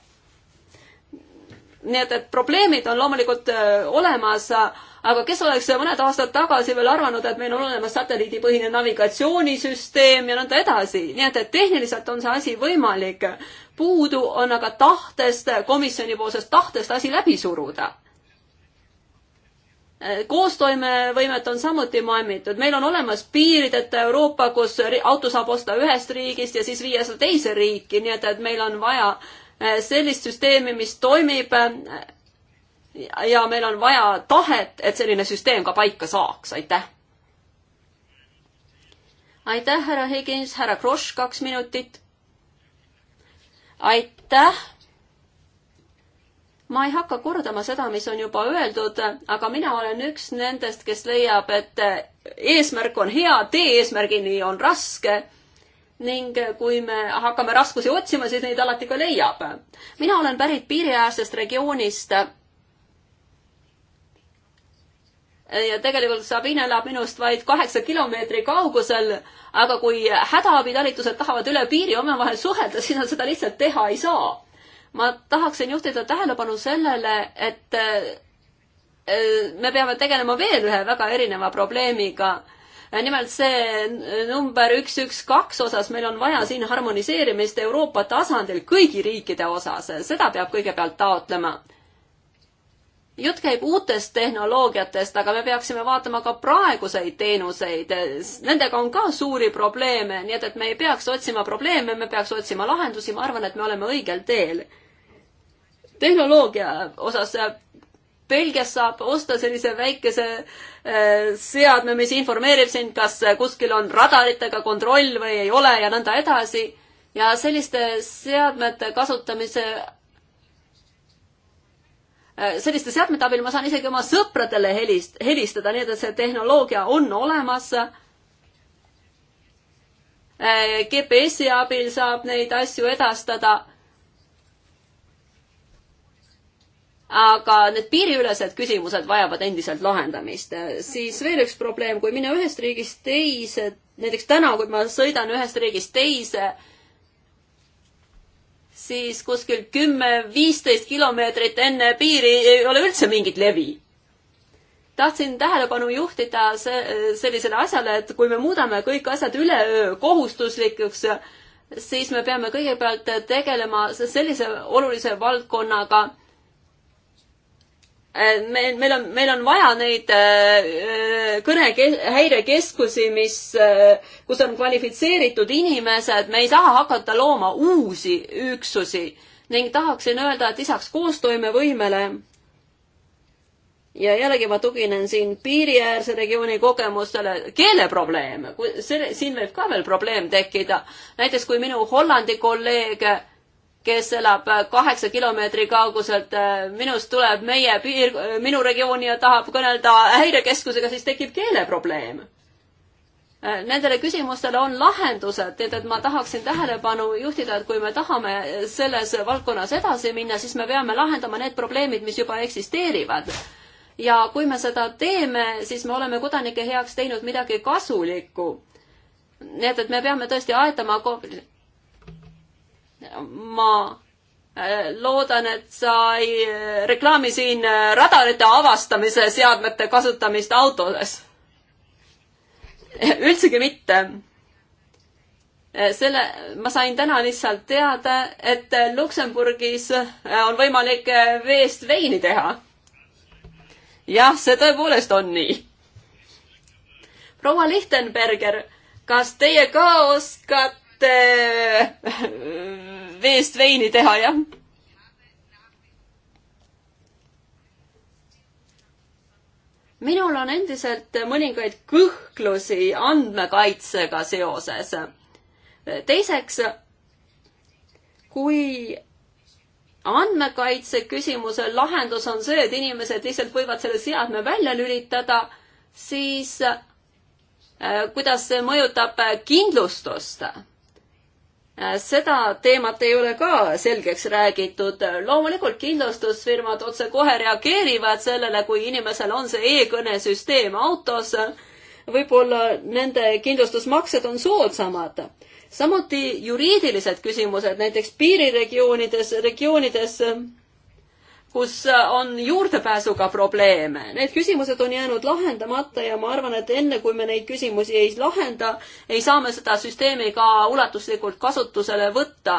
nii et, et probleemid on loomulikult äh, olemas, aga kes oleks mõned aastad tagasi veel arvanud, et meil on olemas satelliidipõhine navigatsioonisüsteem ja nõnda edasi. nii et, et tehniliselt on see asi võimalik puudu on aga tahtest, komisjonipoolsest tahtest asi läbi suruda koostoimevõimet on samuti maimitud, meil on olemas piirideta Euroopa, kus auto saab osta ühest riigist ja siis viia seda teise riiki, nii et, et meil on vaja eh, sellist süsteemi, mis toimib. Eh, ja meil on vaja tahet, et selline süsteem ka paika saaks, aitäh. aitäh, härra Higins, härra Kross, kaks minutit aitäh! ma ei hakka kordama seda, mis on juba öeldud, aga mina olen üks nendest, kes leiab, et eesmärk on hea, tee eesmärgini on raske ning kui me hakkame raskusi otsima, siis neid alati ka leiab. mina olen pärit piiriäärsest regioonist ja tegelikult Sabine elab minust vaid kaheksa kilomeetri kaugusel, aga kui hädaabitalitused tahavad üle piiri omavahel suhelda, siis nad seda lihtsalt teha ei saa. ma tahaksin juhtida tähelepanu sellele, et e, me peame tegelema veel ühe väga erineva probleemiga. nimelt see number üks, üks, kaks osas meil on vaja siin harmoniseerimist Euroopa tasandil kõigi riikide osas, seda peab kõigepealt taotlema jutt käib uutest tehnoloogiatest, aga me peaksime vaatama ka praeguseid teenuseid. Nendega on ka suuri probleeme, nii et, et me ei peaks otsima probleeme, me peaks otsima lahendusi, ma arvan, et me oleme õigel teel. tehnoloogia osas Belgias saab osta sellise väikese eh, seadme, mis informeerib sind, kas kuskil on radaritega kontroll või ei ole ja nõnda edasi. ja selliste seadmete kasutamise Äh, selliste seadmete abil ma saan isegi oma sõpradele helist-, helistada, nii et see tehnoloogia on olemas. Äh, GPS-i abil saab neid asju edastada aga need piiriülesed küsimused vajavad endiselt lahendamist. Äh, siis veel üks probleem, kui minna ühest riigist teise, näiteks täna, kui ma sõidan ühest riigist teise, siis kuskil kümme, viisteist kilomeetrit enne piiri ei ole üldse mingit levi. tahtsin tähelepanu juhtida sellisele asjale, et kui me muudame kõik asjad üleöö kohustuslikuks, siis me peame kõigepealt tegelema sellise olulise valdkonnaga Äh, meil, meil on, meil on vaja neid äh, äh, kõnehäirekeskusi, mis, kus on kvalifitseeritud inimesed, me ei saa hakata looma uusi üksusi ning tahaksin öelda, et lisaks koostoimevõimele ja jällegi ma tuginen siin piiriäärse regiooni kogemustele, keeleprobleem, siin võib ka veel probleem tekkida. näiteks kui minu Hollandi kolleeg kes elab kaheksa kilomeetri kauguselt äh, minust, tuleb meie piir, minu regiooni ja tahab kõnelda häirekeskusega, siis tekib keeleprobleem. Äh, nendele küsimustele on lahendused, nii et, et ma tahaksin tähelepanu juhtida, et kui me tahame selles valdkonnas edasi minna, siis me peame lahendama need probleemid, mis juba eksisteerivad. ja kui me seda teeme, siis me oleme kodanike heaks teinud midagi kasulikku. nii et, et me peame tõesti aetama ma äh, loodan, et sa ei äh, reklaami siin äh, radarite avastamise seadmete kasutamist autodes. üldsegi mitte. selle, ma sain täna lihtsalt teada, et Luksemburgis on võimalik veest veini teha. jah, see tõepoolest on nii. proua Lichtenberger, kas teie ka oskate veest veini teha, jah. minul on endiselt mõningaid kõhklusi andmekaitsega seoses. teiseks, kui andmekaitse küsimuse lahendus on see, et inimesed lihtsalt võivad selle seadme välja lülitada, siis eh, kuidas see mõjutab kindlustust? Äh, seda teemat ei ole ka selgeks räägitud. loomulikult kindlustusfirmad otsekohe reageerivad sellele, kui inimesel on see e-kõnesüsteem autos. võib-olla nende kindlustusmaksed on soodsamad. samuti juriidilised küsimused, näiteks piiriregioonides, regioonides, regioonides kus äh, on juurdepääsuga probleeme. Need küsimused on jäänud lahendamata ja ma arvan, et enne kui me neid küsimusi ei lahenda, ei saa me seda süsteemi ka ulatuslikult kasutusele võtta.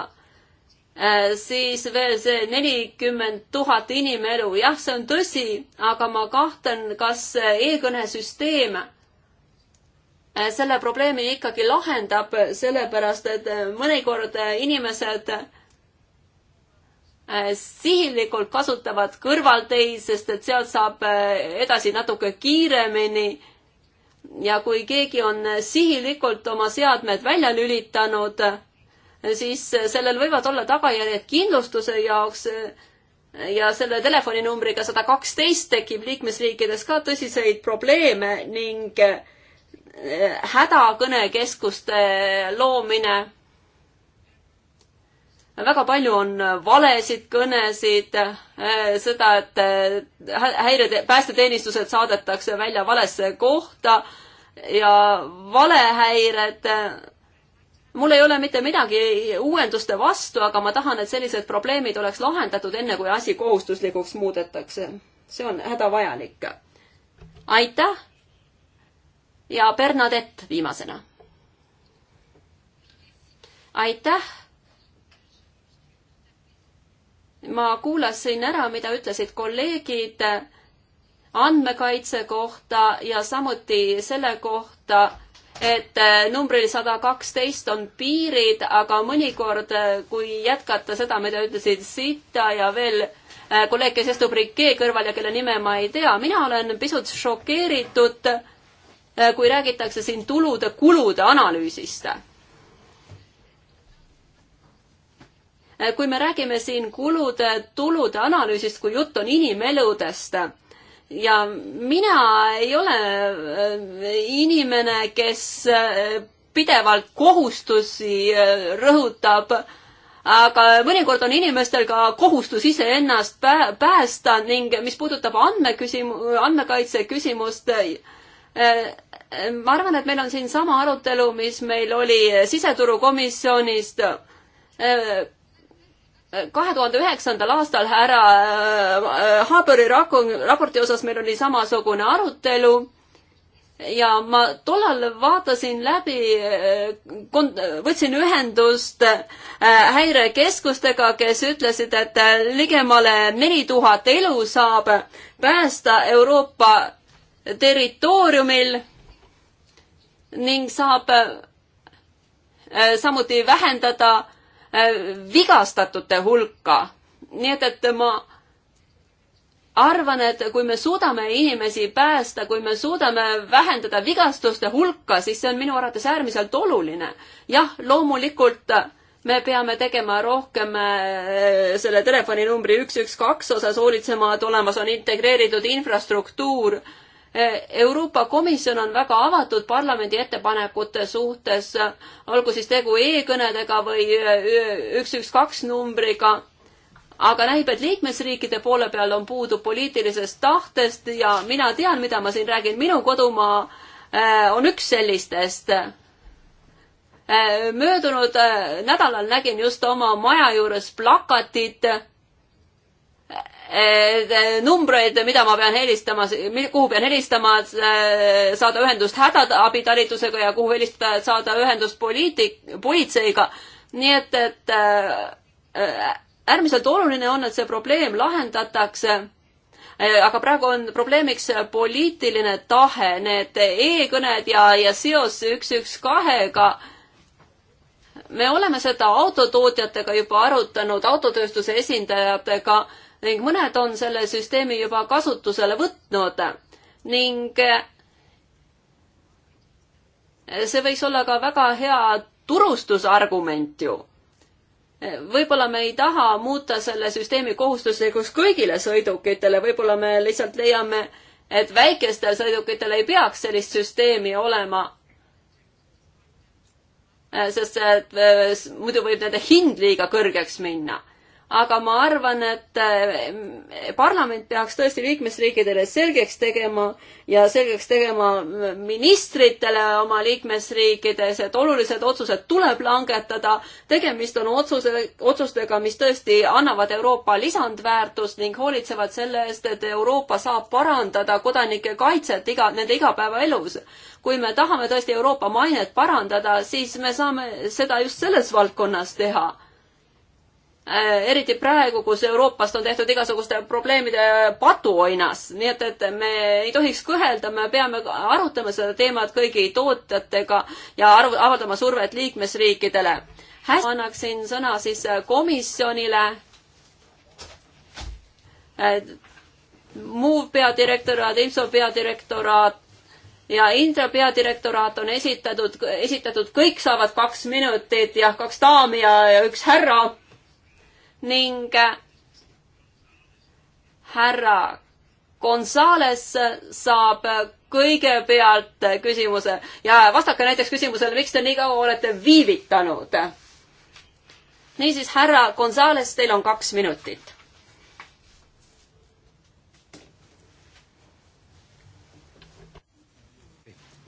Äh, siis veel see nelikümmend tuhat inimelu, jah, see on tõsi, aga ma kahtlen, kas e-kõnesüsteem äh, selle probleemi ikkagi lahendab, sellepärast et mõnikord inimesed Äh, sihilikult kasutavad kõrvalteid, sest et sealt saab äh, edasi natuke kiiremini. ja kui keegi on äh, sihilikult oma seadmed välja lülitanud, siis sellel võivad olla tagajärjed kindlustuse jaoks ja selle telefoninumbriga sada kaksteist tekib liikmesriikides ka tõsiseid probleeme ning hädakõnekeskuste loomine väga palju on äh, valesid kõnesid, äh, seda, et äh, häired, päästeteenistused saadetakse välja valesse kohta ja valehäired. mul ei ole mitte midagi uuenduste vastu, aga ma tahan, et sellised probleemid oleks lahendatud enne, kui asi kohustuslikuks muudetakse. see on hädavajalik. aitäh. ja Bernadette viimasena. aitäh ma kuulasin ära, mida ütlesid kolleegid andmekaitse kohta ja samuti selle kohta, et äh, numbril sada kaksteist on piirid, aga mõnikord, äh, kui jätkata seda, mida ütlesid Sita ja veel äh, kolleeg, kes istub Rikee kõrval ja kelle nime ma ei tea, mina olen pisut šokeeritud, kui räägitakse siin tulude-kulude analüüsist Eh, kui me räägime siin kulude-tulude analüüsist, kui jutt on inimeludest ja mina ei ole eh, inimene, kes eh, pidevalt kohustusi rõhutab, aga mõnikord on inimestel ka kohustus iseennast päästa ning mis puudutab andmeküsimu-, andmekaitse küsimust, ma arvan, et meil on siin sama arutelu, mis meil oli siseturukomisjonist kahe tuhande üheksandal aastal härra äh, äh, Haberi raporti osas meil oli samasugune arutelu ja ma tollal vaatasin läbi, äh, võtsin ühendust häirekeskustega, kes ütlesid, et ligemale neli tuhat elu saab päästa Euroopa territooriumil ning saab samuti vähendada Äh, vigastatute hulka. nii et, et ma arvan, et kui me suudame inimesi päästa, kui me suudame vähendada vigastuste hulka, siis see on minu arvates äärmiselt oluline. jah, loomulikult me peame tegema rohkem äh, selle telefoninumbri üks, üks, kaks osas hoolitsema, et olemas on integreeritud infrastruktuur Euroopa Komisjon on väga avatud parlamendi ettepanekute suhtes, olgu siis tegu e-kõnedega või e, üks, üks, kaks numbriga. aga näib, et liikmesriikide poole peal on puudu poliitilisest tahtest ja mina tean, mida ma siin räägin, minu kodumaa e, on üks sellistest e, möödunud nädalal nägin just oma maja juures plakatit Äh, äh, numbreid, mida ma pean helistama, kuhu pean helistama, et äh, saada ühendust hädaabitalitusega ja kuhu helistada, et saada ühendust poliitik, politseiga. nii et, et äärmiselt oluline on, et see probleem lahendatakse aga praegu on probleemiks poliitiline tahe, need e-kõned ja, ja seos üks, üks kahega. me oleme seda autotootjatega juba arutanud, autotööstuse esindajatega ning mõned on selle süsteemi juba kasutusele võtnud ning eh, see võiks olla ka väga hea turustusargument ju. Eh, võib-olla me ei taha muuta selle süsteemi kohustuslikuks kõigile sõidukitele, võib-olla me lihtsalt leiame, et väikestel sõidukitel ei peaks sellist süsteemi olema. Eh, sest muidu võib nende hind liiga kõrgeks minna aga ma arvan, et eh, parlament peaks tõesti liikmesriikidele selgeks tegema ja selgeks tegema ministritele oma liikmesriikides, et olulised otsused tuleb langetada. tegemist on otsuse, otsustega, mis tõesti annavad Euroopa lisandväärtust ning hoolitsevad selle eest, et Euroopa saab parandada kodanike kaitset iga, nende igapäevaelus. kui me tahame tõesti Euroopa mainet parandada, siis me saame seda just selles valdkonnas teha Äh, eriti praegu, kus Euroopast on tehtud igasuguste probleemide patuoinas, nii et, et me ei tohiks kõhelda, me peame arutama seda teemat kõigi tootjatega ja arv-, avaldama survet liikmesriikidele. hästi, annaksin sõna siis komisjonile. Äh, muu peadirektoraat, IMSO peadirektoraat ja Indra peadirektoraat on esitatud, esitatud, kõik saavad kaks minutit ja kaks daami ja, ja üks härra ning härra Gonzales saab kõigepealt küsimuse ja vastake näiteks küsimusele, miks te nii kaua olete viivitanud. niisiis, härra Gonzales, teil on kaks minutit.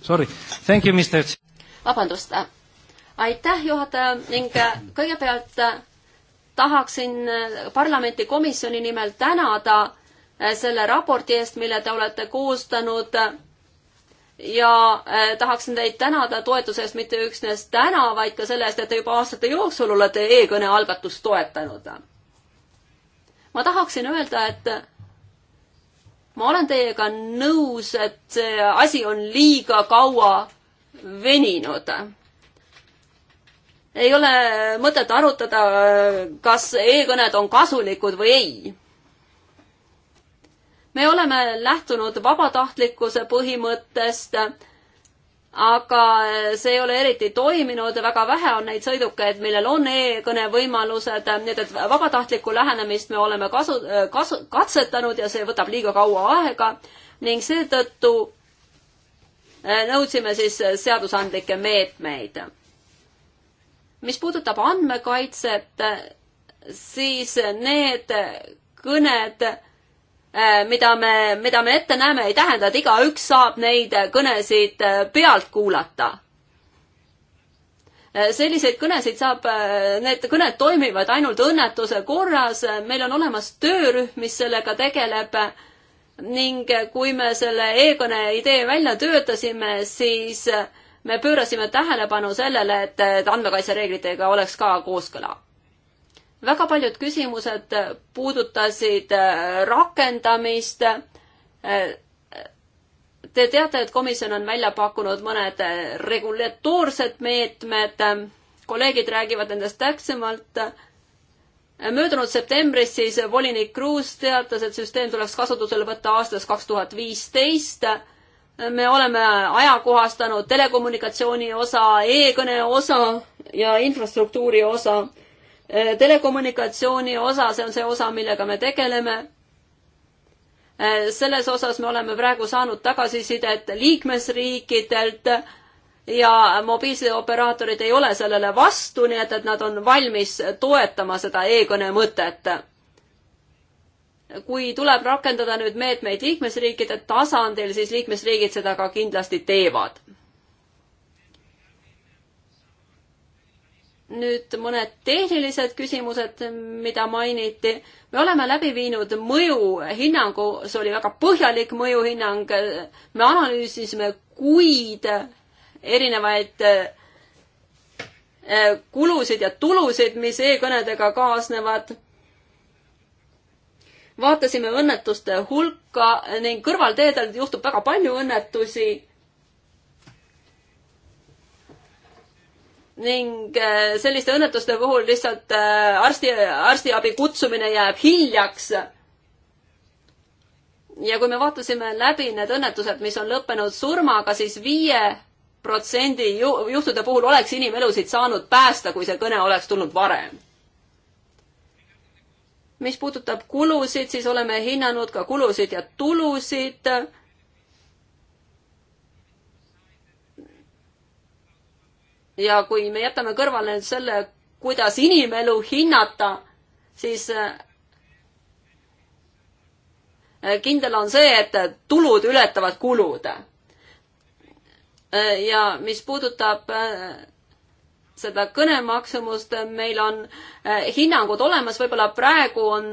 Sorry, thank you, Mr. vabandust, aitäh, juhataja ning kõigepealt tahaksin eh, parlamenti komisjoni nimel tänada eh, selle raporti eest, mille te olete koostanud ja eh, tahaksin teid tänada toetuse eest mitte üksnes täna, vaid ka selle eest, et te juba aastate jooksul olete e-kõne algatust toetanud. ma tahaksin öelda, et ma olen teiega nõus, et see asi on liiga kaua veninud ei ole mõtet arutada, kas e-kõned on kasulikud või ei. me oleme lähtunud vabatahtlikkuse põhimõttest, aga see ei ole eriti toiminud, väga vähe on neid sõidukeid, millel on e-kõne võimalused, nii et, et vabatahtlikku lähenemist me oleme kasu, kasu, katsetanud ja see võtab liiga kaua aega ning seetõttu eh, nõudsime siis seadusandlikke meetmeid mis puudutab andmekaitset, siis need kõned, eh, mida me, mida me ette näeme, ei tähenda, et igaüks saab neid kõnesid eh, pealt kuulata. Eh, selliseid kõnesid saab, need kõned toimivad ainult õnnetuse korras, meil on olemas töörühm, mis sellega tegeleb ning kui me selle e-kõne idee välja töötasime, siis äh, me pöörasime tähelepanu sellele, et, et andmekaitsereeglitega oleks ka kooskõla. väga paljud küsimused puudutasid äh, rakendamist. Te teate, et komisjon on välja pakkunud mõned äh, regulatoorsed meetmed, kolleegid räägivad nendest täpsemalt möödunud septembris siis volinik Kruus teatas, et süsteem tuleks kasutusele võtta aastast kaks tuhat viisteist me oleme ajakohastanud telekommunikatsiooni osa e, e-kõne osa ja infrastruktuuri osa. E, telekommunikatsiooni osa, see on see osa, millega me tegeleme. E, selles osas me oleme praegu saanud tagasisidet liikmesriikidelt ja mobiilsideoperaatorid ei ole sellele vastu, nii et, et nad on valmis toetama seda e-kõne mõtet kui tuleb rakendada nüüd meetmeid liikmesriikide tasandil, siis liikmesriigid seda ka kindlasti teevad. nüüd mõned tehnilised küsimused, mida mainiti. me oleme läbi viinud mõjuhinnangu, see oli väga põhjalik mõjuhinnang. me analüüsisime kuid erinevaid eh, kulusid ja tulusid, mis e-kõnedega kaasnevad vaatasime õnnetuste hulka ning kõrvalteedel juhtub väga palju õnnetusi. ning äh, selliste õnnetuste puhul lihtsalt äh, arsti, arstiabi kutsumine jääb hiljaks ja kui me vaatasime läbi need õnnetused, mis on lõppenud surmaga, siis viie protsendi juhtude puhul oleks inimelusid saanud päästa, kui see kõne oleks tulnud varem mis puudutab kulusid, siis oleme hinnanud ka kulusid ja tulusid. ja kui me jätame kõrvale nüüd selle, kuidas inimelu hinnata, siis eh, kindel on see, et tulud ületavad kulud. Eh, ja mis puudutab eh, seda kõnemaksumust, meil on eh, hinnangud olemas, võib-olla praegu on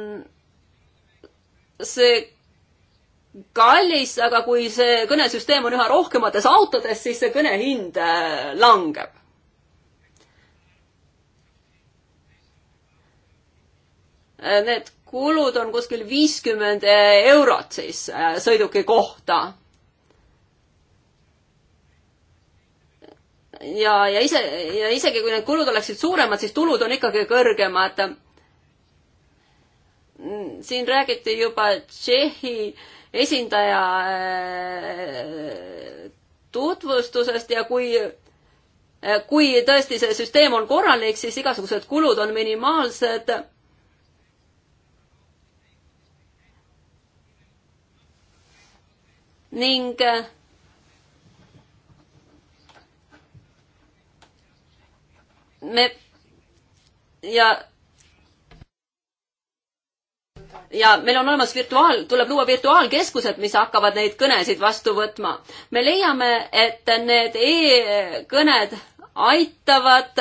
see kallis, aga kui see kõnesüsteem on üha rohkemates autodes, siis see kõne hind eh, langeb. Eh, need kulud on kuskil viiskümmend eurot siis sõiduki kohta ja, ja ise, ja isegi kui need kulud oleksid suuremad, siis tulud on ikkagi kõrgemad. siin räägiti juba Tšehhi esindaja äh, tutvustusest ja kui, äh, kui tõesti see süsteem on korralik, siis igasugused kulud on minimaalsed. ning äh, me ja ja meil on olemas virtuaal, tuleb luua virtuaalkeskused, mis hakkavad neid kõnesid vastu võtma. me leiame, et need e-kõned aitavad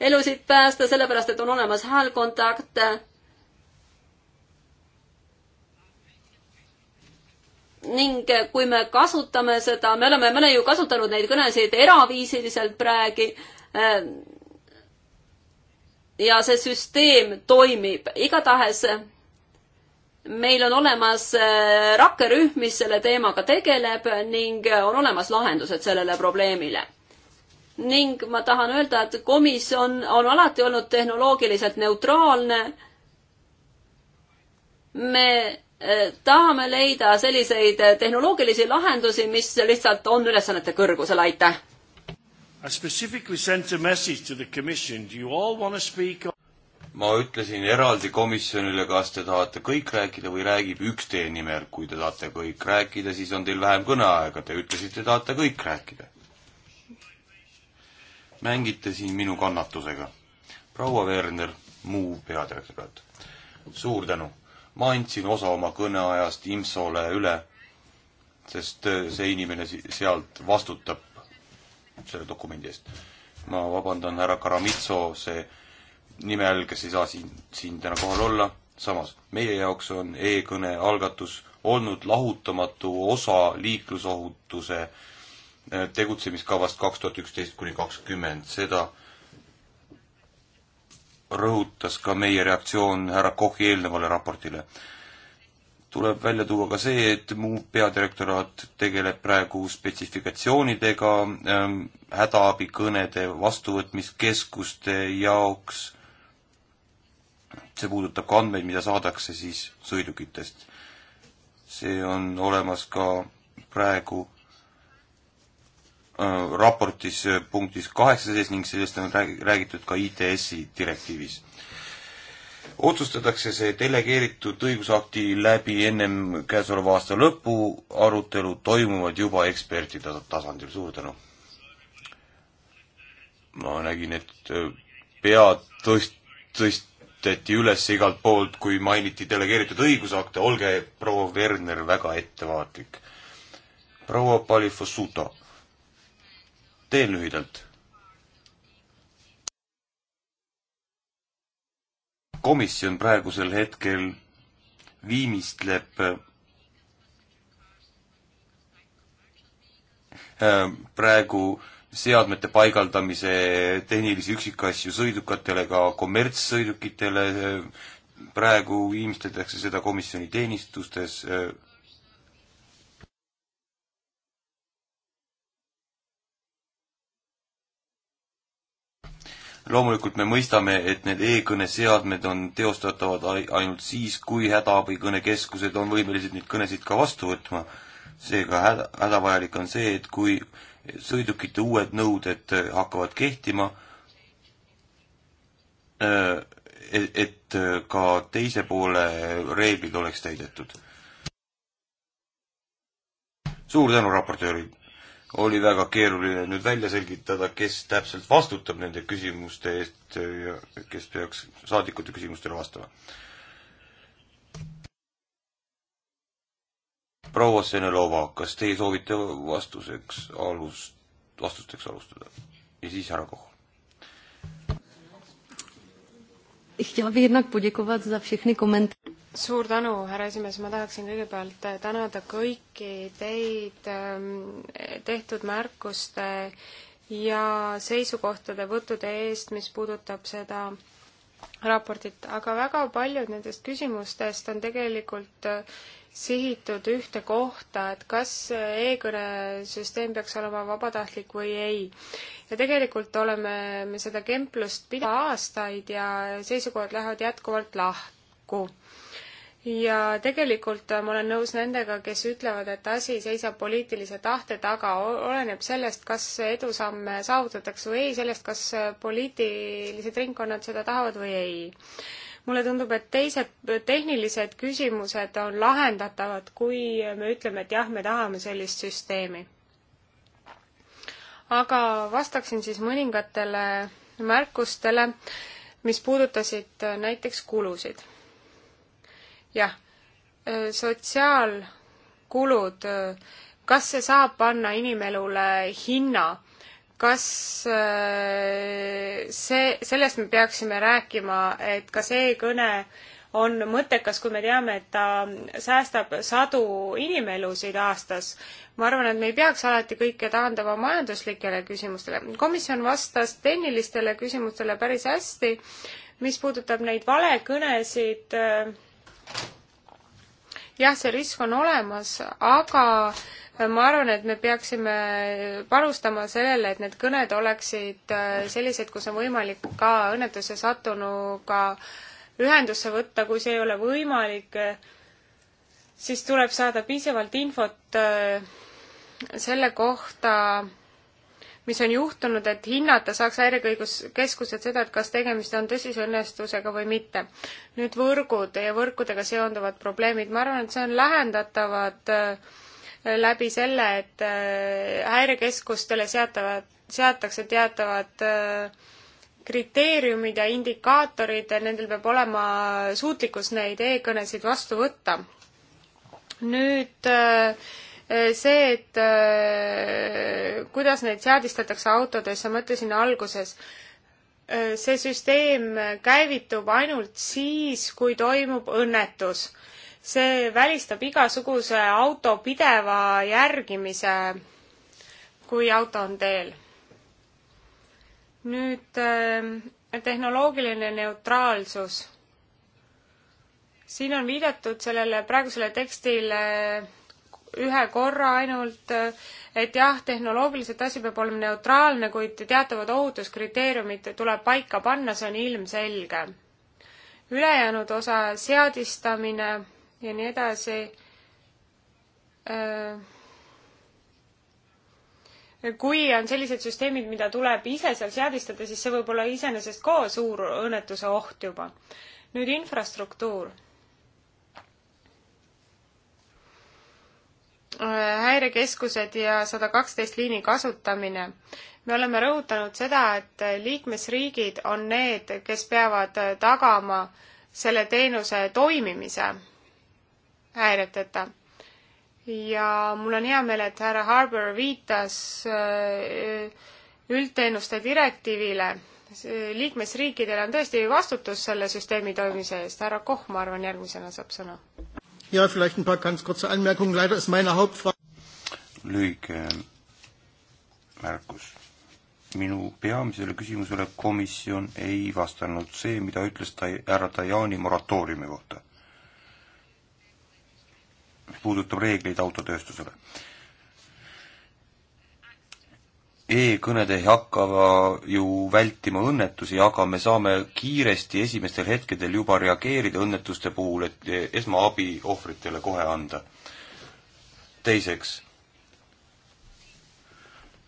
elusid päästa, sellepärast et on olemas häälkontakt. ning kui me kasutame seda, me oleme, me oleme ju kasutanud neid kõnesid eraviisiliselt praegu ja see süsteem toimib, igatahes meil on olemas äh, rakkerühm, mis selle teemaga tegeleb ning äh, on olemas lahendused sellele probleemile. ning ma tahan öelda, et komisjon on alati olnud tehnoloogiliselt neutraalne. me äh, tahame leida selliseid tehnoloogilisi lahendusi, mis lihtsalt on ülesannete kõrgusel, aitäh! I specifically sent a message to the commission, do you all want to speak on ma ütlesin eraldi komisjonile, kas te tahate kõik rääkida või räägib üks teie nimel, kui te tahate kõik rääkida, siis on teil vähem kõneaega, te ütlesite, tahate kõik rääkida. mängite siin minu kannatusega. proua Werner, muu peadirektorat, suur tänu. ma andsin osa oma kõneajast IMSO-le üle, sest äh, see inimene sealt vastutab selle dokumendi eest. ma vabandan härra Karamitsose nime all, kes ei saa siin, siin täna kohal olla, samas meie jaoks on e-kõne algatus olnud lahutamatu osa liiklusohutuse eh, tegutsemiskavast kaks tuhat üksteist kuni kakskümmend, seda rõhutas ka meie reaktsioon härra Kochi eelnevale raportile tuleb välja tuua ka see, et muu peadirektoraat tegeleb praegu spetsifikatsioonidega ähm,, hädaabikõnede vastuvõtmiskeskuste jaoks, see puudutab ka andmeid, mida saadakse siis sõidukitest. see on olemas ka praegu äh, raportis äh, punktis kaheksateist ning sellest on räägitud ka ITS-i direktiivis otsustatakse see delegeeritud õigusakti läbi ennem käesoleva aasta lõppu, arutelud toimuvad juba ekspertide tasandil, suur tänu! ma nägin, et äh, pead tõst-, tõsteti üles igalt poolt, kui mainiti delegeeritud õigusakte, olge, proua Werner, väga ettevaatlik. proua Palifosuto, teen lühidalt komisjon praegusel hetkel viimistleb äh, praegu seadmete paigaldamise tehnilisi üksikasju sõidukatele, ka kommertssõidukitele, äh, praegu viimistletakse seda komisjoni teenistustes äh, loomulikult me mõistame, et need e-kõneseadmed on teostatavad ainult siis, kui hädaabikõnekeskused on võimelised neid kõnesid ka vastu võtma. seega häda, hädavajalik on see, et kui sõidukite uued nõuded hakkavad kehtima, äh, et ka teise poole reeglid oleks täidetud. suur tänu raportöörile! oli väga keeruline nüüd välja selgitada, kes täpselt vastutab nende küsimuste eest ja kes peaks saadikute küsimustele vastama. proua Senelova, kas teie soovite vastuseks alust, vastusteks alustada ja siis härra Kohl? Chtěla bych jednak poděkovat za všechny komentáře suur tänu, härra esimees, ma tahaksin kõigepealt äh, tänada kõiki teid ähm, tehtud märkuste ja seisukohtade võttude eest, mis puudutab seda raportit, aga väga paljud nendest küsimustest on tegelikult äh, sihitud ühte kohta, et kas e-kõnesüsteem peaks olema vabatahtlik või ei. ja tegelikult oleme me seda kemplust pidanud aastaid ja seisukohad lähevad jätkuvalt lahku ja tegelikult äh, ma olen nõus nendega, kes ütlevad, et asi seisab poliitilise tahte taga, oleneb sellest, kas edusamme saavutatakse või ei, sellest, kas äh, poliitilised ringkonnad seda tahavad või ei. mulle tundub, et teised tehnilised küsimused on lahendatavad, kui me ütleme, et jah, me tahame sellist süsteemi. aga vastaksin siis mõningatele märkustele, mis puudutasid äh, näiteks kulusid jah, sotsiaalkulud, kas see saab panna inimelule hinna? kas see, sellest me peaksime rääkima, et kas e-kõne on mõttekas, kui me teame, et ta säästab sadu inimelusid aastas. ma arvan, et me ei peaks alati kõike taandama majanduslikele küsimustele. komisjon vastas tehnilistele küsimustele päris hästi, mis puudutab neid valekõnesid äh, jah, see risk on olemas, aga ma arvan, et me peaksime panustama sellele, et need kõned oleksid äh, sellised, kus on võimalik ka õnnetusse sattunuga ühendusse võtta, kui see ei ole võimalik, äh, siis tuleb saada piisavalt infot äh, selle kohta, mis on juhtunud, et hinnata saaks häirekõiguskeskused seda, et kas tegemist on tõsise õnnestusega või mitte. nüüd võrgud ja võrkudega seonduvad probleemid, ma arvan, et see on lähendatavad äh, läbi selle, et häirekeskustele äh, seatavad, seatakse teatavad äh, kriteeriumid ja indikaatorid, nendel peab olema suutlikkus neid e-kõnesid vastu võtta. nüüd äh, Äh, see, et äh, kuidas neid seadistatakse autodesse, ma ütlesin alguses, äh, see süsteem käivitub ainult siis, kui toimub õnnetus. see välistab igasuguse auto pideva järgimise, kui auto on teel. nüüd tehnoloogiline neutraalsus. siin on viidatud sellele praegusele tekstile ühe korra ainult, et jah, tehnoloogiliselt asi peab olema neutraalne, kuid teatavad ohutuskriteeriumid tuleb paika panna, see on ilmselge. ülejäänud osa, seadistamine ja nii edasi, äh, kui on sellised süsteemid, mida tuleb ise seal seadistada, siis see võib olla iseenesest ka suur õnnetuse oht juba. nüüd infrastruktuur häirekeskused ja sada kaksteist liini kasutamine. me oleme rõhutanud seda, et liikmesriigid on need, kes peavad tagama selle teenuse toimimise häireteta. ja mul on hea meel, et härra Harbour viitas äh, üldteenuste direktiivile. liikmesriikidel on tõesti vastutus selle süsteemi toimimise eest. härra Koch, ma arvan, järgmisena saab sõna Ja, vielleicht ein paar ganz kurze Anmerkungen. Leider ist meine Hauptfrage. Lühike märkus. minu peamisele küsimusele komisjon ei vastanud see, mida ütles ta härra Tajani moratooriumi kohta, mis puudutab reegleid autotööstusele e-kõned ei hakka ju vältima õnnetusi, aga me saame kiiresti esimestel hetkedel juba reageerida õnnetuste puhul, et esmaabi ohvritele kohe anda. teiseks,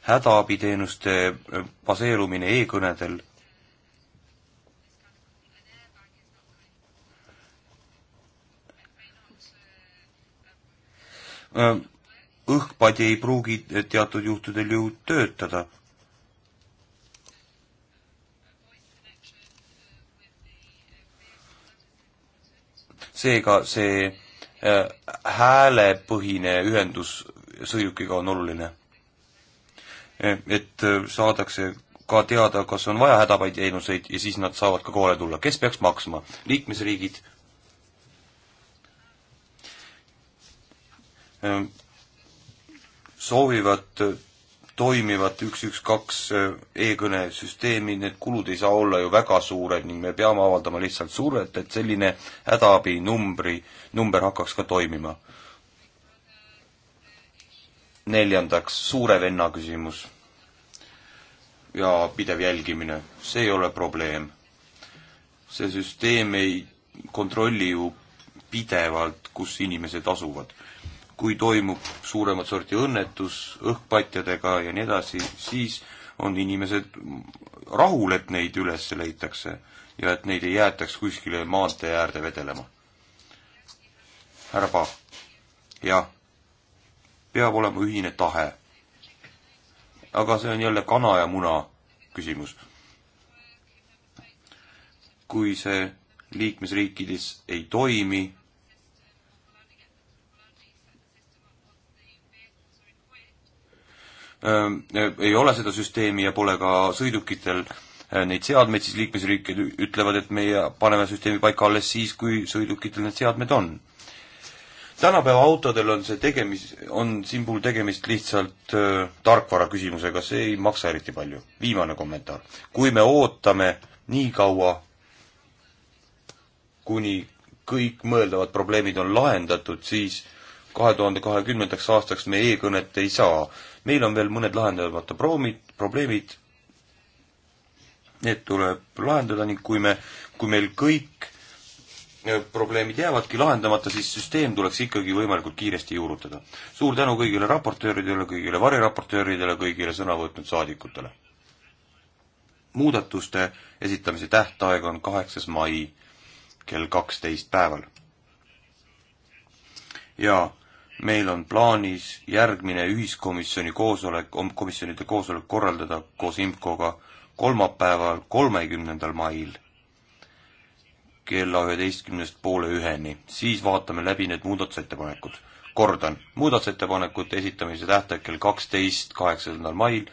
hädaabiteenuste baseerumine e-kõnedel ähm õhkpadi ei pruugi teatud juhtudel ju töötada. seega see äh, häälepõhine ühendus sõidukiga on oluline. Äh, et äh, saadakse ka teada, kas on vaja hädaabiteenuseid ja siis nad saavad ka kohale tulla. kes peaks maksma? liikmesriigid soovivad äh, toimivat üks, üks, kaks äh, e-kõnesüsteemi, need kulud ei saa olla ju väga suured ning me peame avaldama lihtsalt survet, et selline hädaabinumbri, number hakkaks ka toimima. neljandaks, suure venna küsimus ja pidev jälgimine, see ei ole probleem. see süsteem ei kontrolli ju pidevalt, kus inimesed asuvad kui toimub suuremat sorti õnnetus õhkpatjadega ja nii edasi, siis on inimesed rahul, et neid üles leitakse ja et neid ei jäetaks kuskile maantee äärde vedelema. härra Paav, jah, peab olema ühine tahe. aga see on jälle kana ja muna küsimus. kui see liikmesriikides ei toimi, ei ole seda süsteemi ja pole ka sõidukitel neid seadmeid, siis liikmesriigid ütlevad, et meie paneme süsteemi paika alles siis, kui sõidukitel need seadmed on. tänapäeva autodel on see tegemis, on siin puhul tegemist lihtsalt äh, tarkvara küsimusega, see ei maksa eriti palju. viimane kommentaar. kui me ootame nii kaua, kuni kõik mõeldavad probleemid on lahendatud, siis kahe tuhande kahekümnendaks aastaks me e-kõnet ei saa äh, meil on veel mõned lahendamata proomid, probleemid, need tuleb lahendada ning kui me, kui meil kõik eh, probleemid jäävadki lahendamata, siis süsteem tuleks ikkagi võimalikult kiiresti juurutada. suur tänu kõigile raportööridele, kõigile variraportööridele, kõigile sõna võtnud saadikutele. muudatuste esitamise tähtaeg on kaheksas mai kell kaksteist päeval. ja meil on plaanis järgmine ühiskomisjoni koosolek, komisjonide koosolek korraldada koos IMCO-ga kolmapäeval, kolmekümnendal mail kella üheteistkümnest poole üheni, siis vaatame läbi need muudatusettepanekud. kordan, muudatusettepanekute esitamise tähtaeg kell kaksteist, kaheksandal mail,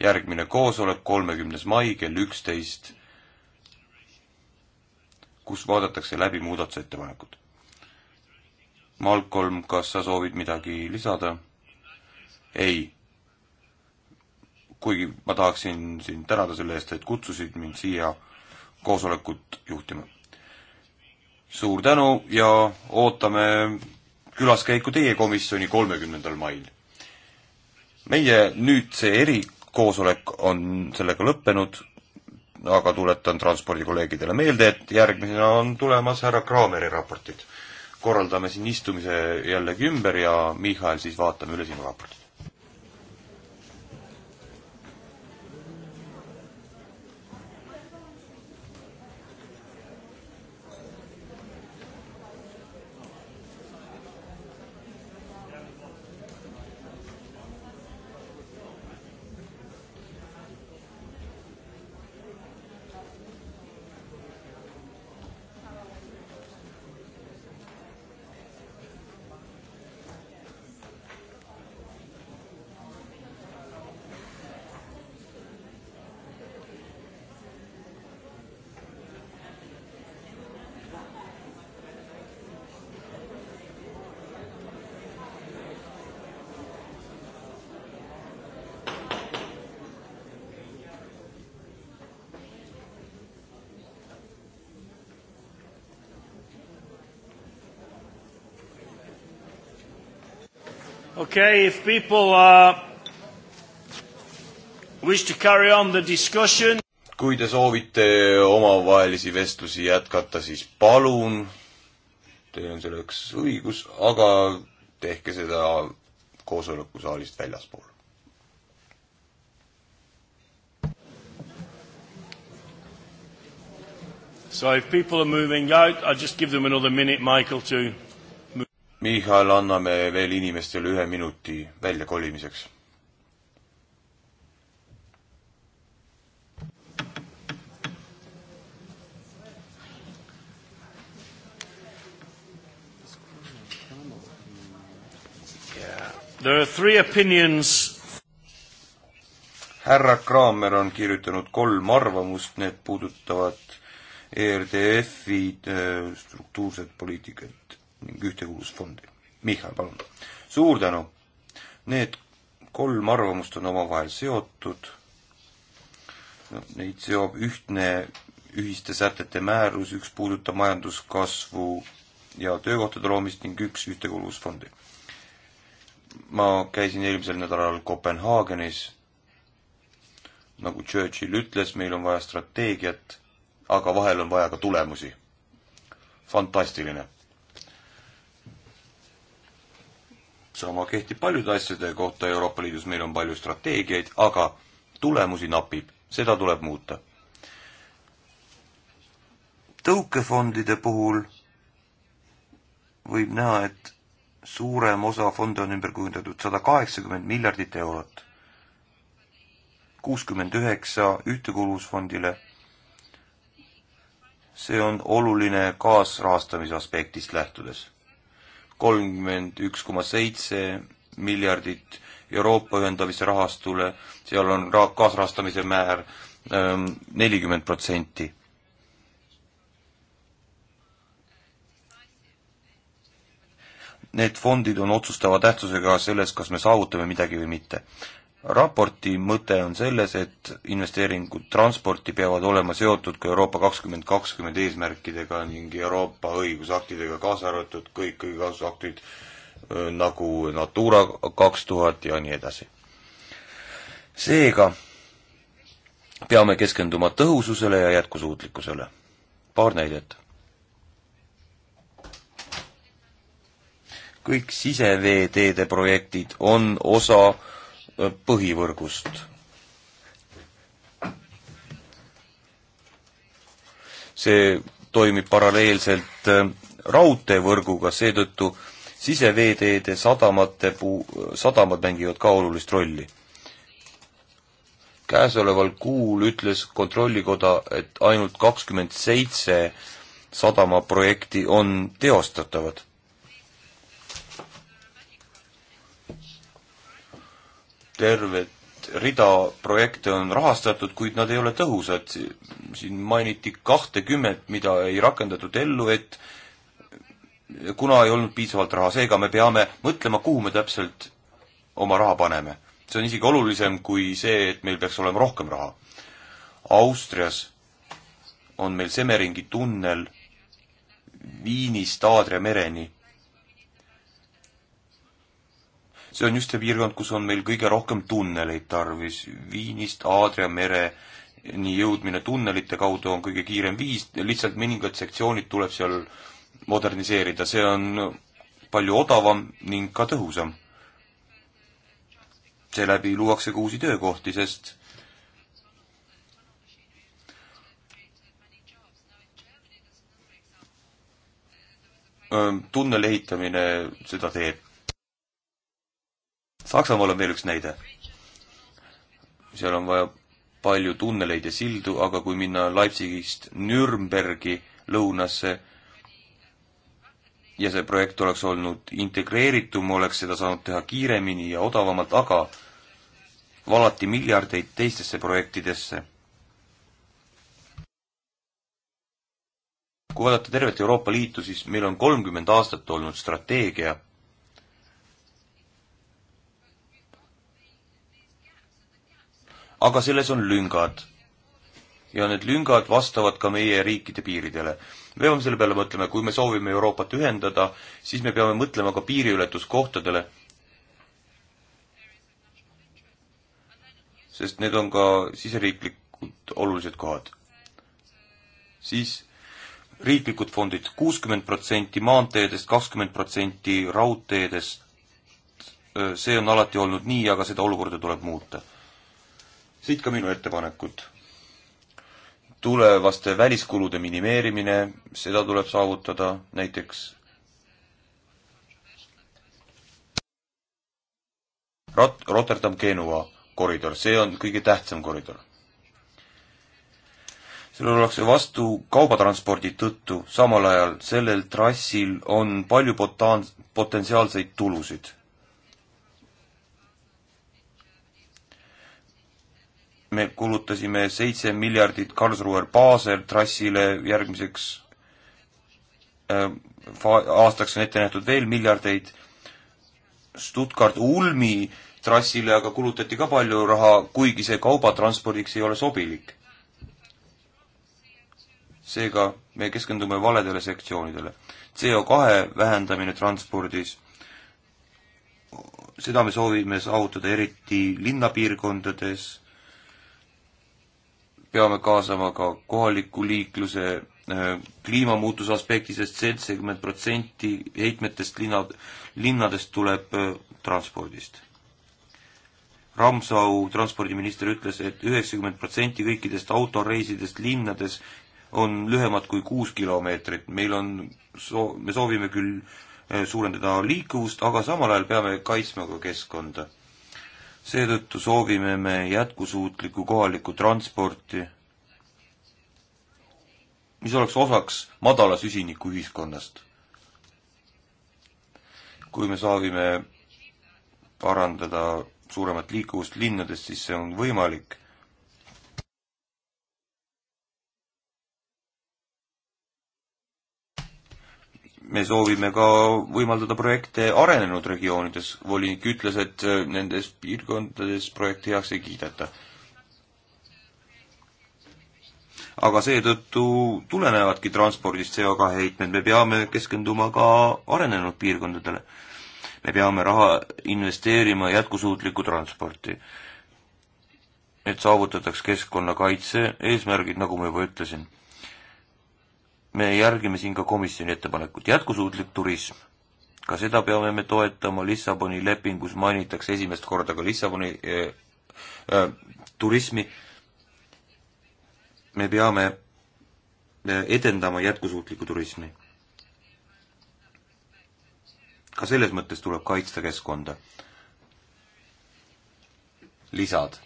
järgmine koosolek kolmekümnes mai kell üksteist, kus vaadatakse läbi muudatusettepanekud Malcolm, kas sa soovid midagi lisada? ei. kuigi ma tahaksin sind tänada selle eest, et kutsusid mind siia koosolekut juhtima. suur tänu ja ootame külaskäiku teie komisjoni kolmekümnendal mail. meie nüüd see erikoosolek on sellega lõppenud, aga tuletan transpordikolleegidele meelde, et järgmisena on tulemas härra Kraameri raportid korraldame siin istumise jällegi ümber ja Michal, siis vaatame üle sinu raporti. Okay, if people uh, wish to carry on the discussion. kui te soovite omavahelisi vestlusi jätkata, siis palun, teil on selleks õigus, aga tehke seda koosolekusaalist väljaspool. So if people are moving out, I'll just give them another minute, Michael, to Michal, anname veel inimestele ühe minuti väljakolimiseks. There are three opinions härra Kraamer on kirjutanud kolm arvamust, need puudutavad ERDF-i äh, struktuurset poliitikat ning Ühtekuulusfondi. Michal, palun. suur tänu! Need kolm arvamust on omavahel seotud, neid seob ühtne ühiste sätete määrus, üks puudutab majanduskasvu ja töökohtade loomist ning üks ühtekuuluvusfondi. ma käisin eelmisel nädalal Kopenhaagenis, nagu Churchill ütles, meil on vaja strateegiat, aga vahel on vaja ka tulemusi. fantastiline sama kehtib paljude asjade kohta Euroopa Liidus, meil on palju strateegiaid, aga tulemusi napib, seda tuleb muuta. tõukefondide puhul võib näha, et suurem osa fonde on ümber kujundatud sada kaheksakümmend miljardit eurot, kuuskümmend üheksa ühtekuuluvusfondile. see on oluline kaasrahastamise aspektist lähtudes kolmkümmend üks koma seitse miljardit Euroopa ühendamise rahastule, seal on ra-, kaasrahastamise määr ähm, nelikümmend protsenti. Need fondid on otsustava tähtsusega selles, kas me saavutame midagi või mitte raporti mõte on selles, et investeeringud transporti peavad olema seotud ka Euroopa kakskümmend kakskümmend eesmärkidega ning Euroopa õigusaktidega, kaasa arvatud kõik õigusaktid nagu Natura kaks tuhat ja nii edasi. seega peame keskenduma tõhususele ja jätkusuutlikkusele. paar näidet. kõik siseveeteede projektid on osa Äh, põhivõrgust. see toimib paralleelselt äh, raudteevõrguga, seetõttu siseveeteede sadamate puu, sadamad mängivad ka olulist rolli käesoleval kuul ütles Kontrollikoda, et ainult kakskümmend seitse sadamaprojekti on teostatavad. tervet rida projekte on rahastatud, kuid nad ei ole tõhusad. siin mainiti kahtekümmet, mida ei rakendatud ellu, et kuna ei olnud piisavalt raha, seega me peame mõtlema, kuhu me täpselt oma raha paneme. see on isegi olulisem kui see, et meil peaks olema rohkem raha. Austrias on meil Semmeringi tunnel Viinist Aadria mereni see on just see piirkond, kus on meil kõige rohkem tunneleid tarvis. Viinist Aadria mereni jõudmine tunnelite kaudu on kõige kiirem viis, lihtsalt mõningad sektsioonid tuleb seal moderniseerida, see on palju odavam ning ka tõhusam. seeläbi luuakse ka uusi töökohti, sest tunneli ehitamine seda teeb Saksamaal on veel üks näide. seal on vaja palju tunneleid ja sildu, aga kui minna Leipzigist Nürnbergi lõunasse ja see projekt oleks olnud integreeritum, oleks seda saanud teha kiiremini ja odavamalt, aga valati miljardeid teistesse projektidesse. kui vaadata tervet Euroopa Liitu, siis meil on kolmkümmend aastat olnud strateegia aga selles on lüngad. ja need lüngad vastavad ka meie riikide piiridele. me peame selle peale mõtlema, kui me soovime Euroopat ühendada, siis me peame mõtlema ka piiriületuskohtadele. sest need on ka siseriiklikud olulised kohad. siis riiklikud fondid, kuuskümmend protsenti maanteedest, kakskümmend protsenti raudteedest, see on alati olnud nii, aga seda olukorda tuleb muuta siit ka minu ettepanekud. tulevaste väliskulude minimeerimine, seda tuleb saavutada näiteks Rot-, Rotterdam-Genua koridor, see on kõige tähtsam koridor. sellel ollakse vastu kaubatranspordi tõttu, samal ajal sellel trassil on palju potaan-, potentsiaalseid tulusid me kulutasime seitse miljardit Karlsruher Basel trassile järgmiseks äh, aastaks on ette nähtud veel miljardeid. Stuttgart Ulmi trassile aga kulutati ka palju raha, kuigi see kaubatranspordiks ei ole sobilik. seega me keskendume valedele sektsioonidele. CO kahe vähendamine transpordis, seda me soovime saavutada eriti linnapiirkondades peame kaasama ka kohaliku liikluse äh, kliimamuutuse aspekti sest, sest seitsekümmend protsenti heitmetest linna, linnadest tuleb äh, transpordist. Ramsau transpordiminister ütles et, et üheksakümmend protsenti kõikidest autoreisidest linnades on lühemad kui kuus kilomeetrit, meil on soo-, me soovime küll äh, suurendada liikuvust, aga samal ajal peame kaitsma ka keskkonda seetõttu soovime me jätkusuutlikku kohalikku transporti, mis oleks osaks madala süsiniku ühiskonnast. kui me soovime parandada suuremat liikuvust linnades, siis see on võimalik me soovime ka võimaldada projekte arenenud regioonides, volinik ütles, et äh, nendes piirkondades projekti heaks ei kiideta. aga seetõttu tulenevadki transpordist CO2 heitmed, me peame keskenduma ka arenenud piirkondadele. me peame raha investeerima jätkusuutlikku transporti. et saavutataks keskkonnakaitse eesmärgid, nagu ma juba ütlesin me järgime siin ka komisjoni ettepanekut, jätkusuutlik turism. ka seda peame me toetama, Lissaboni lepingus mainitakse esimest korda ka Lissaboni äh, äh, turismi. me peame eh, edendama jätkusuutlikku turismi. ka selles mõttes tuleb kaitsta keskkonda. lisad.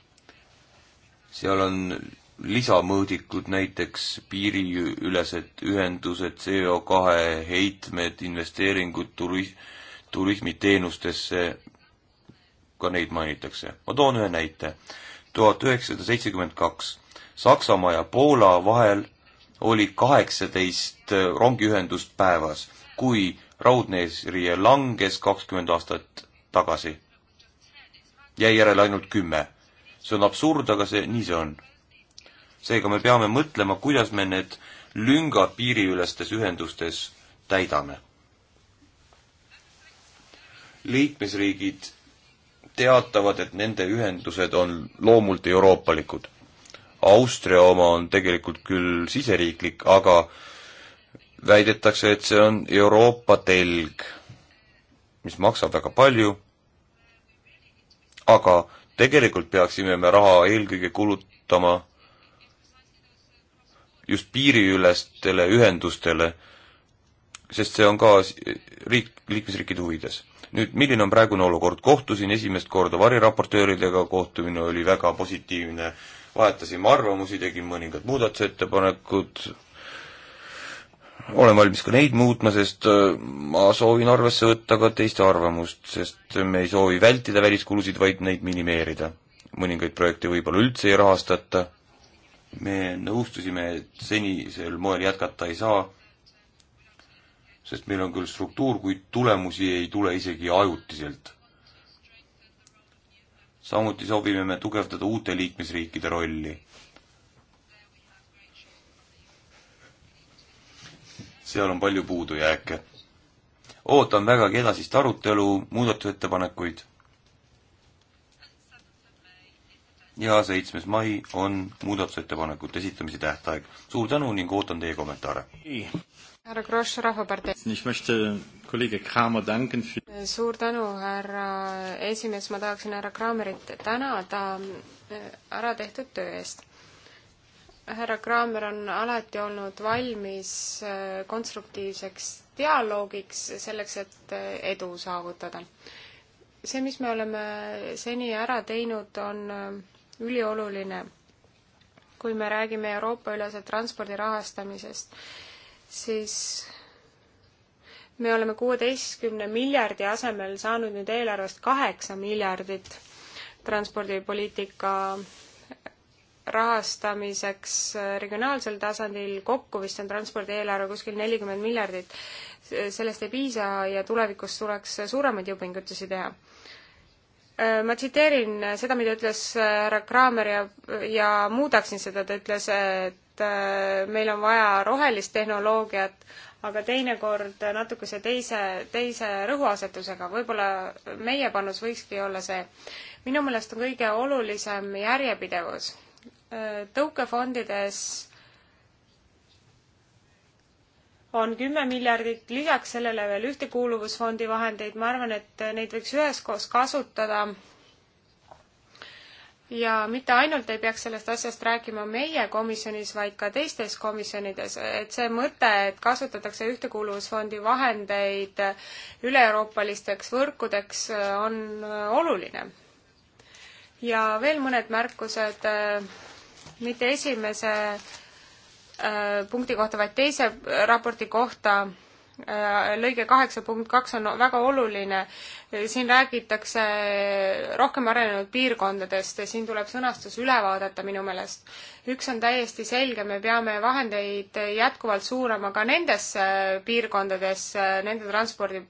seal on lisamõõdikud, näiteks piiriülesed ühendused, CO kahe heitmed, investeeringud turi-, turismiteenustesse, ka neid mainitakse. ma toon ühe näite. tuhat üheksasada seitsekümmend kaks Saksamaa ja Poola vahel oli kaheksateist rongiühendust päevas, kui raudneesriie langes kakskümmend aastat tagasi. jäi järele ainult kümme. see on absurd, aga see, nii see on seega me peame mõtlema, kuidas me need lüngad piiriülestes ühendustes täidame. liikmesriigid teatavad, et nende ühendused on loomult euroopalikud. Austria oma on tegelikult küll siseriiklik, aga väidetakse, et see on Euroopa telg, mis maksab väga palju, aga tegelikult peaksime me raha eelkõige kulutama just piiriülestele ühendustele, sest see on ka riik, liikmesriikide huvides. nüüd, milline on praegune olukord, kohtusin esimest korda variraportööridega, kohtumine oli väga positiivne, vahetasime arvamusi, tegin mõningad muudatusettepanekud, olen valmis ka neid muutma, sest äh, ma soovin arvesse võtta ka teiste arvamust, sest me ei soovi vältida väliskulusid, vaid neid minimeerida. mõningaid projekte võib-olla üldse ei rahastata, me nõustusime, et senisel moel jätkata ei saa, sest meil on küll struktuur, kuid tulemusi ei tule isegi ajutiselt. samuti soovime me tugevdada uute liikmesriikide rolli. seal on palju puudujääke. ootan vägagi edasist arutelu, muudatusettepanekuid ja seitsmes mai on muudatusettepanekute esitamise tähtaeg. suur tänu ning ootan teie kommentaare. härra Grosch, Rahvapartei. suur tänu, härra esimees, ma tahaksin härra Kramerit tänada äh, ära tehtud töö eest härra Kraamer on alati olnud valmis äh, konstruktiivseks dialoogiks selleks, et äh, edu saavutada. see, mis me oleme seni ära teinud, on ülioluline, kui me räägime Euroopa-ülese transpordi rahastamisest, siis me oleme kuueteistkümne miljardi asemel saanud nüüd eelarvest kaheksa miljardit transpordipoliitika rahastamiseks regionaalsel tasandil, kokku vist on transpordieelarve kuskil nelikümmend miljardit. sellest ei piisa ja tulevikus tuleks suuremaid jõupingutusi teha. Äh, ma tsiteerin äh, seda, mida ütles äh, härra Kraamer ja, ja muudaksin seda, ta ütles, et meil on vaja rohelist tehnoloogiat, aga teinekord natukese teise, teise rõhuasetusega, võib-olla meie panus võikski olla see. minu meelest on kõige olulisem järjepidevus. tõukefondides on kümme miljardit, lisaks sellele veel ühtekuuluvusfondi vahendeid, ma arvan, et neid võiks üheskoos kasutada. ja mitte ainult ei peaks sellest asjast rääkima meie komisjonis, vaid ka teistes komisjonides, et see mõte, et kasutatakse ühtekuuluvusfondi vahendeid üle-euroopalisteks võrkudeks, on oluline. ja veel mõned märkused, äh, mitte esimese Äh, punkti kohta, vaid teise raporti kohta äh, lõige kaheksa punkt kaks on väga oluline. siin räägitakse rohkem arenenud piirkondadest ja siin tuleb sõnastus üle vaadata minu meelest. üks on täiesti selge, me peame vahendeid jätkuvalt suurama ka nendesse piirkondadesse, nende transpordi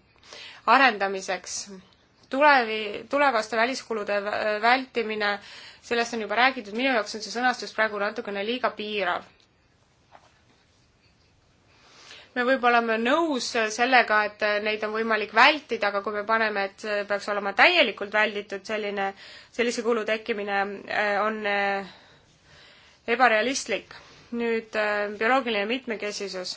arendamiseks. tulevi, tulevaste väliskulude vältimine, sellest on juba räägitud, minu jaoks on see sõnastus praegu natukene liiga piirav me võib-olla oleme nõus sellega, et neid on võimalik vältida, aga kui me paneme, et see peaks olema täielikult välditud, selline, sellise kulu tekkimine äh, on äh, ebarealistlik. nüüd äh, bioloogiline mitmekesisus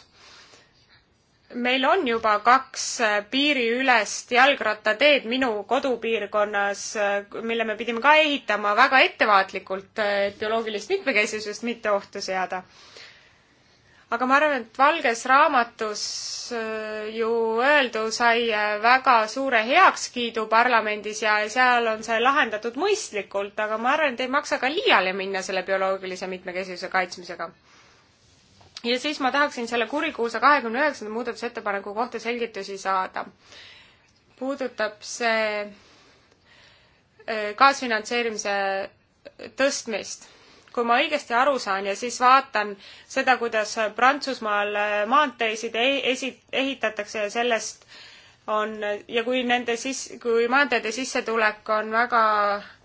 meil on juba kaks piiriülest jalgrattateed minu kodupiirkonnas, mille me pidime ka ehitama väga ettevaatlikult, et bioloogilist mitmekesisust mitte ohtu seada aga ma arvan, et Valges Raamatus äh, ju öeldu sai äh, väga suure heakskiidu parlamendis ja seal on see lahendatud mõistlikult, aga ma arvan, et ei maksa ka liiale minna selle bioloogilise mitmekesisuse kaitsmisega. ja siis ma tahaksin selle kurikuulsa kahekümne üheksanda muudatusettepaneku kohta selgitusi saada. puudutab see äh, kaasfinantseerimise tõstmist kui ma õigesti aru saan ja siis vaatan seda, kuidas Prantsusmaal maanteesid e-, esi-, ehitatakse ja sellest on ja kui nende siis, kui maanteede sissetulek on väga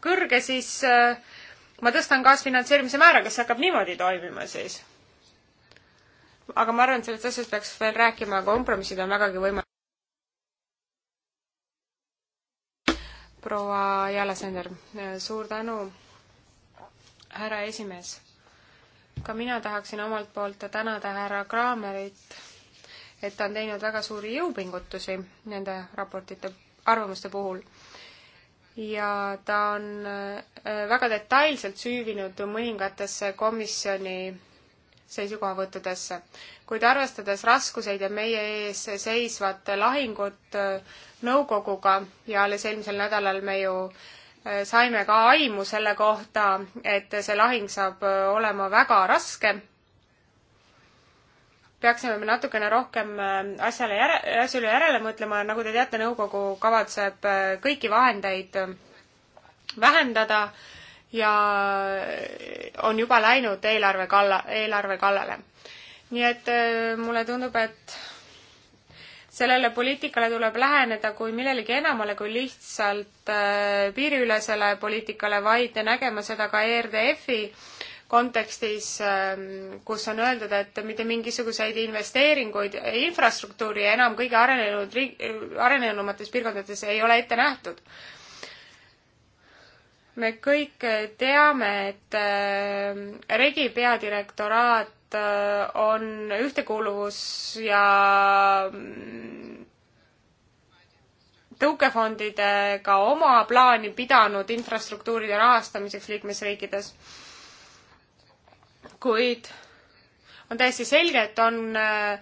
kõrge, siis äh, ma tõstan kaasfinantseerimise määra, kas see hakkab niimoodi toimima siis? aga ma arvan, et sellest asjast peaks veel rääkima, kompromissid on vägagi võimalikud. proua Jalasender, suur tänu härra esimees. ka mina tahaksin omalt poolt tänada härra Kraamerit, et ta on teinud väga suuri jõupingutusi nende raportite, arvamuste puhul ja ta on äh, väga detailselt süüvinud mõningatesse komisjoni seisukohavõttudesse. kuid arvestades raskuseid ja meie ees seisvat lahingut äh, nõukoguga ja alles eelmisel nädalal me ju saime ka aimu selle kohta, et see lahing saab äh, olema väga raske. peaksime me natukene rohkem äh, asjale järe, asjale järele mõtlema, nagu te teate, nõukogu kavatseb äh, kõiki vahendeid vähendada ja on juba läinud eelarve kalla, eelarve kallale. nii et mulle tundub, et sellele poliitikale tuleb läheneda kui millelegi enamale kui lihtsalt äh, piiriülesele poliitikale, vaid nägema seda ka ERDF-i kontekstis äh,, kus on öeldud, et mitte mingisuguseid investeeringuid infrastruktuuri ja enam kõige arenenud riik, äh, arenenumates piirkondades ei ole ette nähtud me kõik äh, teame, et äh, regi peadirektoraat Äh, on ühtekuuluvus ja mm, tõukefondidega oma plaani pidanud infrastruktuuride rahastamiseks liikmesriikides. kuid on täiesti selge, et on äh,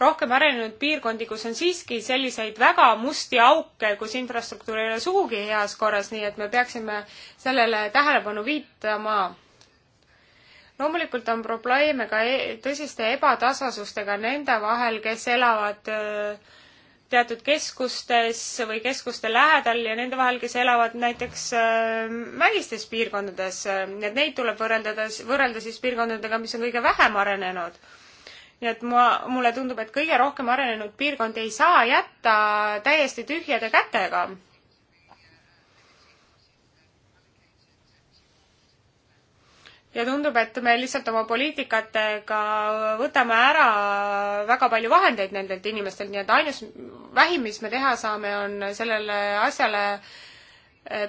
rohkem arenenud piirkondi, kus on siiski selliseid väga musti auke, kus infrastruktuur ei ole sugugi heas korras, nii et me peaksime sellele tähelepanu viitama loomulikult on probleeme ka e tõsiste ebatasasustega nende vahel, kes elavad äh, teatud keskustes või keskuste lähedal ja nende vahel, kes elavad näiteks mägistes äh, piirkondades, et neid tuleb võrreldada, võrrelda siis piirkondadega, mis on kõige vähem arenenud. nii et ma, mulle tundub, et kõige rohkem arenenud piirkondi ei saa jätta täiesti tühjade kätega ja tundub, et me lihtsalt oma poliitikatega võtame ära väga palju vahendeid nendelt inimestelt, nii et ainus vähim, mis me teha saame, on sellele asjale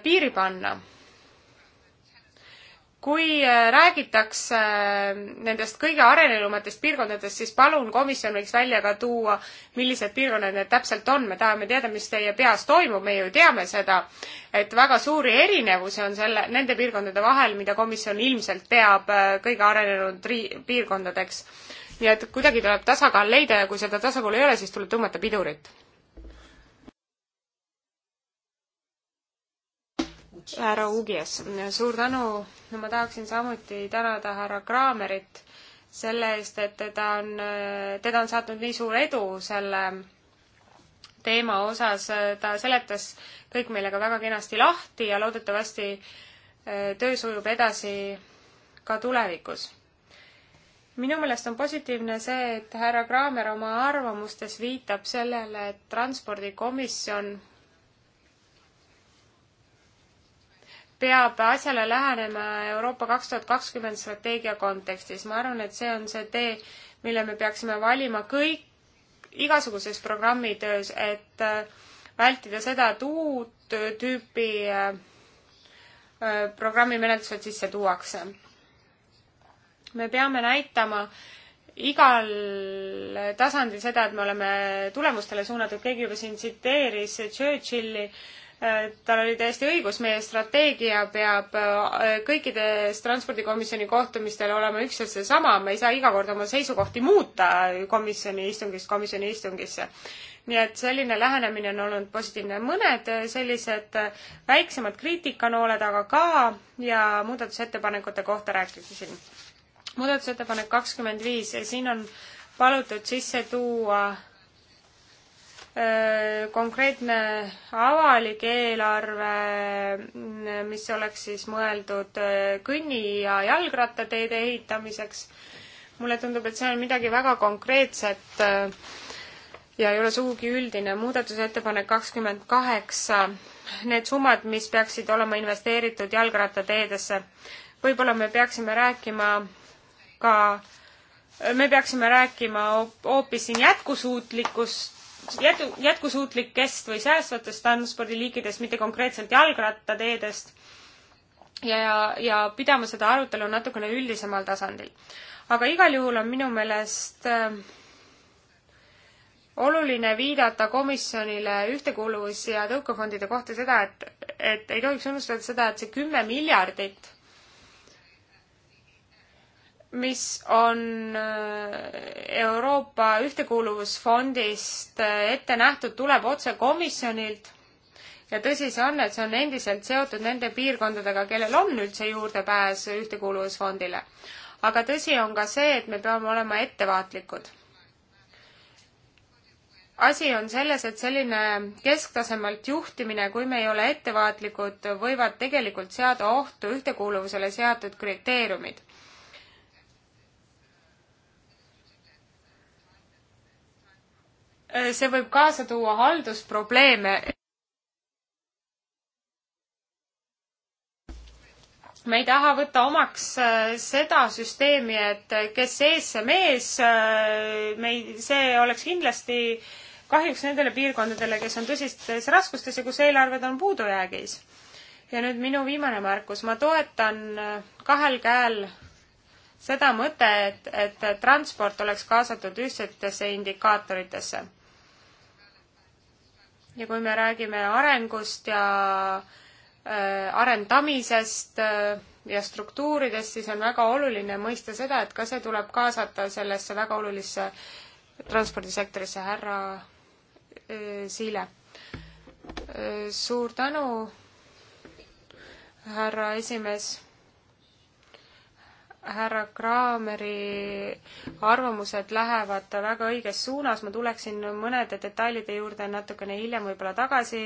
piiri panna kui äh, räägitakse äh, nendest kõige arenenumatest piirkondadest, siis palun komisjon võiks välja ka tuua, millised piirkonnad need täpselt on, me tahame teada, mis teie peas toimub, me ju teame seda, et väga suuri erinevusi on selle, nende piirkondade vahel, mida komisjon ilmselt peab äh, kõige arenenud ri-, piirkondadeks. nii et kuidagi tuleb tasakaal leida ja kui seda tasakaalu ei ole, siis tuleb tõmmata pidurit. härra Ugias. suur tänu, ma tahaksin samuti tänada härra Kraamerit selle eest, et teda on, teda on saatnud nii suur edu selle teema osas. ta seletas kõik meile ka väga kenasti lahti ja loodetavasti äh, töö sujub edasi ka tulevikus. minu meelest on positiivne see, et härra Kraamer oma arvamustes viitab sellele, et transpordikomisjon peab asjale lähenema Euroopa kaks tuhat kakskümmend strateegia kontekstis. ma arvan, et see on see tee, mille me peaksime valima kõik, igasuguses programmitöös, et äh, vältida seda, et uut äh, tüüpi äh, programmimenetlused sisse tuuakse. me peame näitama igal tasandil seda, et me oleme tulemustele suunatud, keegi juba siin tsiteeris Churchilli äh, tal oli täiesti õigus, meie strateegia peab äh, kõikides transpordikomisjoni kohtumistel olema üks ja seesama, me ei saa iga kord oma seisukohti muuta komisjoni istungist komisjoni istungisse. nii et selline lähenemine on olnud positiivne. mõned äh, sellised äh, väiksemad kriitikanooled aga ka ja muudatusettepanekute kohta rääkisin. muudatusettepanek kakskümmend viis ja siin on palutud sisse tuua Äh, konkreetne avalik eelarve, mm, mis oleks siis mõeldud äh, kõnni- ja jalgrattateede ehitamiseks. mulle tundub, et see on midagi väga konkreetset äh, ja ei ole sugugi üldine. muudatusettepanek kakskümmend kaheksa, need summad, mis peaksid olema investeeritud jalgrattateedesse. võib-olla me peaksime rääkima ka me peaksime rääkima hoopis siin jätkusuutlikust jätu, jätkusuutlikest või säästvatest transpordiliikidest, mitte konkreetselt jalgrattateedest ja, ja pidama seda arutelu natukene üldisemal tasandil. aga igal juhul on minu meelest äh, oluline viidata komisjonile ühtekuuluvus- ja tõukefondide kohta seda, et, et ei tohiks unustada seda, et see kümme miljardit mis on äh, Euroopa Ühtekuuluvusfondist äh, ette nähtud, tuleb otse komisjonilt ja tõsi see on, et see on endiselt seotud nende piirkondadega, kellel on üldse juurdepääs Ühtekuuluvusfondile. aga tõsi on ka see, et me peame olema ettevaatlikud. asi on selles, et selline kesktasemelt juhtimine, kui me ei ole ettevaatlikud, võivad tegelikult seada ohtu ühtekuuluvusele seatud kriteeriumid Äh, see võib kaasa tuua haldusprobleeme. me ei taha võtta omaks äh, seda süsteemi, et äh, kes ees, see mees, me ei, see oleks kindlasti kahjuks nendele piirkondadele, kes on tõsistes raskustes ja kus eelarved on puudujäägis. ja nüüd minu viimane märkus, ma toetan kahel käel seda mõtet, et transport oleks kaasatud ühtsetesse indikaatoritesse ja kui me räägime arengust ja äh, arendamisest äh, ja struktuuridest, siis on väga oluline mõista seda, et ka see tuleb kaasata sellesse väga olulisse transpordisektorisse, härra äh, Siile. suur tänu, härra esimees härra Kraameri arvamused lähevad väga õiges suunas, ma tuleksin mõnede detailide juurde natukene hiljem võib-olla tagasi.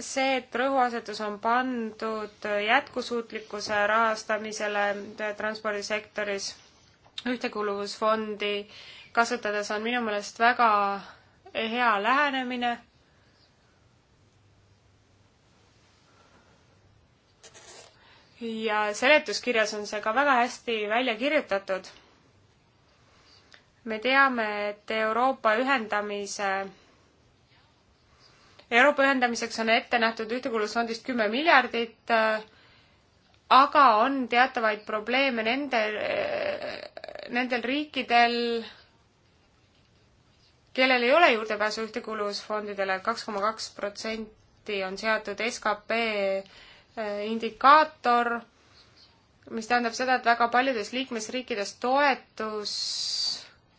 see, et rõhuasetus on pandud jätkusuutlikkuse rahastamisele transpordisektoris, ühtekuuluvusfondi kasutades on minu meelest väga hea lähenemine ja seletuskirjas on see ka väga hästi välja kirjutatud. me teame, et Euroopa ühendamise Euroopa ühendamiseks on ette nähtud ühtekuuluvusfondist kümme miljardit, aga on teatavaid probleeme nende, nendel riikidel, kellel ei ole juurdepääsu ühtekuuluvusfondidele, kaks koma kaks protsenti on seatud skp indikaator, mis tähendab seda, et väga paljudes liikmesriikides toetus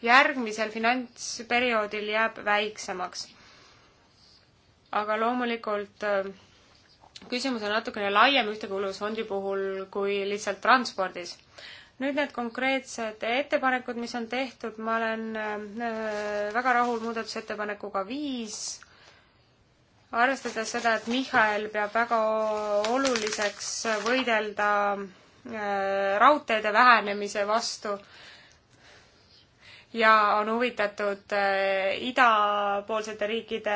järgmisel finantsperioodil jääb väiksemaks. aga loomulikult äh, küsimus on natukene laiem ühtekuuluvusfondi puhul kui lihtsalt transpordis. nüüd need konkreetsed ettepanekud, mis on tehtud, ma olen äh, äh, väga rahul muudatusettepanekuga viis arvestades seda, et Mihhail peab väga oluliseks võidelda äh, raudteede vähenemise vastu ja on huvitatud äh, idapoolsete riikide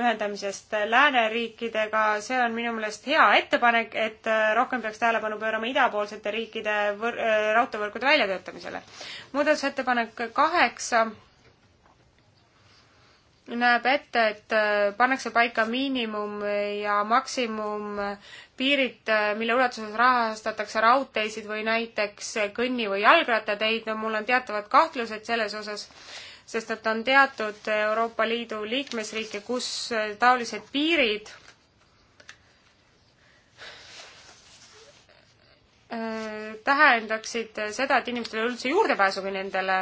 ühendamisest lääneriikidega, see on minu meelest hea ettepanek, et äh, rohkem peaks tähelepanu pöörama idapoolsete riikide võr-, raudteevõrkude väljatöötamisele. muudatusettepanek kaheksa näeb ette, et äh, pannakse paika miinimum ja maksimum piirid, äh, mille ulatuses rahastatakse raudteesid või näiteks kõnni- või jalgrattateid, no mul on teatavad kahtlused selles osas, sest et on teatud Euroopa Liidu liikmesriike, kus äh, taolised piirid tähendaksid seda, et inimestel ei ole üldse juurdepääsugi nendele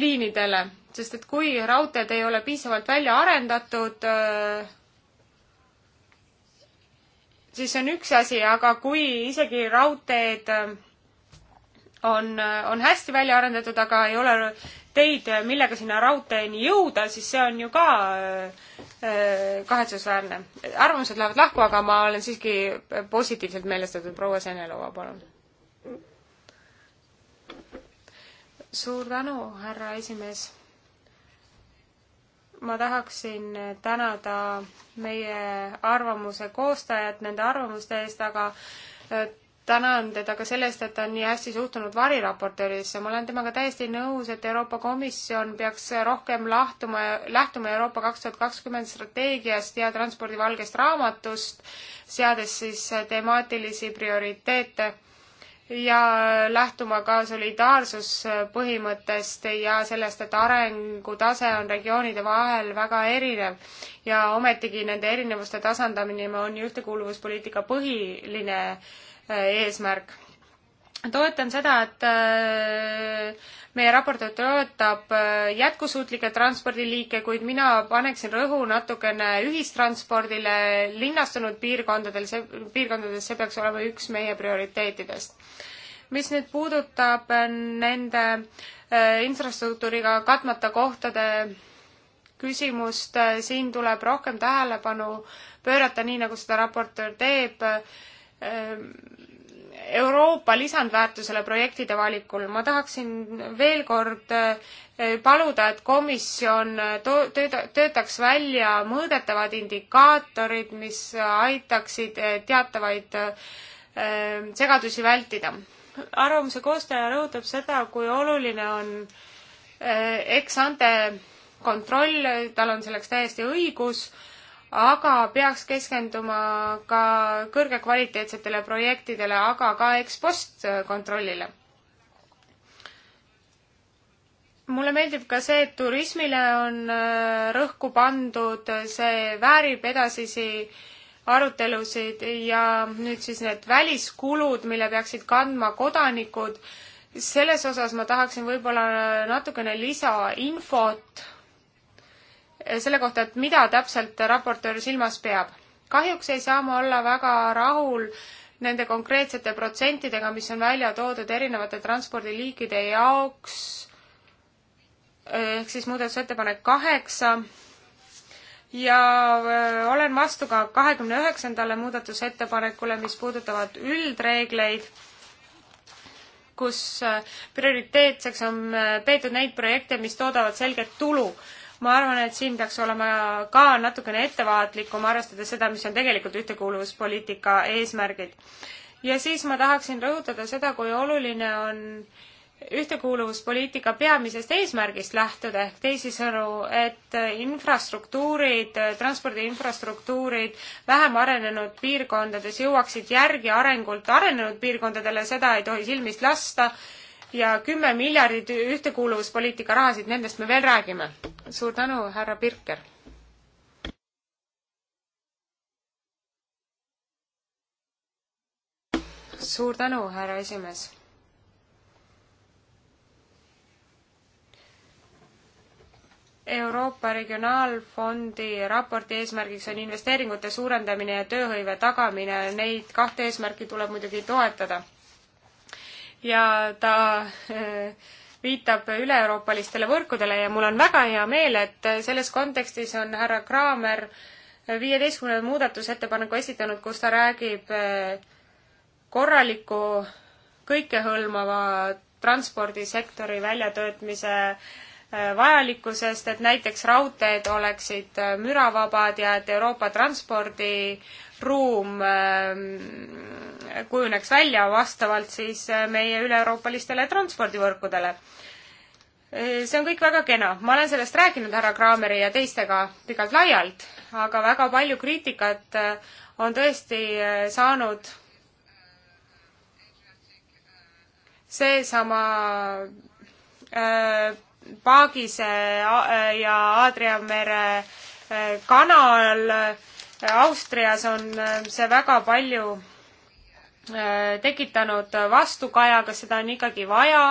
liinidele sest et kui raudteed ei ole piisavalt välja arendatud, äh, siis see on üks asi, aga kui isegi raudteed äh, on, on hästi välja arendatud, aga ei ole teid, millega sinna raudteeni jõuda, siis see on ju ka äh, kahetsusväärne. arvamused lähevad lahku, aga ma olen siiski positiivselt meelestatud. proua Senelova, palun. suur tänu, härra esimees ma tahaksin tänada meie arvamuse koostajat nende arvamuste eest, aga äh, tänan teda ka selle eest, et ta on nii hästi suhtunud variraportöörisse. ma olen temaga täiesti nõus, et Euroopa Komisjon peaks rohkem lahtuma, lähtuma Euroopa kaks tuhat kakskümmend strateegiast ja transpordi valgest raamatust, seades siis temaatilisi prioriteete ja lähtuma ka solidaarsuspõhimõttest ja sellest, et arengutase on regioonide vahel väga erinev. ja ometigi nende erinevuste tasandamine on ju ühtekuuluvuspoliitika põhiline äh, eesmärk toetan seda, et äh, meie raport toetab äh, jätkusuutlikke transpordiliike, kuid mina paneksin rõhu natukene ühistranspordile linnastunud piirkondadel, see, piirkondades, see peaks olema üks meie prioriteetidest. mis nüüd puudutab äh, nende infrastruktuuriga katmata kohtade küsimust, siin tuleb rohkem tähelepanu pöörata, nii nagu seda raportöör teeb Euroopa lisandväärtusele projektide valikul. ma tahaksin veel kord eh, paluda, et komisjon eh, töötaks välja mõõdetavad indikaatorid, mis aitaksid eh, teatavaid segadusi vältida. arvamuse koostaja rõhutab seda, kui oluline on eksante kontroll, tal on selleks täiesti õigus aga peaks keskenduma ka kõrgekvaliteetsetele projektidele, aga ka ekspost kontrollile. mulle meeldib ka see, et turismile on äh, rõhku pandud, see väärib edasisi arutelusid ja nüüd siis need väliskulud, mille peaksid kandma kodanikud, selles osas ma tahaksin võib-olla natukene lisainfot selle kohta, et mida täpselt raportöör silmas peab. kahjuks ei saa ma olla väga rahul nende konkreetsete protsentidega, mis on välja toodud erinevate transpordiliikide jaoks, ehk siis muudatusettepanek kaheksa, ja olen vastu ka kahekümne üheksandale muudatusettepanekule, mis puudutavad üldreegleid kus prioriteetseks on peetud neid projekte, mis toodavad selget tulu ma arvan, et siin peaks olema ka natukene ettevaatlikum, arvestades seda, mis on tegelikult ühtekuuluvuspoliitika eesmärgid. ja siis ma tahaksin rõhutada seda, kui oluline on ühtekuuluvuspoliitika peamisest eesmärgist lähtuda ehk teisisõnu, et infrastruktuurid, transpordi infrastruktuurid vähem arenenud piirkondades jõuaksid järgi arengult arenenud piirkondadele, seda ei tohi silmist lasta ja kümme miljardit ühtekuuluvuspoliitika rahasid, nendest me veel räägime. suur tänu, härra Birker. suur tänu, härra esimees. Euroopa Regionaalfondi raporti eesmärgiks on investeeringute suurendamine ja tööhõive tagamine, neid kahte eesmärki tuleb muidugi toetada ja ta eh, viitab üle-euroopalistele võrkudele ja mul on väga hea meel, et selles kontekstis on härra Kraamer viieteistkümnenda muudatusettepaneku esitanud, kus ta räägib eh, korraliku kõikehõlmava transpordisektori väljatöötmise Äh, vajalikkusest, et näiteks raudteed oleksid äh, müravabad ja et Euroopa transpordiruum ähm, kujuneks välja vastavalt siis äh, meie üle-euroopalistele transpordivõrkudele. see on kõik väga kena, ma olen sellest rääkinud härra Kraameri ja teistega pikalt-laialt, aga väga palju kriitikat on tõesti saanud seesama äh, Paagise äh, ja Aadria mere äh, kanal. Äh, Austrias on see väga palju tekitanud vastukaja, kas seda on ikkagi vaja.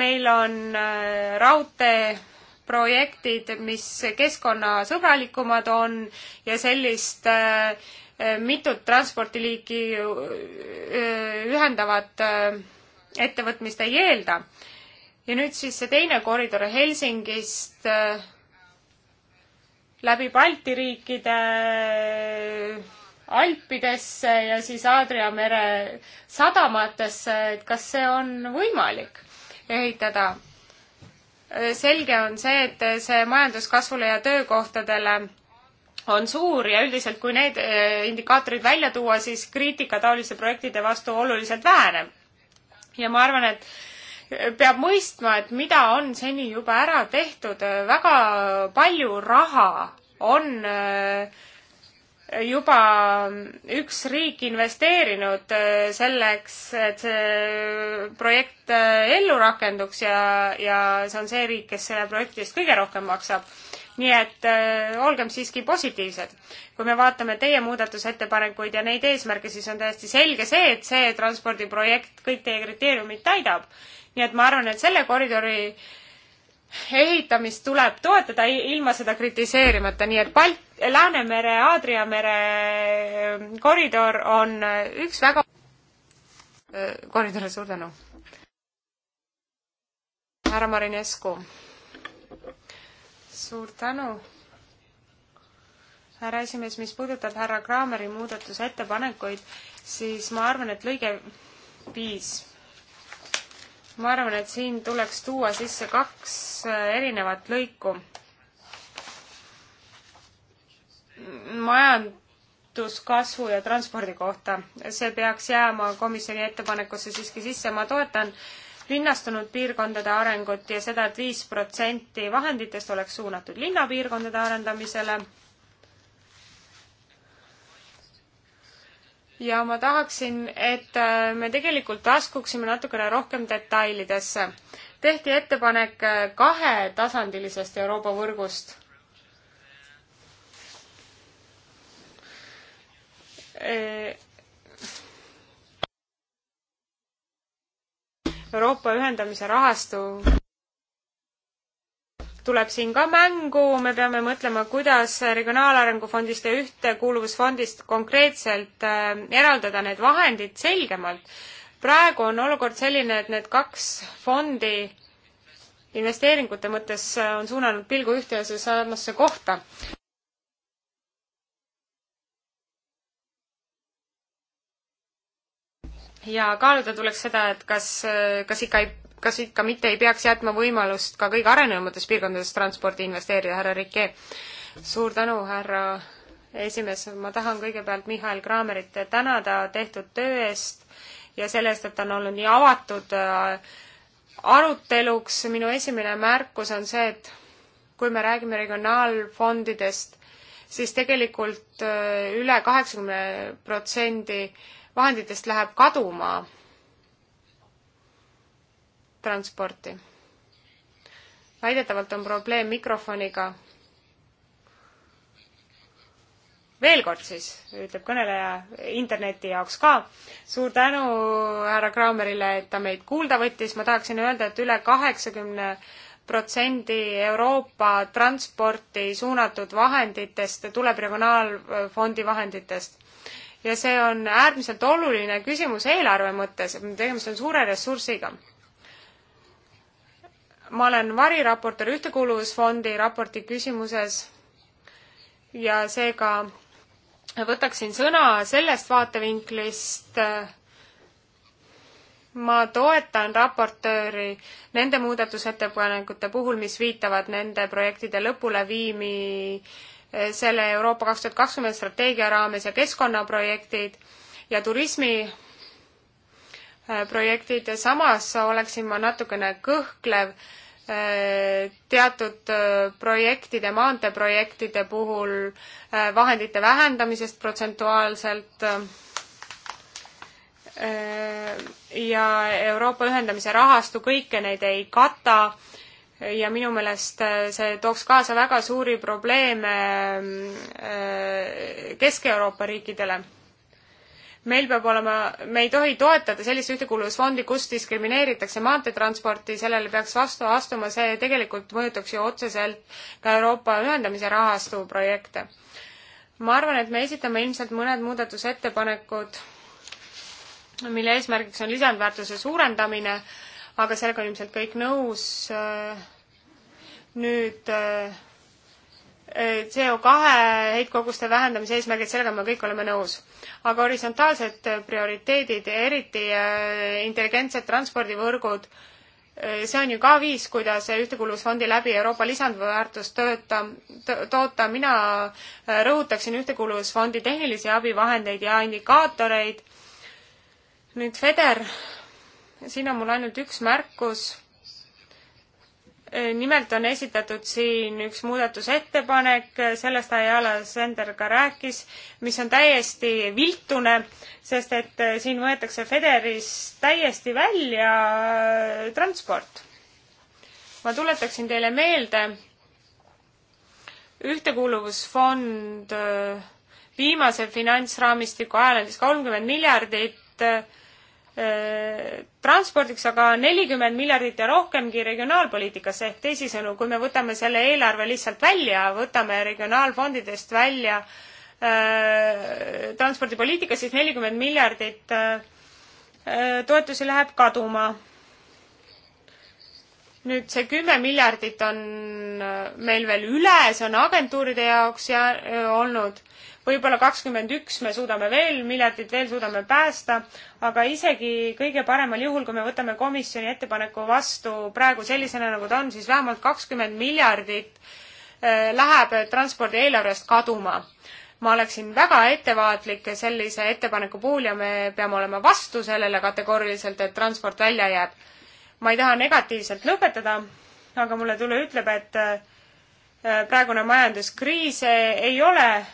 meil on raudtee projektid, mis keskkonnasõbralikumad on ja sellist äh, mitut transpordiliiki ühendavat äh, ettevõtmist ei eelda ja nüüd siis see teine koridor Helsingist äh, läbi Balti riikide äh, Alpidesse ja siis Aadria mere sadamatesse, et kas see on võimalik ehitada? Äh, selge on see, et see majanduskasvule ja töökohtadele on suur ja üldiselt, kui need indikaatorid välja tuua, siis kriitika taoliste projektide vastu oluliselt väheneb. ja ma arvan, et peab mõistma, et mida on seni juba ära tehtud, väga palju raha on äh, juba üks riik investeerinud äh, selleks, et see projekt äh, ellu rakenduks ja, ja see on see riik, kes selle projekti eest kõige rohkem maksab nii et äh, olgem siiski positiivsed. kui me vaatame teie muudatusettepanekuid ja neid eesmärke, siis on täiesti selge see, et see transpordiprojekt kõik teie kriteeriumid täidab nii et ma arvan, et selle koridori ehitamist tuleb toetada ilma seda kritiseerimata, nii et Balt-, Läänemere, Aadria mere ähm, koridor on äh, üks väga äh, koridore, suur tänu. härra Marinescu. suur tänu. härra esimees, mis puudutab härra Kraameri muudatusettepanekuid, siis ma arvan, et lõige viis ma arvan, et siin tuleks tuua sisse kaks äh, erinevat lõiku. majanduskasvu ja transpordi kohta. see peaks jääma komisjoni ettepanekusse siiski sisse. ma toetan linnastunud piirkondade arengut ja seda et, et viis protsenti vahenditest oleks suunatud linnapiirkondade arendamisele ja ma tahaksin, et äh, me tegelikult laskuksime natukene rohkem detailidesse. tehti ettepanek äh, kahetasandilisest Euroopa võrgust. Äh, Euroopa ühendamise rahastu tuleb siin ka mängu, me peame mõtlema, kuidas Regionaalarengu fondist ja Ühtekuuluvusfondist konkreetselt äh, eraldada need vahendid selgemalt. praegu on olukord selline, et need kaks fondi investeeringute mõttes äh, on suunanud pilgu ühte ja samasse kohta. ja kaaluda tuleks seda, et kas, äh, kas ikka ei kas ikka mitte ei peaks jätma võimalust ka kõige arenenumates piirkondades transpordi investeerida, härra Rike? suur tänu, härra esimees, ma tahan kõigepealt Mihhail Kraamerit tänada tehtud töö eest ja selle eest, et ta on olnud nii avatud äh, aruteluks. minu esimene märkus on see, et kui me räägime regionaalfondidest, siis tegelikult äh, üle kaheksakümne protsendi vahenditest läheb kaduma transporti. väidetavalt on probleem mikrofoniga. veel kord siis, ütleb kõneleja interneti jaoks ka. suur tänu härra Kraamerile, et ta meid kuulda võttis, ma tahaksin öelda, et üle kaheksakümne protsendi Euroopa transporti suunatud vahenditest tuleb regionaalfondi vahenditest ja see on äärmiselt oluline küsimus eelarve mõttes, tegemist on suure ressursiga ma olen variraportor Ühtekuuluvusfondi raporti küsimuses ja seega võtaksin sõna sellest vaatevinklist. ma toetan raportööri nende muudatusettepanekute puhul, mis viitavad nende projektide lõpuleviimisele eh, Euroopa kaks tuhat kakskümmend strateegia raames ja keskkonnaprojektid ja turismi eh, projektid, samas oleksin ma natukene kõhklev äh, teatud äh, projektide, maanteeprojektide puhul äh, vahendite vähendamisest protsentuaalselt äh, ja Euroopa ühendamise rahastu kõike neid ei kata ja minu meelest see tooks kaasa väga suuri probleeme Kesk-Euroopa riikidele meil peab olema, me ei tohi toetada sellist ühtekuuluvusfondi, kus diskrimineeritakse maanteetransporti, sellele peaks vastu astuma, see tegelikult mõjutaks ju otseselt ka Euroopa ühendamise rahastu projekte. ma arvan, et me esitame ilmselt mõned muudatusettepanekud, mille eesmärgiks on lisandväärtuse suurendamine, aga sellega on ilmselt kõik nõus. nüüd äh, CO kahe heitkoguste vähendamise eesmärgid, sellega me kõik oleme nõus. aga horisontaalsed prioriteedid, eriti äh, intelligentsed transpordivõrgud, äh, see on ju ka viis, kuidas Ühtekuuluvusfondi läbi Euroopa lisandväärtust tööta, toota. mina äh, rõhutaksin Ühtekuuluvusfondi tehnilisi abivahendeid ja indikaatoreid. nüüd FEDER, siin on mul ainult üks märkus nimelt on esitatud siin üks muudatusettepanek, sellest Ajala Sender ka rääkis, mis on täiesti viltune, sest et eh, siin võetakse Federis täiesti välja eh, transport. ma tuletaksin teile meelde, ühtekuuluvusfond eh, viimase finantsraamistiku ajal andis kolmkümmend miljardit Äh, transpordiks, aga nelikümmend miljardit ja rohkemgi regionaalpoliitikasse, ehk teisisõnu, kui me võtame selle eelarve lihtsalt välja, võtame regionaalfondidest välja äh, transpordipoliitika, siis nelikümmend miljardit äh, äh toetusi läheb kaduma. nüüd see kümme miljardit on äh, meil veel üle, see on agentuuride jaoks ja äh, olnud võib-olla kakskümmend üks me suudame veel, miljardit veel suudame päästa, aga isegi kõige paremal juhul, kui me võtame komisjoni ettepaneku vastu praegu sellisena, nagu ta on, siis vähemalt kakskümmend miljardit äh, läheb transpordi eelarvest kaduma. ma oleksin väga ettevaatlik sellise ettepaneku puhul ja me peame olema vastu sellele kategooriliselt, et transport välja jääb. ma ei taha negatiivselt lõpetada, aga mulle tule ütleb, et äh, praegune majanduskriis äh, ei ole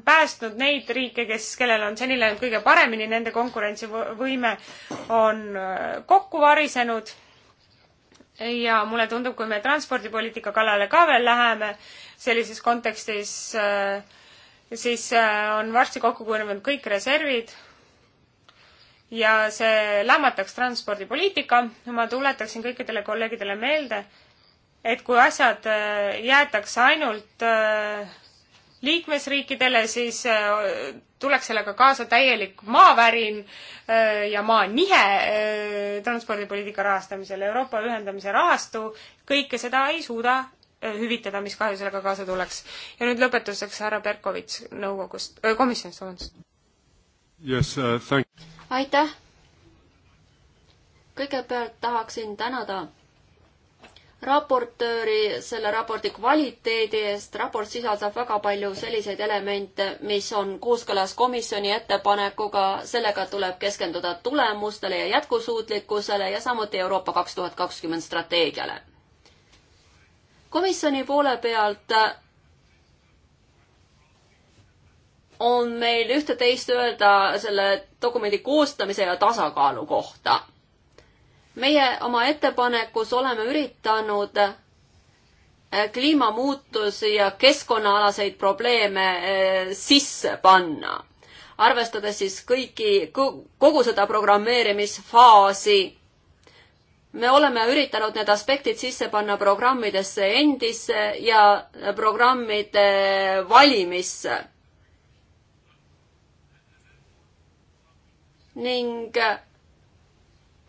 päästnud neid riike, kes, kellel on seni läinud kõige paremini, nende konkurentsivõime on äh, kokku varisenud. ja mulle tundub, kui me transpordipoliitika kallale ka veel läheme sellises kontekstis, äh, siis äh, on varsti kokku kujunenud kõik reservid ja see lämmataks transpordipoliitika. ma tuletaksin kõikidele kolleegidele meelde, et kui asjad jäetakse ainult äh, liikmesriikidele, siis äh, tuleks sellega kaasa täielik maavärin äh, ja maanihe äh, transpordipoliitika rahastamisel. Euroopa ühendamise rahastu kõike seda ei suuda hüvitada, mis kahju sellega kaasa tuleks. ja nüüd lõpetuseks härra Berkovitš nõukogust, komisjonist, vabandust yes, uh,. aitäh! kõigepealt tahaksin tänada raportööri selle raporti kvaliteedi eest. raport sisaldab väga palju selliseid elemente, mis on kooskõlas komisjoni ettepanekuga, sellega tuleb keskenduda tulemustele ja jätkusuutlikkusele ja samuti Euroopa kaks tuhat kakskümmend strateegiale. komisjoni poole pealt on meil ühte-teist öelda selle dokumendi koostamise ja tasakaalu kohta meie oma ettepanekus oleme üritanud äh, kliimamuutusi ja keskkonnaalaseid probleeme äh, sisse panna, arvestades siis kõiki, kogu seda programmeerimisfaasi me oleme üritanud need aspektid sisse panna programmidesse endisse ja programmide valimisse. ning äh,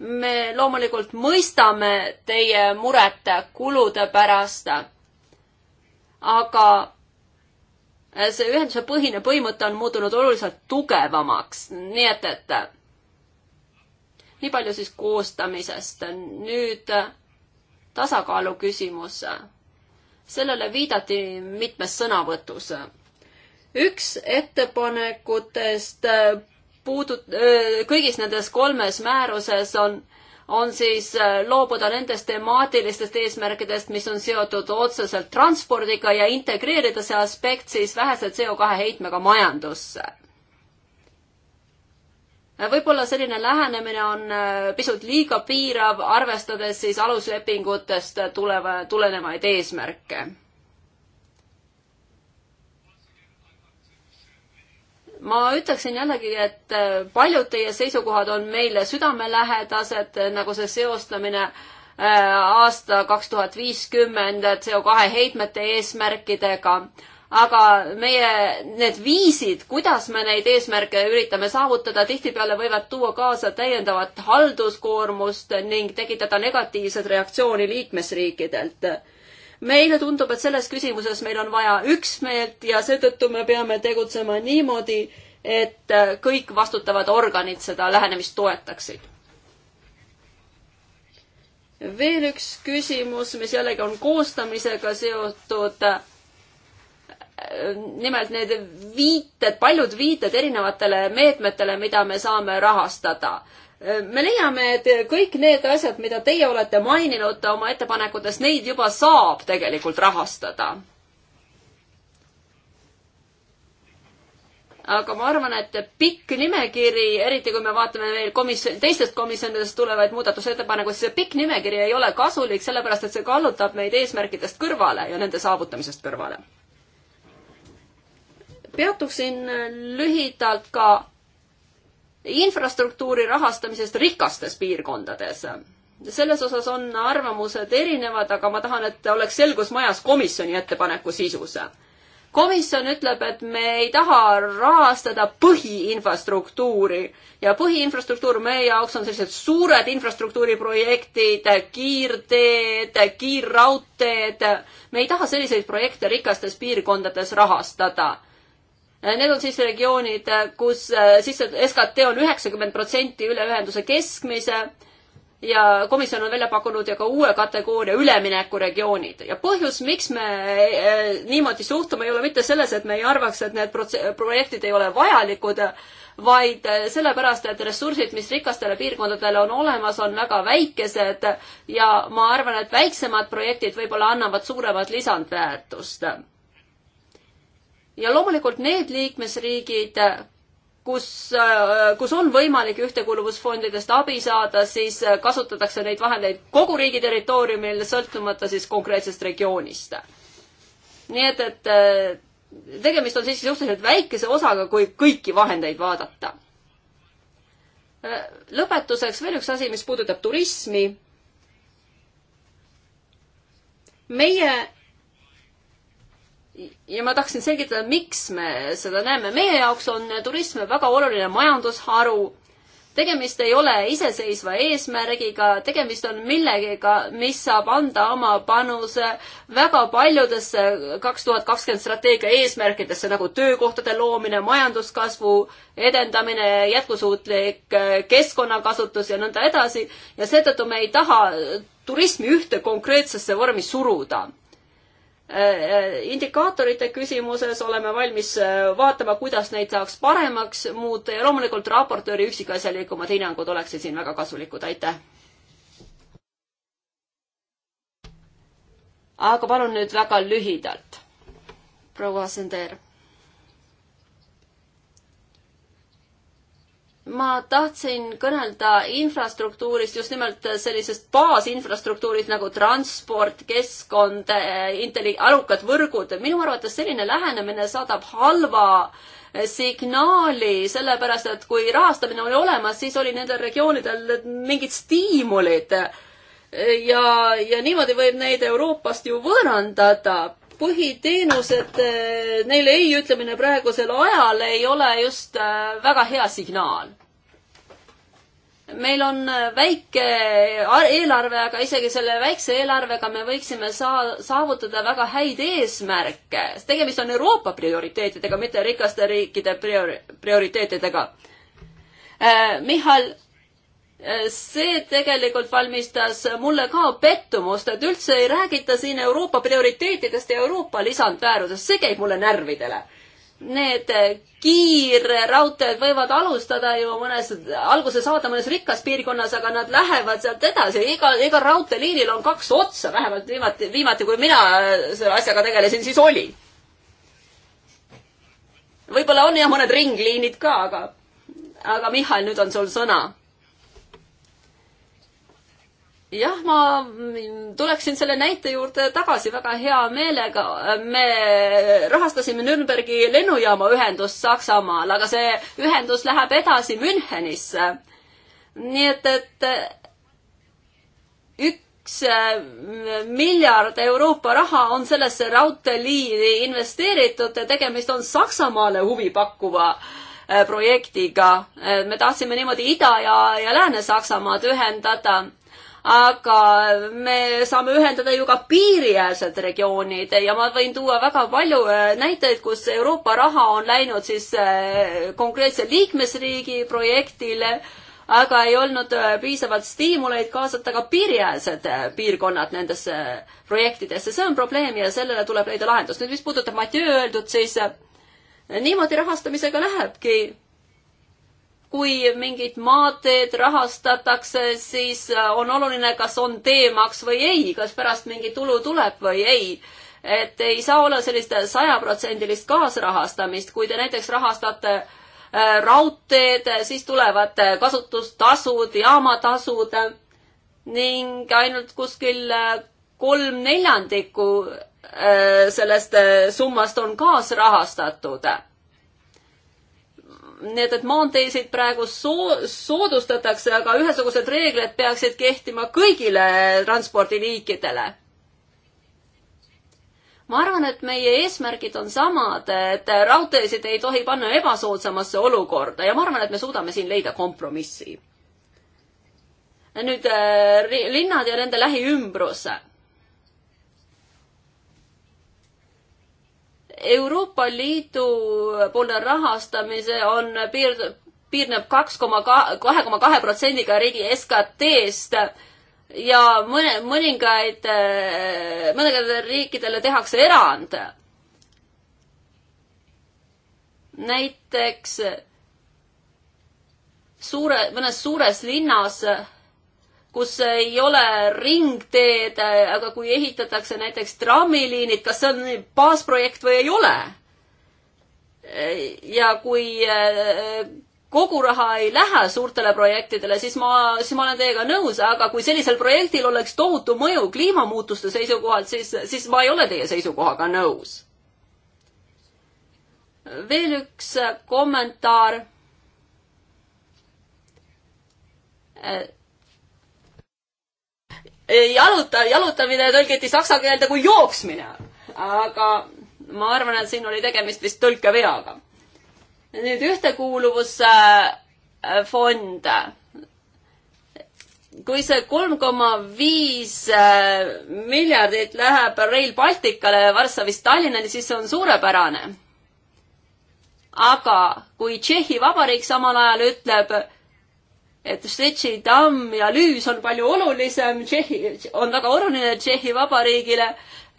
me loomulikult mõistame teie muret kulude pärast, aga see ühenduse põhine põhimõte on muutunud oluliselt tugevamaks, nii et, et nii palju siis koostamisest. nüüd tasakaalu küsimus. sellele viidati mitmes sõnavõtus üks ettepanekutest puudut-, kõigis nendes kolmes määruses on, on siis loobuda nendest temaatilistest eesmärkidest, mis on seotud otseselt transpordiga ja integreerida see aspekt siis vähese CO2 heitmega majandusse. võib-olla selline lähenemine on pisut liiga piirav, arvestades siis aluslepingutest tuleva, tulenevaid eesmärke ma ütleksin jällegi, et äh, paljud teie seisukohad on meile südamelähedased, äh, nagu see seostamine äh, aasta kaks tuhat viiskümmend CO2 heitmete eesmärkidega. aga meie need viisid, kuidas me neid eesmärke üritame saavutada, tihtipeale võivad tuua kaasa täiendavat halduskoormust ning tekitada negatiivset reaktsiooni liikmesriikidelt meile tundub, et selles küsimuses meil on vaja üksmeelt ja seetõttu me peame tegutsema niimoodi, et äh, kõik vastutavad organid seda lähenemist toetaksid. veel üks küsimus, mis jällegi on koostamisega seotud. Äh, nimelt need viited, paljud viited erinevatele meetmetele, mida me saame rahastada me leiame, et kõik need asjad, mida teie olete maininud oma ettepanekutes, neid juba saab tegelikult rahastada. aga ma arvan, et pikk nimekiri, eriti kui me vaatame veel komisjon, teistest komisjonidest tulevaid muudatusettepanekuid, siis see pikk nimekiri ei ole kasulik, sellepärast et see kallutab meid eesmärkidest kõrvale ja nende saavutamisest kõrvale. peatuksin lühidalt ka infrastruktuuri rahastamisest rikastes piirkondades. selles osas on arvamused erinevad, aga ma tahan, et oleks selgus majas komisjoni ettepaneku sisus komisjon ütleb, et me ei taha rahastada põhiinfrastruktuuri ja põhiinfrastruktuur meie jaoks on sellised suured infrastruktuuriprojektid, kiirteed, kiirraudteed. me ei taha selliseid projekte rikastes piirkondades rahastada Äh, need on siis regioonid, äh, kus äh, sisse, SKT on üheksakümmend protsenti üle ühenduse keskmise ja komisjon on välja pakkunud ja ka uue kategooria üleminekuregioonid. ja põhjus, miks me niimoodi suhtume, ei ole mitte selles, et me ei arvaks, et need projektid ei ole vajalikud, vaid sellepärast, et ressursid, mis rikastele piirkondadele on olemas, on väga väikesed ja ma arvan, et väiksemad projektid võib-olla annavad suuremat lisandväärtust ja loomulikult need liikmesriigid, kus, kus on võimalik ühtekuuluvusfondidest abi saada, siis kasutatakse neid vahendeid kogu riigi territooriumil, sõltumata siis konkreetsest regioonist. nii et, et äh, tegemist on siiski suhteliselt väikese osaga, kui kõiki vahendeid vaadata. Äh, lõpetuseks veel üks asi, mis puudutab turismi. meie ja ma tahtsin selgitada, miks me seda näeme. meie jaoks on turism väga oluline majandusharu. tegemist ei ole iseseisva eesmärgiga, tegemist on millegiga, mis saab anda oma panuse väga paljudesse kaks tuhat kakskümmend strateegia eesmärkidesse nagu töökohtade loomine, majanduskasvu edendamine, jätkusuutlik äh, keskkonnakasutus ja nõnda edasi. ja seetõttu me ei taha turismi ühte konkreetsesse vormi suruda Äh, äh, indikaatorite küsimuses oleme valmis äh, vaatama, kuidas neid saaks paremaks muuta ja loomulikult raportööri üksikasjalikumad hinnangud oleksid siin väga kasulikud, aitäh. aga palun nüüd väga lühidalt, proua Sender. ma tahtsin kõnelda infrastruktuurist, just nimelt sellisest baasinfrastruktuurist nagu transport, keskkond, intelli-, arukad võrgud. minu arvates selline lähenemine saadab halva signaali, sellepärast et kui rahastamine oli olemas, siis oli nendel regioonidel mingid stiimulid. ja, ja niimoodi võib neid Euroopast ju võõrandada põhiteenused, eh, neile ei ütlemine praegusel ajal ei ole just eh, väga hea signaal. meil on eh, väike eelarve, aga isegi selle väikse eelarvega me võiksime saa-, saavutada väga häid eesmärke. tegemist on Euroopa prioriteetidega, mitte rikaste riikide priori-, prioriteetidega. Michal see tegelikult valmistas mulle ka pettumust, et üldse ei räägita siin Euroopa prioriteetidest ja Euroopa lisandväärusest, see käib mulle närvidele. Need kiirraudteed võivad alustada ju mõnes, alguse saada mõnes rikkas piirkonnas, aga nad lähevad sealt edasi, iga, igal raudteeliinil on kaks otsa, vähemalt viimati, viimati kui mina selle asjaga tegelesin, siis oli. võib-olla on jah mõned ringliinid ka, aga, aga Mihhail, nüüd on sul sõna jah, ma tuleksin selle näite juurde tagasi väga hea meelega. me rahastasime Nürnbergi lennujaama ühendust Saksamaal, aga see ühendus läheb edasi Münchenisse. nii et, et üks äh, miljard Euroopa raha on sellesse raudteeliini investeeritud ja tegemist on Saksamaale huvi pakkuva äh, projektiga. Äh, me tahtsime niimoodi Ida- ja, ja Lääne-Saksamaad ühendada aga me saame ühendada ju ka piiriäärsed regioonid ja ma võin tuua väga palju äh, näiteid, kus Euroopa raha on läinud siis äh, konkreetse liikmesriigi projektile, aga ei olnud äh, piisavalt stiimuleid kaasata ka piiriäärsed piirkonnad nendesse projektidesse, see on probleem ja sellele tuleb leida lahendus. nüüd, mis puudutab Mathieu öeldud, siis niimoodi rahastamisega lähebki kui mingit maanteed rahastatakse, siis äh, on oluline, kas on teemaks või ei, kas pärast mingi tulu tuleb või ei et ei saa olla sellist sajaprotsendilist kaasrahastamist, kui te näiteks rahastate äh, raudteed, siis tulevad äh, kasutustasud, jaamatasud ning ainult kuskil kolm neljandikku sellest summast on kaasrahastatud nii et, et maanteesid praegu soo-, soodustatakse, aga ühesugused reeglid peaksid kehtima kõigile transpordiliikidele. ma arvan, et meie eesmärgid on samad, et raudteesid ei tohi panna ebasoodsamasse olukorda ja ma arvan, et me suudame siin leida kompromissi. nüüd eh, linnad ja nende lähiümbrus Euroopa Liidu poolne rahastamise on piir, piirneb kaks koma kahe koma kahe protsendiga riigi SKT-st ja mõne, mõningaid, mõningatele riikidele tehakse erand. näiteks suure, mõnes suures linnas kus ei ole ringteed, aga kui ehitatakse näiteks trammiliinid, kas see on baasprojekt või ei ole? ja kui äh, kogu raha ei lähe suurtele projektidele, siis ma, siis ma olen teiega nõus, aga kui sellisel projektil oleks tohutu mõju kliimamuutuste seisukohalt, siis, siis ma ei ole teie seisukohaga nõus. veel üks äh, kommentaar äh, jaluta, jalutamine tõlgiti saksa keelde kui jooksmine. aga ma arvan, et siin oli tegemist vist tõlkeveaga. nüüd ühtekuuluvusfond. Äh, kui see kolm koma viis äh, miljardit läheb Rail Balticale Varssavist Tallinnani, siis see on suurepärane. aga kui Tšehhi Vabariik samal ajal ütleb, et Štetši tamm ja lüüs on palju olulisem Tšehhi, on väga oluline Tšehhi Vabariigile,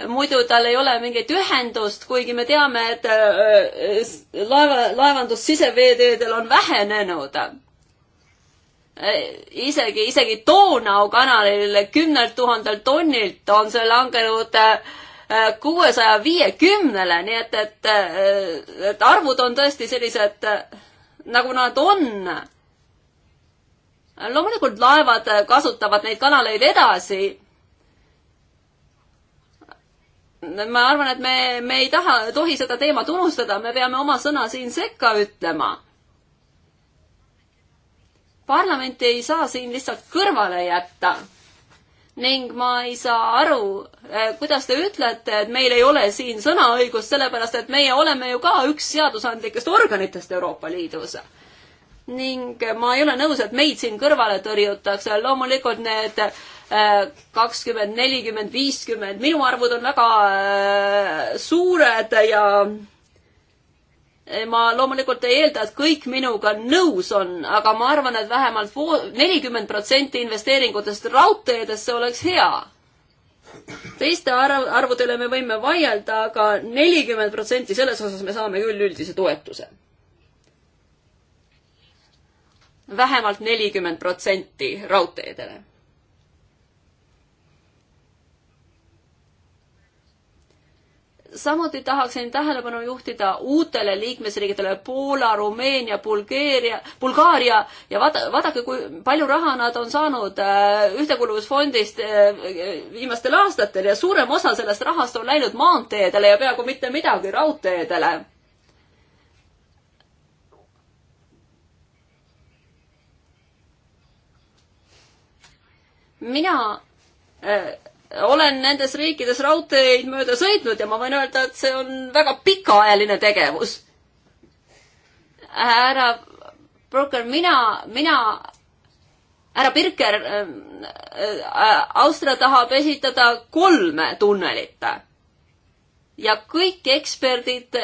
muidu tal ei ole mingit ühendust, kuigi me teame, et äh, laeva, laevandus siseveeteedel on vähenenud isegi, isegi Donau kanalile kümnelt tuhandelt tonnilt on see langenud äh, kuuesaja viiekümnele, nii et, et, äh, et arvud on tõesti sellised, nagu nad on loomulikult laevad äh, kasutavad neid kanaleid edasi. ma arvan, et me, me ei taha, tohi seda teemat unustada, me peame oma sõna siin sekka ütlema. parlamenti ei saa siin lihtsalt kõrvale jätta. ning ma ei saa aru, äh, kuidas te ütlete, et meil ei ole siin sõnaõigust, sellepärast et meie oleme ju ka üks seadusandlikest organitest Euroopa Liidus ning ma ei ole nõus, et meid siin kõrvale tõrjutakse, loomulikult need äh, kakskümmend, nelikümmend, viiskümmend, minu arvud on väga äh, suured ja äh, ma loomulikult ei eelda, et kõik minuga nõus on, aga ma arvan et, et vähemalt nelikümmend protsenti investeeringutest raudteedesse oleks hea teiste arv, arvudele me võime vaielda aga, aga nelikümmend protsenti selles osas me saame küll üldise toetuse vähemalt nelikümmend protsenti raudteedele. samuti tahaksin tähelepanu juhtida uutele liikmesriikidele Poola, Rumeenia, Bulgeeria, Bulgaaria ja vaada, vaadake, kui palju raha nad on saanud äh, Ühtekuuluvusfondist äh, viimastel aastatel ja suurem osa sellest rahast on läinud maanteedele ja peaaegu mitte midagi raudteedele mina äh, olen nendes riikides raudteid mööda sõitnud ja ma võin öelda, et see on väga pikaajaline tegevus. härra Broker, mina, mina, härra Birker ähm, äh,, Austria tahab esitada kolme tunnelit. ja kõik eksperdid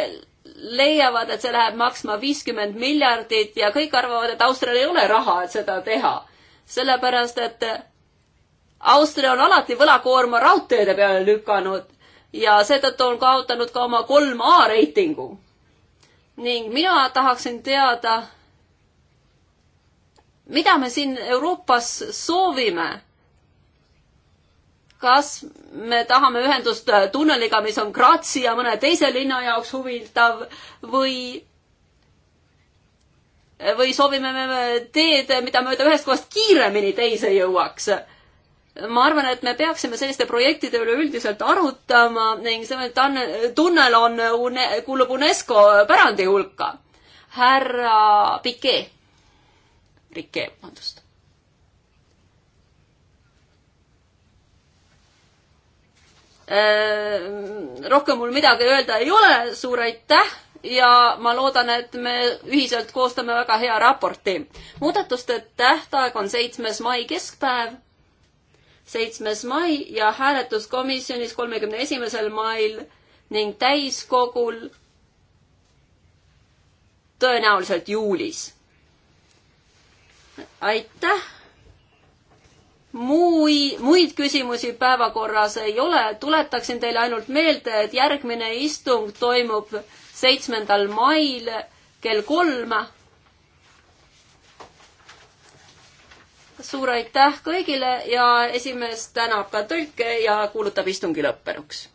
leiavad, et see läheb maksma viiskümmend miljardit ja kõik arvavad, et Austrial ei ole raha, et seda teha. sellepärast, et Austria on alati võlakoorma raudteede peale lükanud ja seetõttu on kaotanud ka oma kolm A reitingu. ning mina tahaksin teada, mida me siin Euroopas soovime? kas me tahame ühendust tunneliga, mis on Graatsi ja mõne teise linna jaoks huvitav või või soovime me teed, mida mööda ühest kohast kiiremini teise jõuaks? ma arvan, et me peaksime selliste projektide üle üldiselt arutama ning see tunnel on, kuulub UNESCO pärandi hulka. härra Piquet, Riquet, vabandust. Äh, rohkem mul midagi öelda ei ole, suur aitäh ja ma loodan, et me ühiselt koostame väga hea raporti. muudatuste tähtaeg on seitsmes mai keskpäev seitsmes mai ja hääletus komisjonis kolmekümne esimesel mail ning täiskogul tõenäoliselt juulis. aitäh! muid, muid küsimusi päevakorras ei ole, tuletaksin teile ainult meelde, et järgmine istung toimub seitsmendal mail kell kolm suur aitäh kõigile ja esimees tänab ka tõlke ja kuulutab istungi lõppenuks